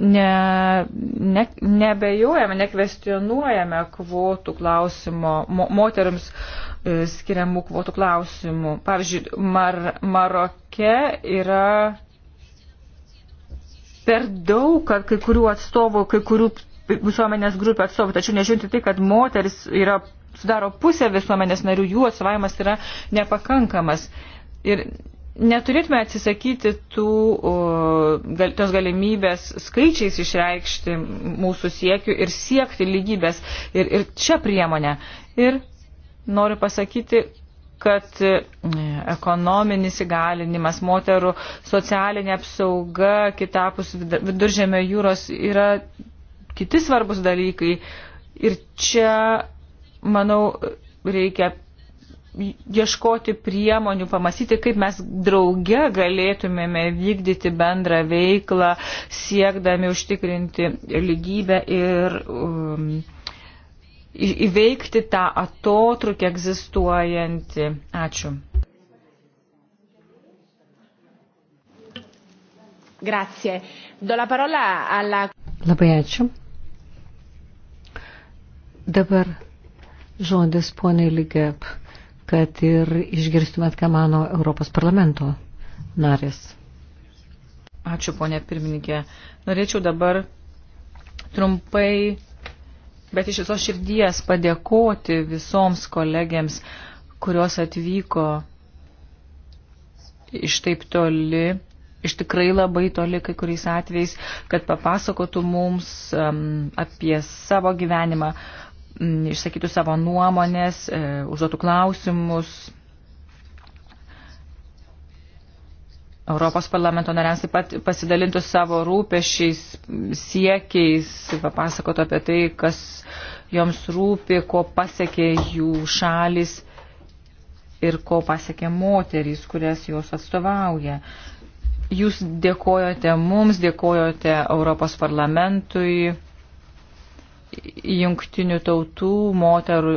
ne, ne, nebejojame, nekvestionuojame kvotų klausimo, mo, moteriams e, skiriamų kvotų klausimų. Pavyzdžiui, Mar, Maroke yra per daug, kad kai kurių atstovų, kai kurių visuomenės grupių atstovų, tačiau nežiūrinti tai, kad moteris yra, sudaro pusę visuomenės narių, jų atsovavimas yra nepakankamas. Ir neturėtume atsisakyti tų, gal, tos galimybės skaičiais išreikšti mūsų siekių ir siekti lygybės ir, ir čia priemonę. Ir noriu pasakyti, kad e, ekonominis įgalinimas, moterų socialinė apsauga, kitapus viduržėmio jūros yra kiti svarbus dalykai. Ir čia, manau, reikia ieškoti priemonių, pamastyti, kaip mes drauge galėtumėme vykdyti bendrą veiklą, siekdami užtikrinti lygybę ir um, įveikti tą atotrukį egzistuojantį. Ačiū. Grazie. Do la parola alla... Labai ačiū. Dabar žodis poniai Ligep kad ir išgirstumėt, ką mano Europos parlamento narės. Ačiū, ponė pirmininkė. Norėčiau dabar trumpai, bet iš viso širdies padėkoti visoms kolegėms, kurios atvyko iš taip toli iš tikrai labai toli kai kuriais atvejais, kad papasakotų mums um, apie savo gyvenimą. Mm, išsakytų savo nuomonės, e, užduotų klausimus. Europos parlamento nariams taip pat pasidalintų savo rūpešiais, siekiais, papasakotų apie tai, kas joms rūpi, ko pasiekė jų šalis ir ko pasiekė moterys, kurias jos atstovauja. Jūs dėkojate mums, dėkojate Europos parlamentui jungtinių tautų moterų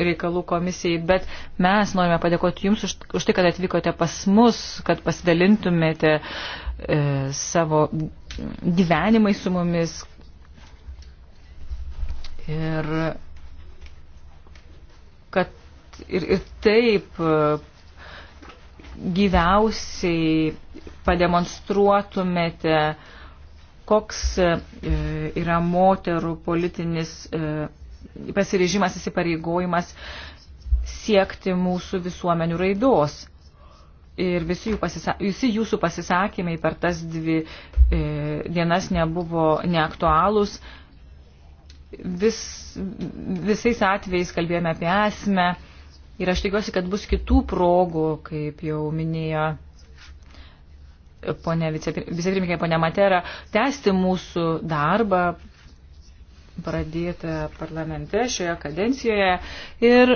reikalų komisijai, bet mes norime padėkoti Jums už, už tai, kad atvykote pas mus, kad pasidalintumėte e, savo gyvenimai su mumis. Ir kad ir, ir taip e, gyviausiai pademonstruotumėte e, koks e, yra moterų politinis e, pasirežimas, įsipareigojimas siekti mūsų visuomenių raidos. Ir visi, jų pasisa visi jūsų pasisakymai per tas dvi e, dienas nebuvo neaktualūs. Vis, visais atvejais kalbėjome apie esmę ir aš tikiuosi, kad bus kitų progų, kaip jau minėjo ponė vicepirmininkė, ponė Matera, tęsti mūsų darbą pradėtą parlamente šioje kadencijoje. Ir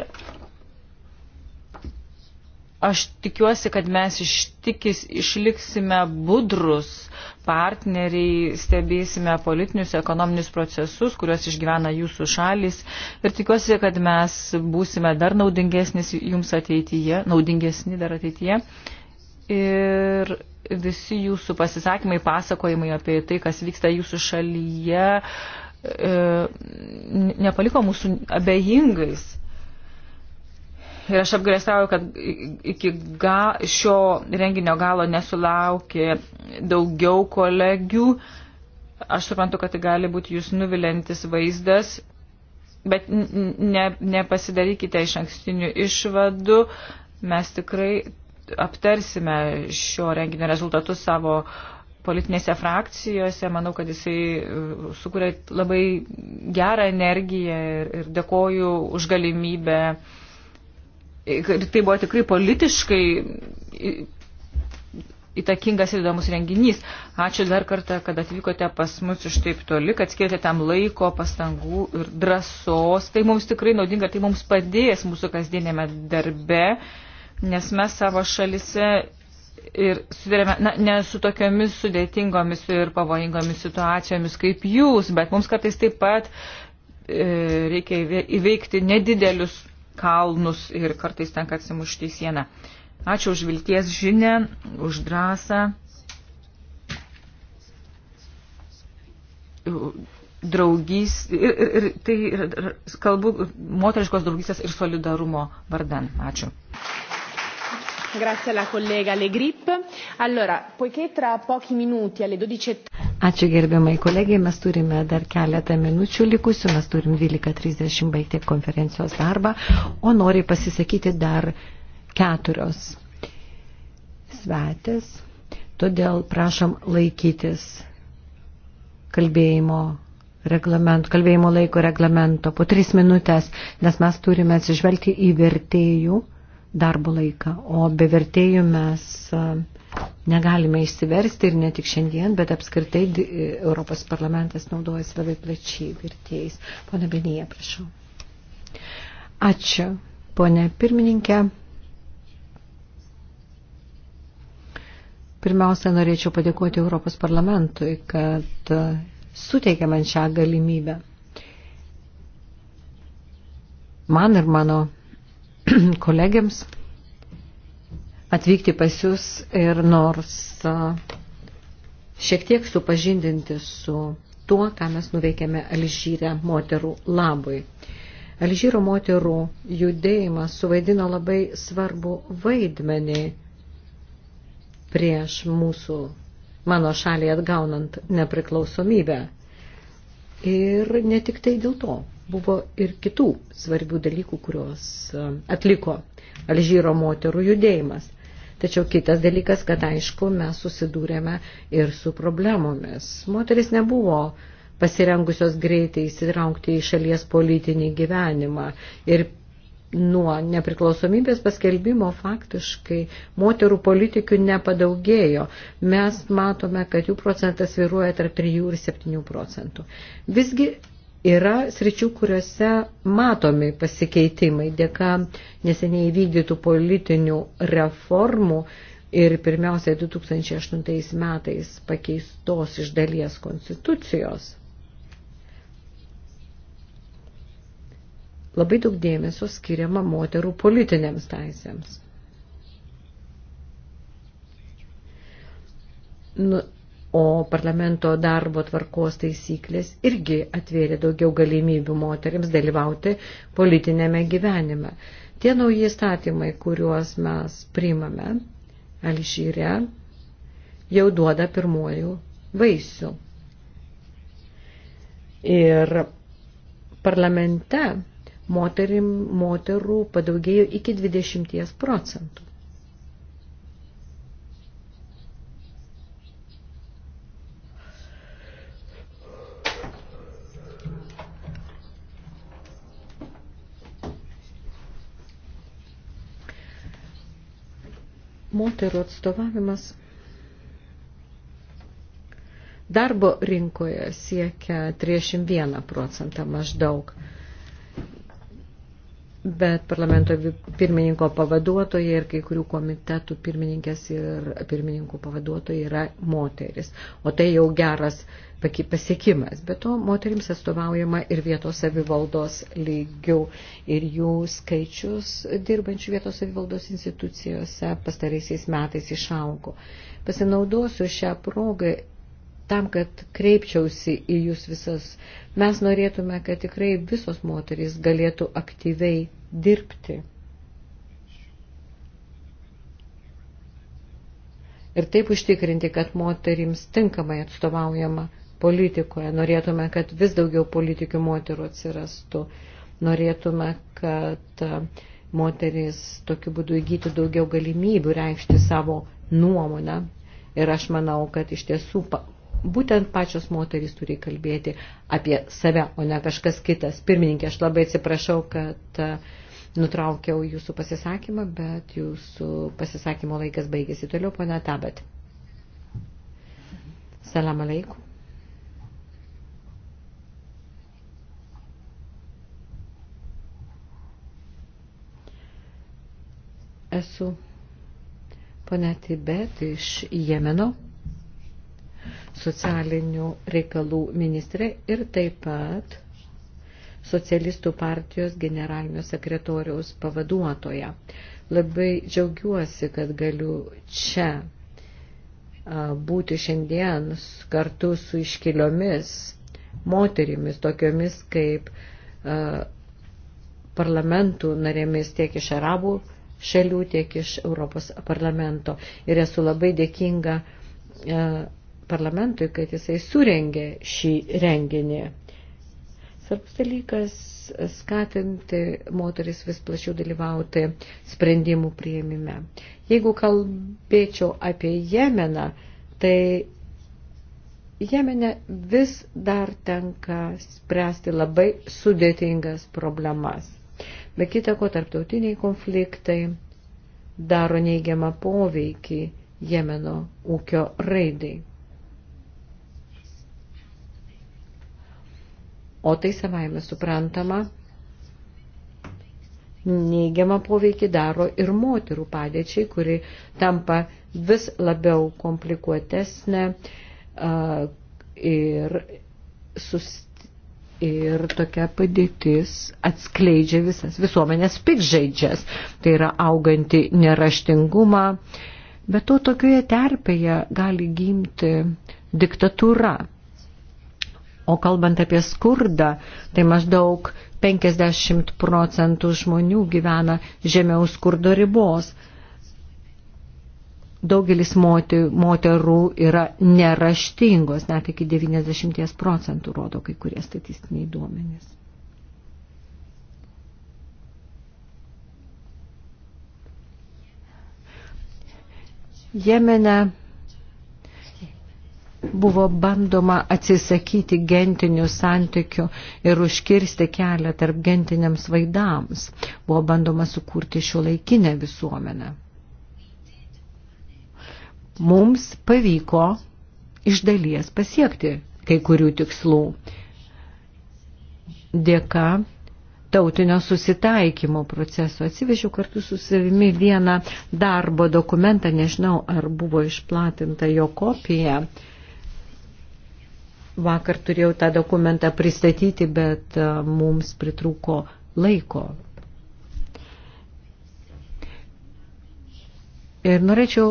aš tikiuosi, kad mes ištikis, išliksime budrus partneriai, stebėsime politinius, ekonominius procesus, kuriuos išgyvena jūsų šalis. Ir tikiuosi, kad mes būsime dar naudingesnis jums ateityje, naudingesni dar ateityje. Ir visi jūsų pasisakymai, pasakojimai apie tai, kas vyksta jūsų šalyje, e, nepaliko mūsų abejingais. Ir aš apgalėstauju, kad iki ga, šio renginio galo nesulaukė daugiau kolegių. Aš suprantu, kad tai gali būti jūs nuvilintis vaizdas, bet ne, nepasidarykite iš ankstinių išvadų. Mes tikrai aptarsime šio renginio rezultatus savo politinėse frakcijose. Manau, kad jisai e, sukuria labai gerą energiją ir, ir dėkoju už galimybę. Ir tai buvo tikrai politiškai įtakingas ir įdomus renginys. Ačiū dar kartą, kad atvykote pas mus iš taip toli, kad skirti tam laiko, pastangų ir drąsos. Tai mums tikrai naudinga, tai mums padės mūsų kasdienėme darbe nes mes savo šalise ir sudarėme, na, ne su tokiamis sudėtingomis ir pavojingomis situacijomis kaip jūs, bet mums kartais taip pat e, reikia įveikti nedidelius kalnus ir kartais tenka atsimušti į sieną. Ačiū už vilties žinę, už drąsą. draugys ir, ir, ir tai ir, ir, kalbu moteriškos draugystės ir solidarumo vardan. Ačiū. Grazie alla collega Le Grip. Allora, poiché tra pochi minuti alle 12.30. E Ačiū gerbiamai kolegijai, mes turime dar keletą minučių likusių, mes turim 12.30 baigti konferencijos darbą, o nori pasisakyti dar keturios svetės, todėl prašom laikytis kalbėjimo reglamento, kalbėjimo laiko reglamento po tris minutės, nes mes turime atsižvelgti į vertėjų darbo laiką, o be vertėjų mes negalime išsiversti ir ne tik šiandien, bet apskritai Europos parlamentas naudojasi labai plačiai vertėjais. Pone Benėje, prašau. Ačiū, ponė pirmininkė. Pirmiausia, norėčiau padėkoti Europos parlamentui, kad suteikė man šią galimybę. Man ir mano kolegiams atvykti pas jūs ir nors šiek tiek supažindinti su tuo, ką mes nuveikėme Alžyre moterų labui. Alžyro moterų judėjimas suvaidino labai svarbu vaidmenį prieš mūsų mano šalį atgaunant nepriklausomybę. Ir ne tik tai dėl to, buvo ir kitų svarbių dalykų, kuriuos e, atliko Alžyro moterų judėjimas. Tačiau kitas dalykas, kad aišku, mes susidūrėme ir su problemomis. Moteris nebuvo pasirengusios greitai įsitraukti į šalies politinį gyvenimą ir nuo nepriklausomybės paskelbimo faktiškai moterų politikių nepadaugėjo. Mes matome, kad jų procentas viruoja tarp 3 ir 7 procentų. Visgi Yra sričių, kuriuose matomi pasikeitimai dėka neseniai vykdytų politinių reformų ir pirmiausia 2008 metais pakeistos iš dalies konstitucijos. Labai daug dėmesio skiriama moterų politinėms teisėms. Nu, o parlamento darbo tvarkos taisyklės irgi atvėrė daugiau galimybių moteriams dalyvauti politinėme gyvenime. Tie nauji statymai, kuriuos mes primame Alžyre, jau duoda pirmojų vaisių. Ir parlamente moterim, moterų padaugėjo iki 20 procentų. moterų atstovavimas darbo rinkoje siekia 31 procentą maždaug bet parlamento pirmininko pavaduotoja ir kai kurių komitetų pirmininkės ir pirmininkų pavaduotoja yra moteris. O tai jau geras pasiekimas. Be to, moterims atstovaujama ir vietos savivaldos lygių ir jų skaičius dirbančių vietos savivaldos institucijose pastaraisiais metais išaugo. Pasinaudosiu šią progą tam, kad kreipčiausi į jūs visas. Mes norėtume, kad tikrai visos moterys galėtų aktyviai dirbti. Ir taip užtikrinti, kad moterims tinkamai atstovaujama politikoje. Norėtume, kad vis daugiau politikių moterų atsirastų. Norėtume, kad e, moteris tokiu būdu įgytų daugiau galimybių reikšti savo nuomonę. Ir aš manau, kad iš tiesų būtent pačios moterys turi kalbėti apie save, o ne kažkas kitas. Pirmininkė, aš labai atsiprašau, kad e, nutraukiau jūsų pasisakymą, bet jūsų pasisakymo laikas baigėsi. Toliau, pana Tabat. Salam alaikum. Esu pana Tibet iš Jemeno socialinių reikalų ministrė ir taip pat socialistų partijos generalinio sekretoriaus pavaduotoja. Labai džiaugiuosi, kad galiu čia būti šiandien kartu su iškiliomis moterimis, tokiomis kaip parlamentų narėmis tiek iš arabų šalių, tiek iš Europos parlamento. Ir esu labai dėkinga parlamentui, kad jisai surengė šį renginį. Svarbus dalykas skatinti moteris vis plačiau dalyvauti sprendimų prieimime. Jeigu kalbėčiau apie Jemeną, tai Jemene vis dar tenka spręsti labai sudėtingas problemas. Be kita ko, tarptautiniai konfliktai daro neigiamą poveikį Jemeno ūkio raidai. o tai savaime suprantama neigiamą poveikį daro ir moterų padėčiai, kuri tampa vis labiau komplikuotesnė ir, sus, ir tokia padėtis atskleidžia visas visuomenės pikžaidžias, tai yra auganti neraštingumą, bet to tokioje terpėje gali gimti diktatūra O kalbant apie skurdą, tai maždaug 50 procentų žmonių gyvena žemiau skurdo ribos. Daugelis moterų yra neraštingos, net iki 90 procentų rodo kai kurie statistiniai duomenys. Jemene buvo bandoma atsisakyti gentinių santykių ir užkirsti kelią tarp gentiniams vaidams. Buvo bandoma sukurti šio laikinę visuomenę. Mums pavyko iš dalies pasiekti kai kurių tikslų dėka tautinio susitaikymo proceso. Atsivežiau kartu su savimi vieną darbo dokumentą, nežinau, ar buvo išplatinta jo kopija. Uh, Vakar turėjau tą dokumentą pristatyti, bet e, mums pritruko laiko. Ir norėčiau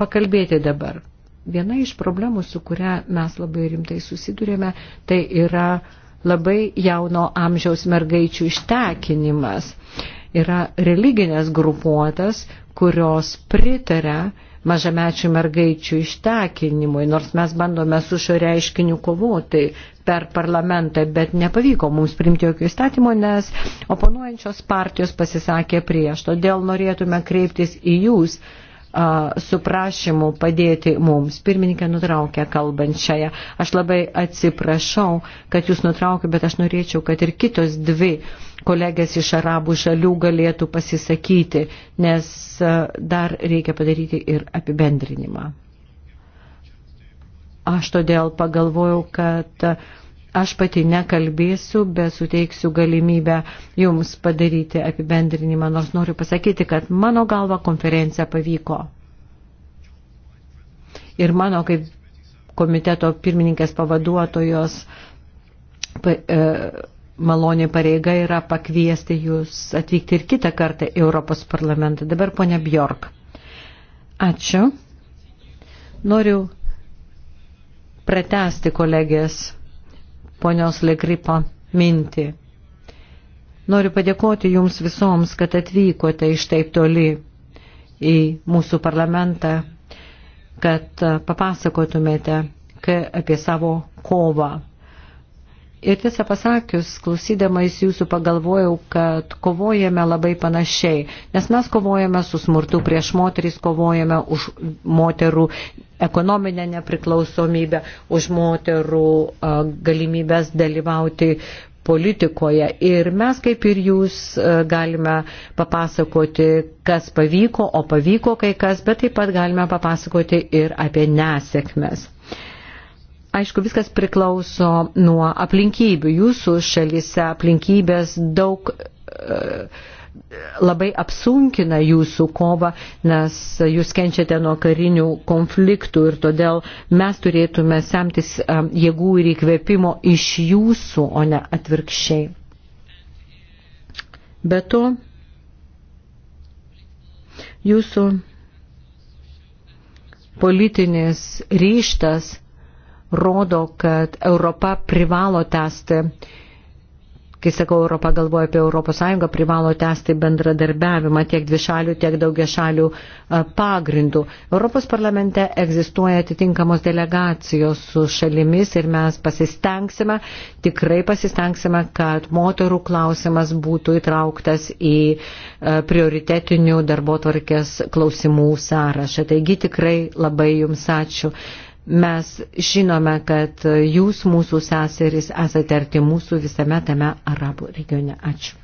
pakalbėti dabar. Viena iš problemų, su kuria mes labai rimtai susidurėme, tai yra labai jauno amžiaus mergaičių ištekinimas. Yra religinės grupuotas, kurios pritaria mažamečių mergaičių ištekinimui, nors mes bandome su šio reiškiniu kovoti per parlamentą, bet nepavyko mums primti jokių įstatymų, nes oponuojančios partijos pasisakė prieš. Todėl norėtume kreiptis į jūs su prašymu padėti mums. Pirmininkė nutraukė kalbančiąją. Aš labai atsiprašau, kad jūs nutraukiu, bet aš norėčiau, kad ir kitos dvi kolegės iš arabų šalių galėtų pasisakyti, nes dar reikia padaryti ir apibendrinimą. Aš todėl pagalvojau, kad Aš pati nekalbėsiu, bet suteiksiu galimybę jums padaryti apibendrinimą, nors noriu pasakyti, kad mano galva konferencija pavyko. Ir mano kaip komiteto pirmininkės pavaduotojos e, malonė pareiga yra pakviesti jūs atvykti ir kitą kartą į Europos parlamentą. Dabar ponia Bjork. Ačiū. Noriu pratesti kolegės ponios Legripa mintį. Noriu padėkoti Jums visoms, kad atvykote iš taip toli į mūsų parlamentą, kad papasakotumėte apie savo kovą Ir tiesą pasakius, klausydamais jūsų pagalvojau, kad kovojame labai panašiai, nes mes kovojame su smurtu prieš moteris, kovojame už moterų ekonominę nepriklausomybę, už moterų galimybės dalyvauti politikoje. Ir mes, kaip ir jūs, galime papasakoti, kas pavyko, o pavyko kai kas, bet taip pat galime papasakoti ir apie nesėkmes. Aišku, viskas priklauso nuo aplinkybių. Jūsų šalyse aplinkybės daug e, labai apsunkina jūsų kovą, nes jūs kenčiate nuo karinių konfliktų ir todėl mes turėtume semtis e, jėgų ir įkvėpimo iš jūsų, o ne atvirkščiai. Be to, jūsų politinis ryštas rodo, kad Europa privalo tęsti, kai sakau Europą, galvoju apie Europos Sąjungą, privalo tęsti bendradarbiavimą tiek dvišalių, tiek daugia šalių e, pagrindų. Europos parlamente egzistuoja atitinkamos delegacijos su šalimis ir mes pasistengsime, tikrai pasistengsime, kad moterų klausimas būtų įtrauktas į e, prioritetinių darbo tvarkės klausimų sąrašą. Taigi tikrai labai jums ačiū. Mes žinome, kad jūs, mūsų seserys, esate arti mūsų visame tame arabų regione. Ačiū.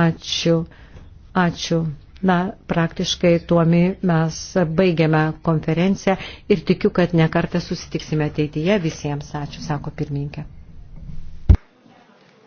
Ačiū. Ačiū. Na, praktiškai tuomi mes baigiame konferenciją ir tikiu, kad nekartą susitiksime ateityje. Visiems ačiū, sako pirmininkė.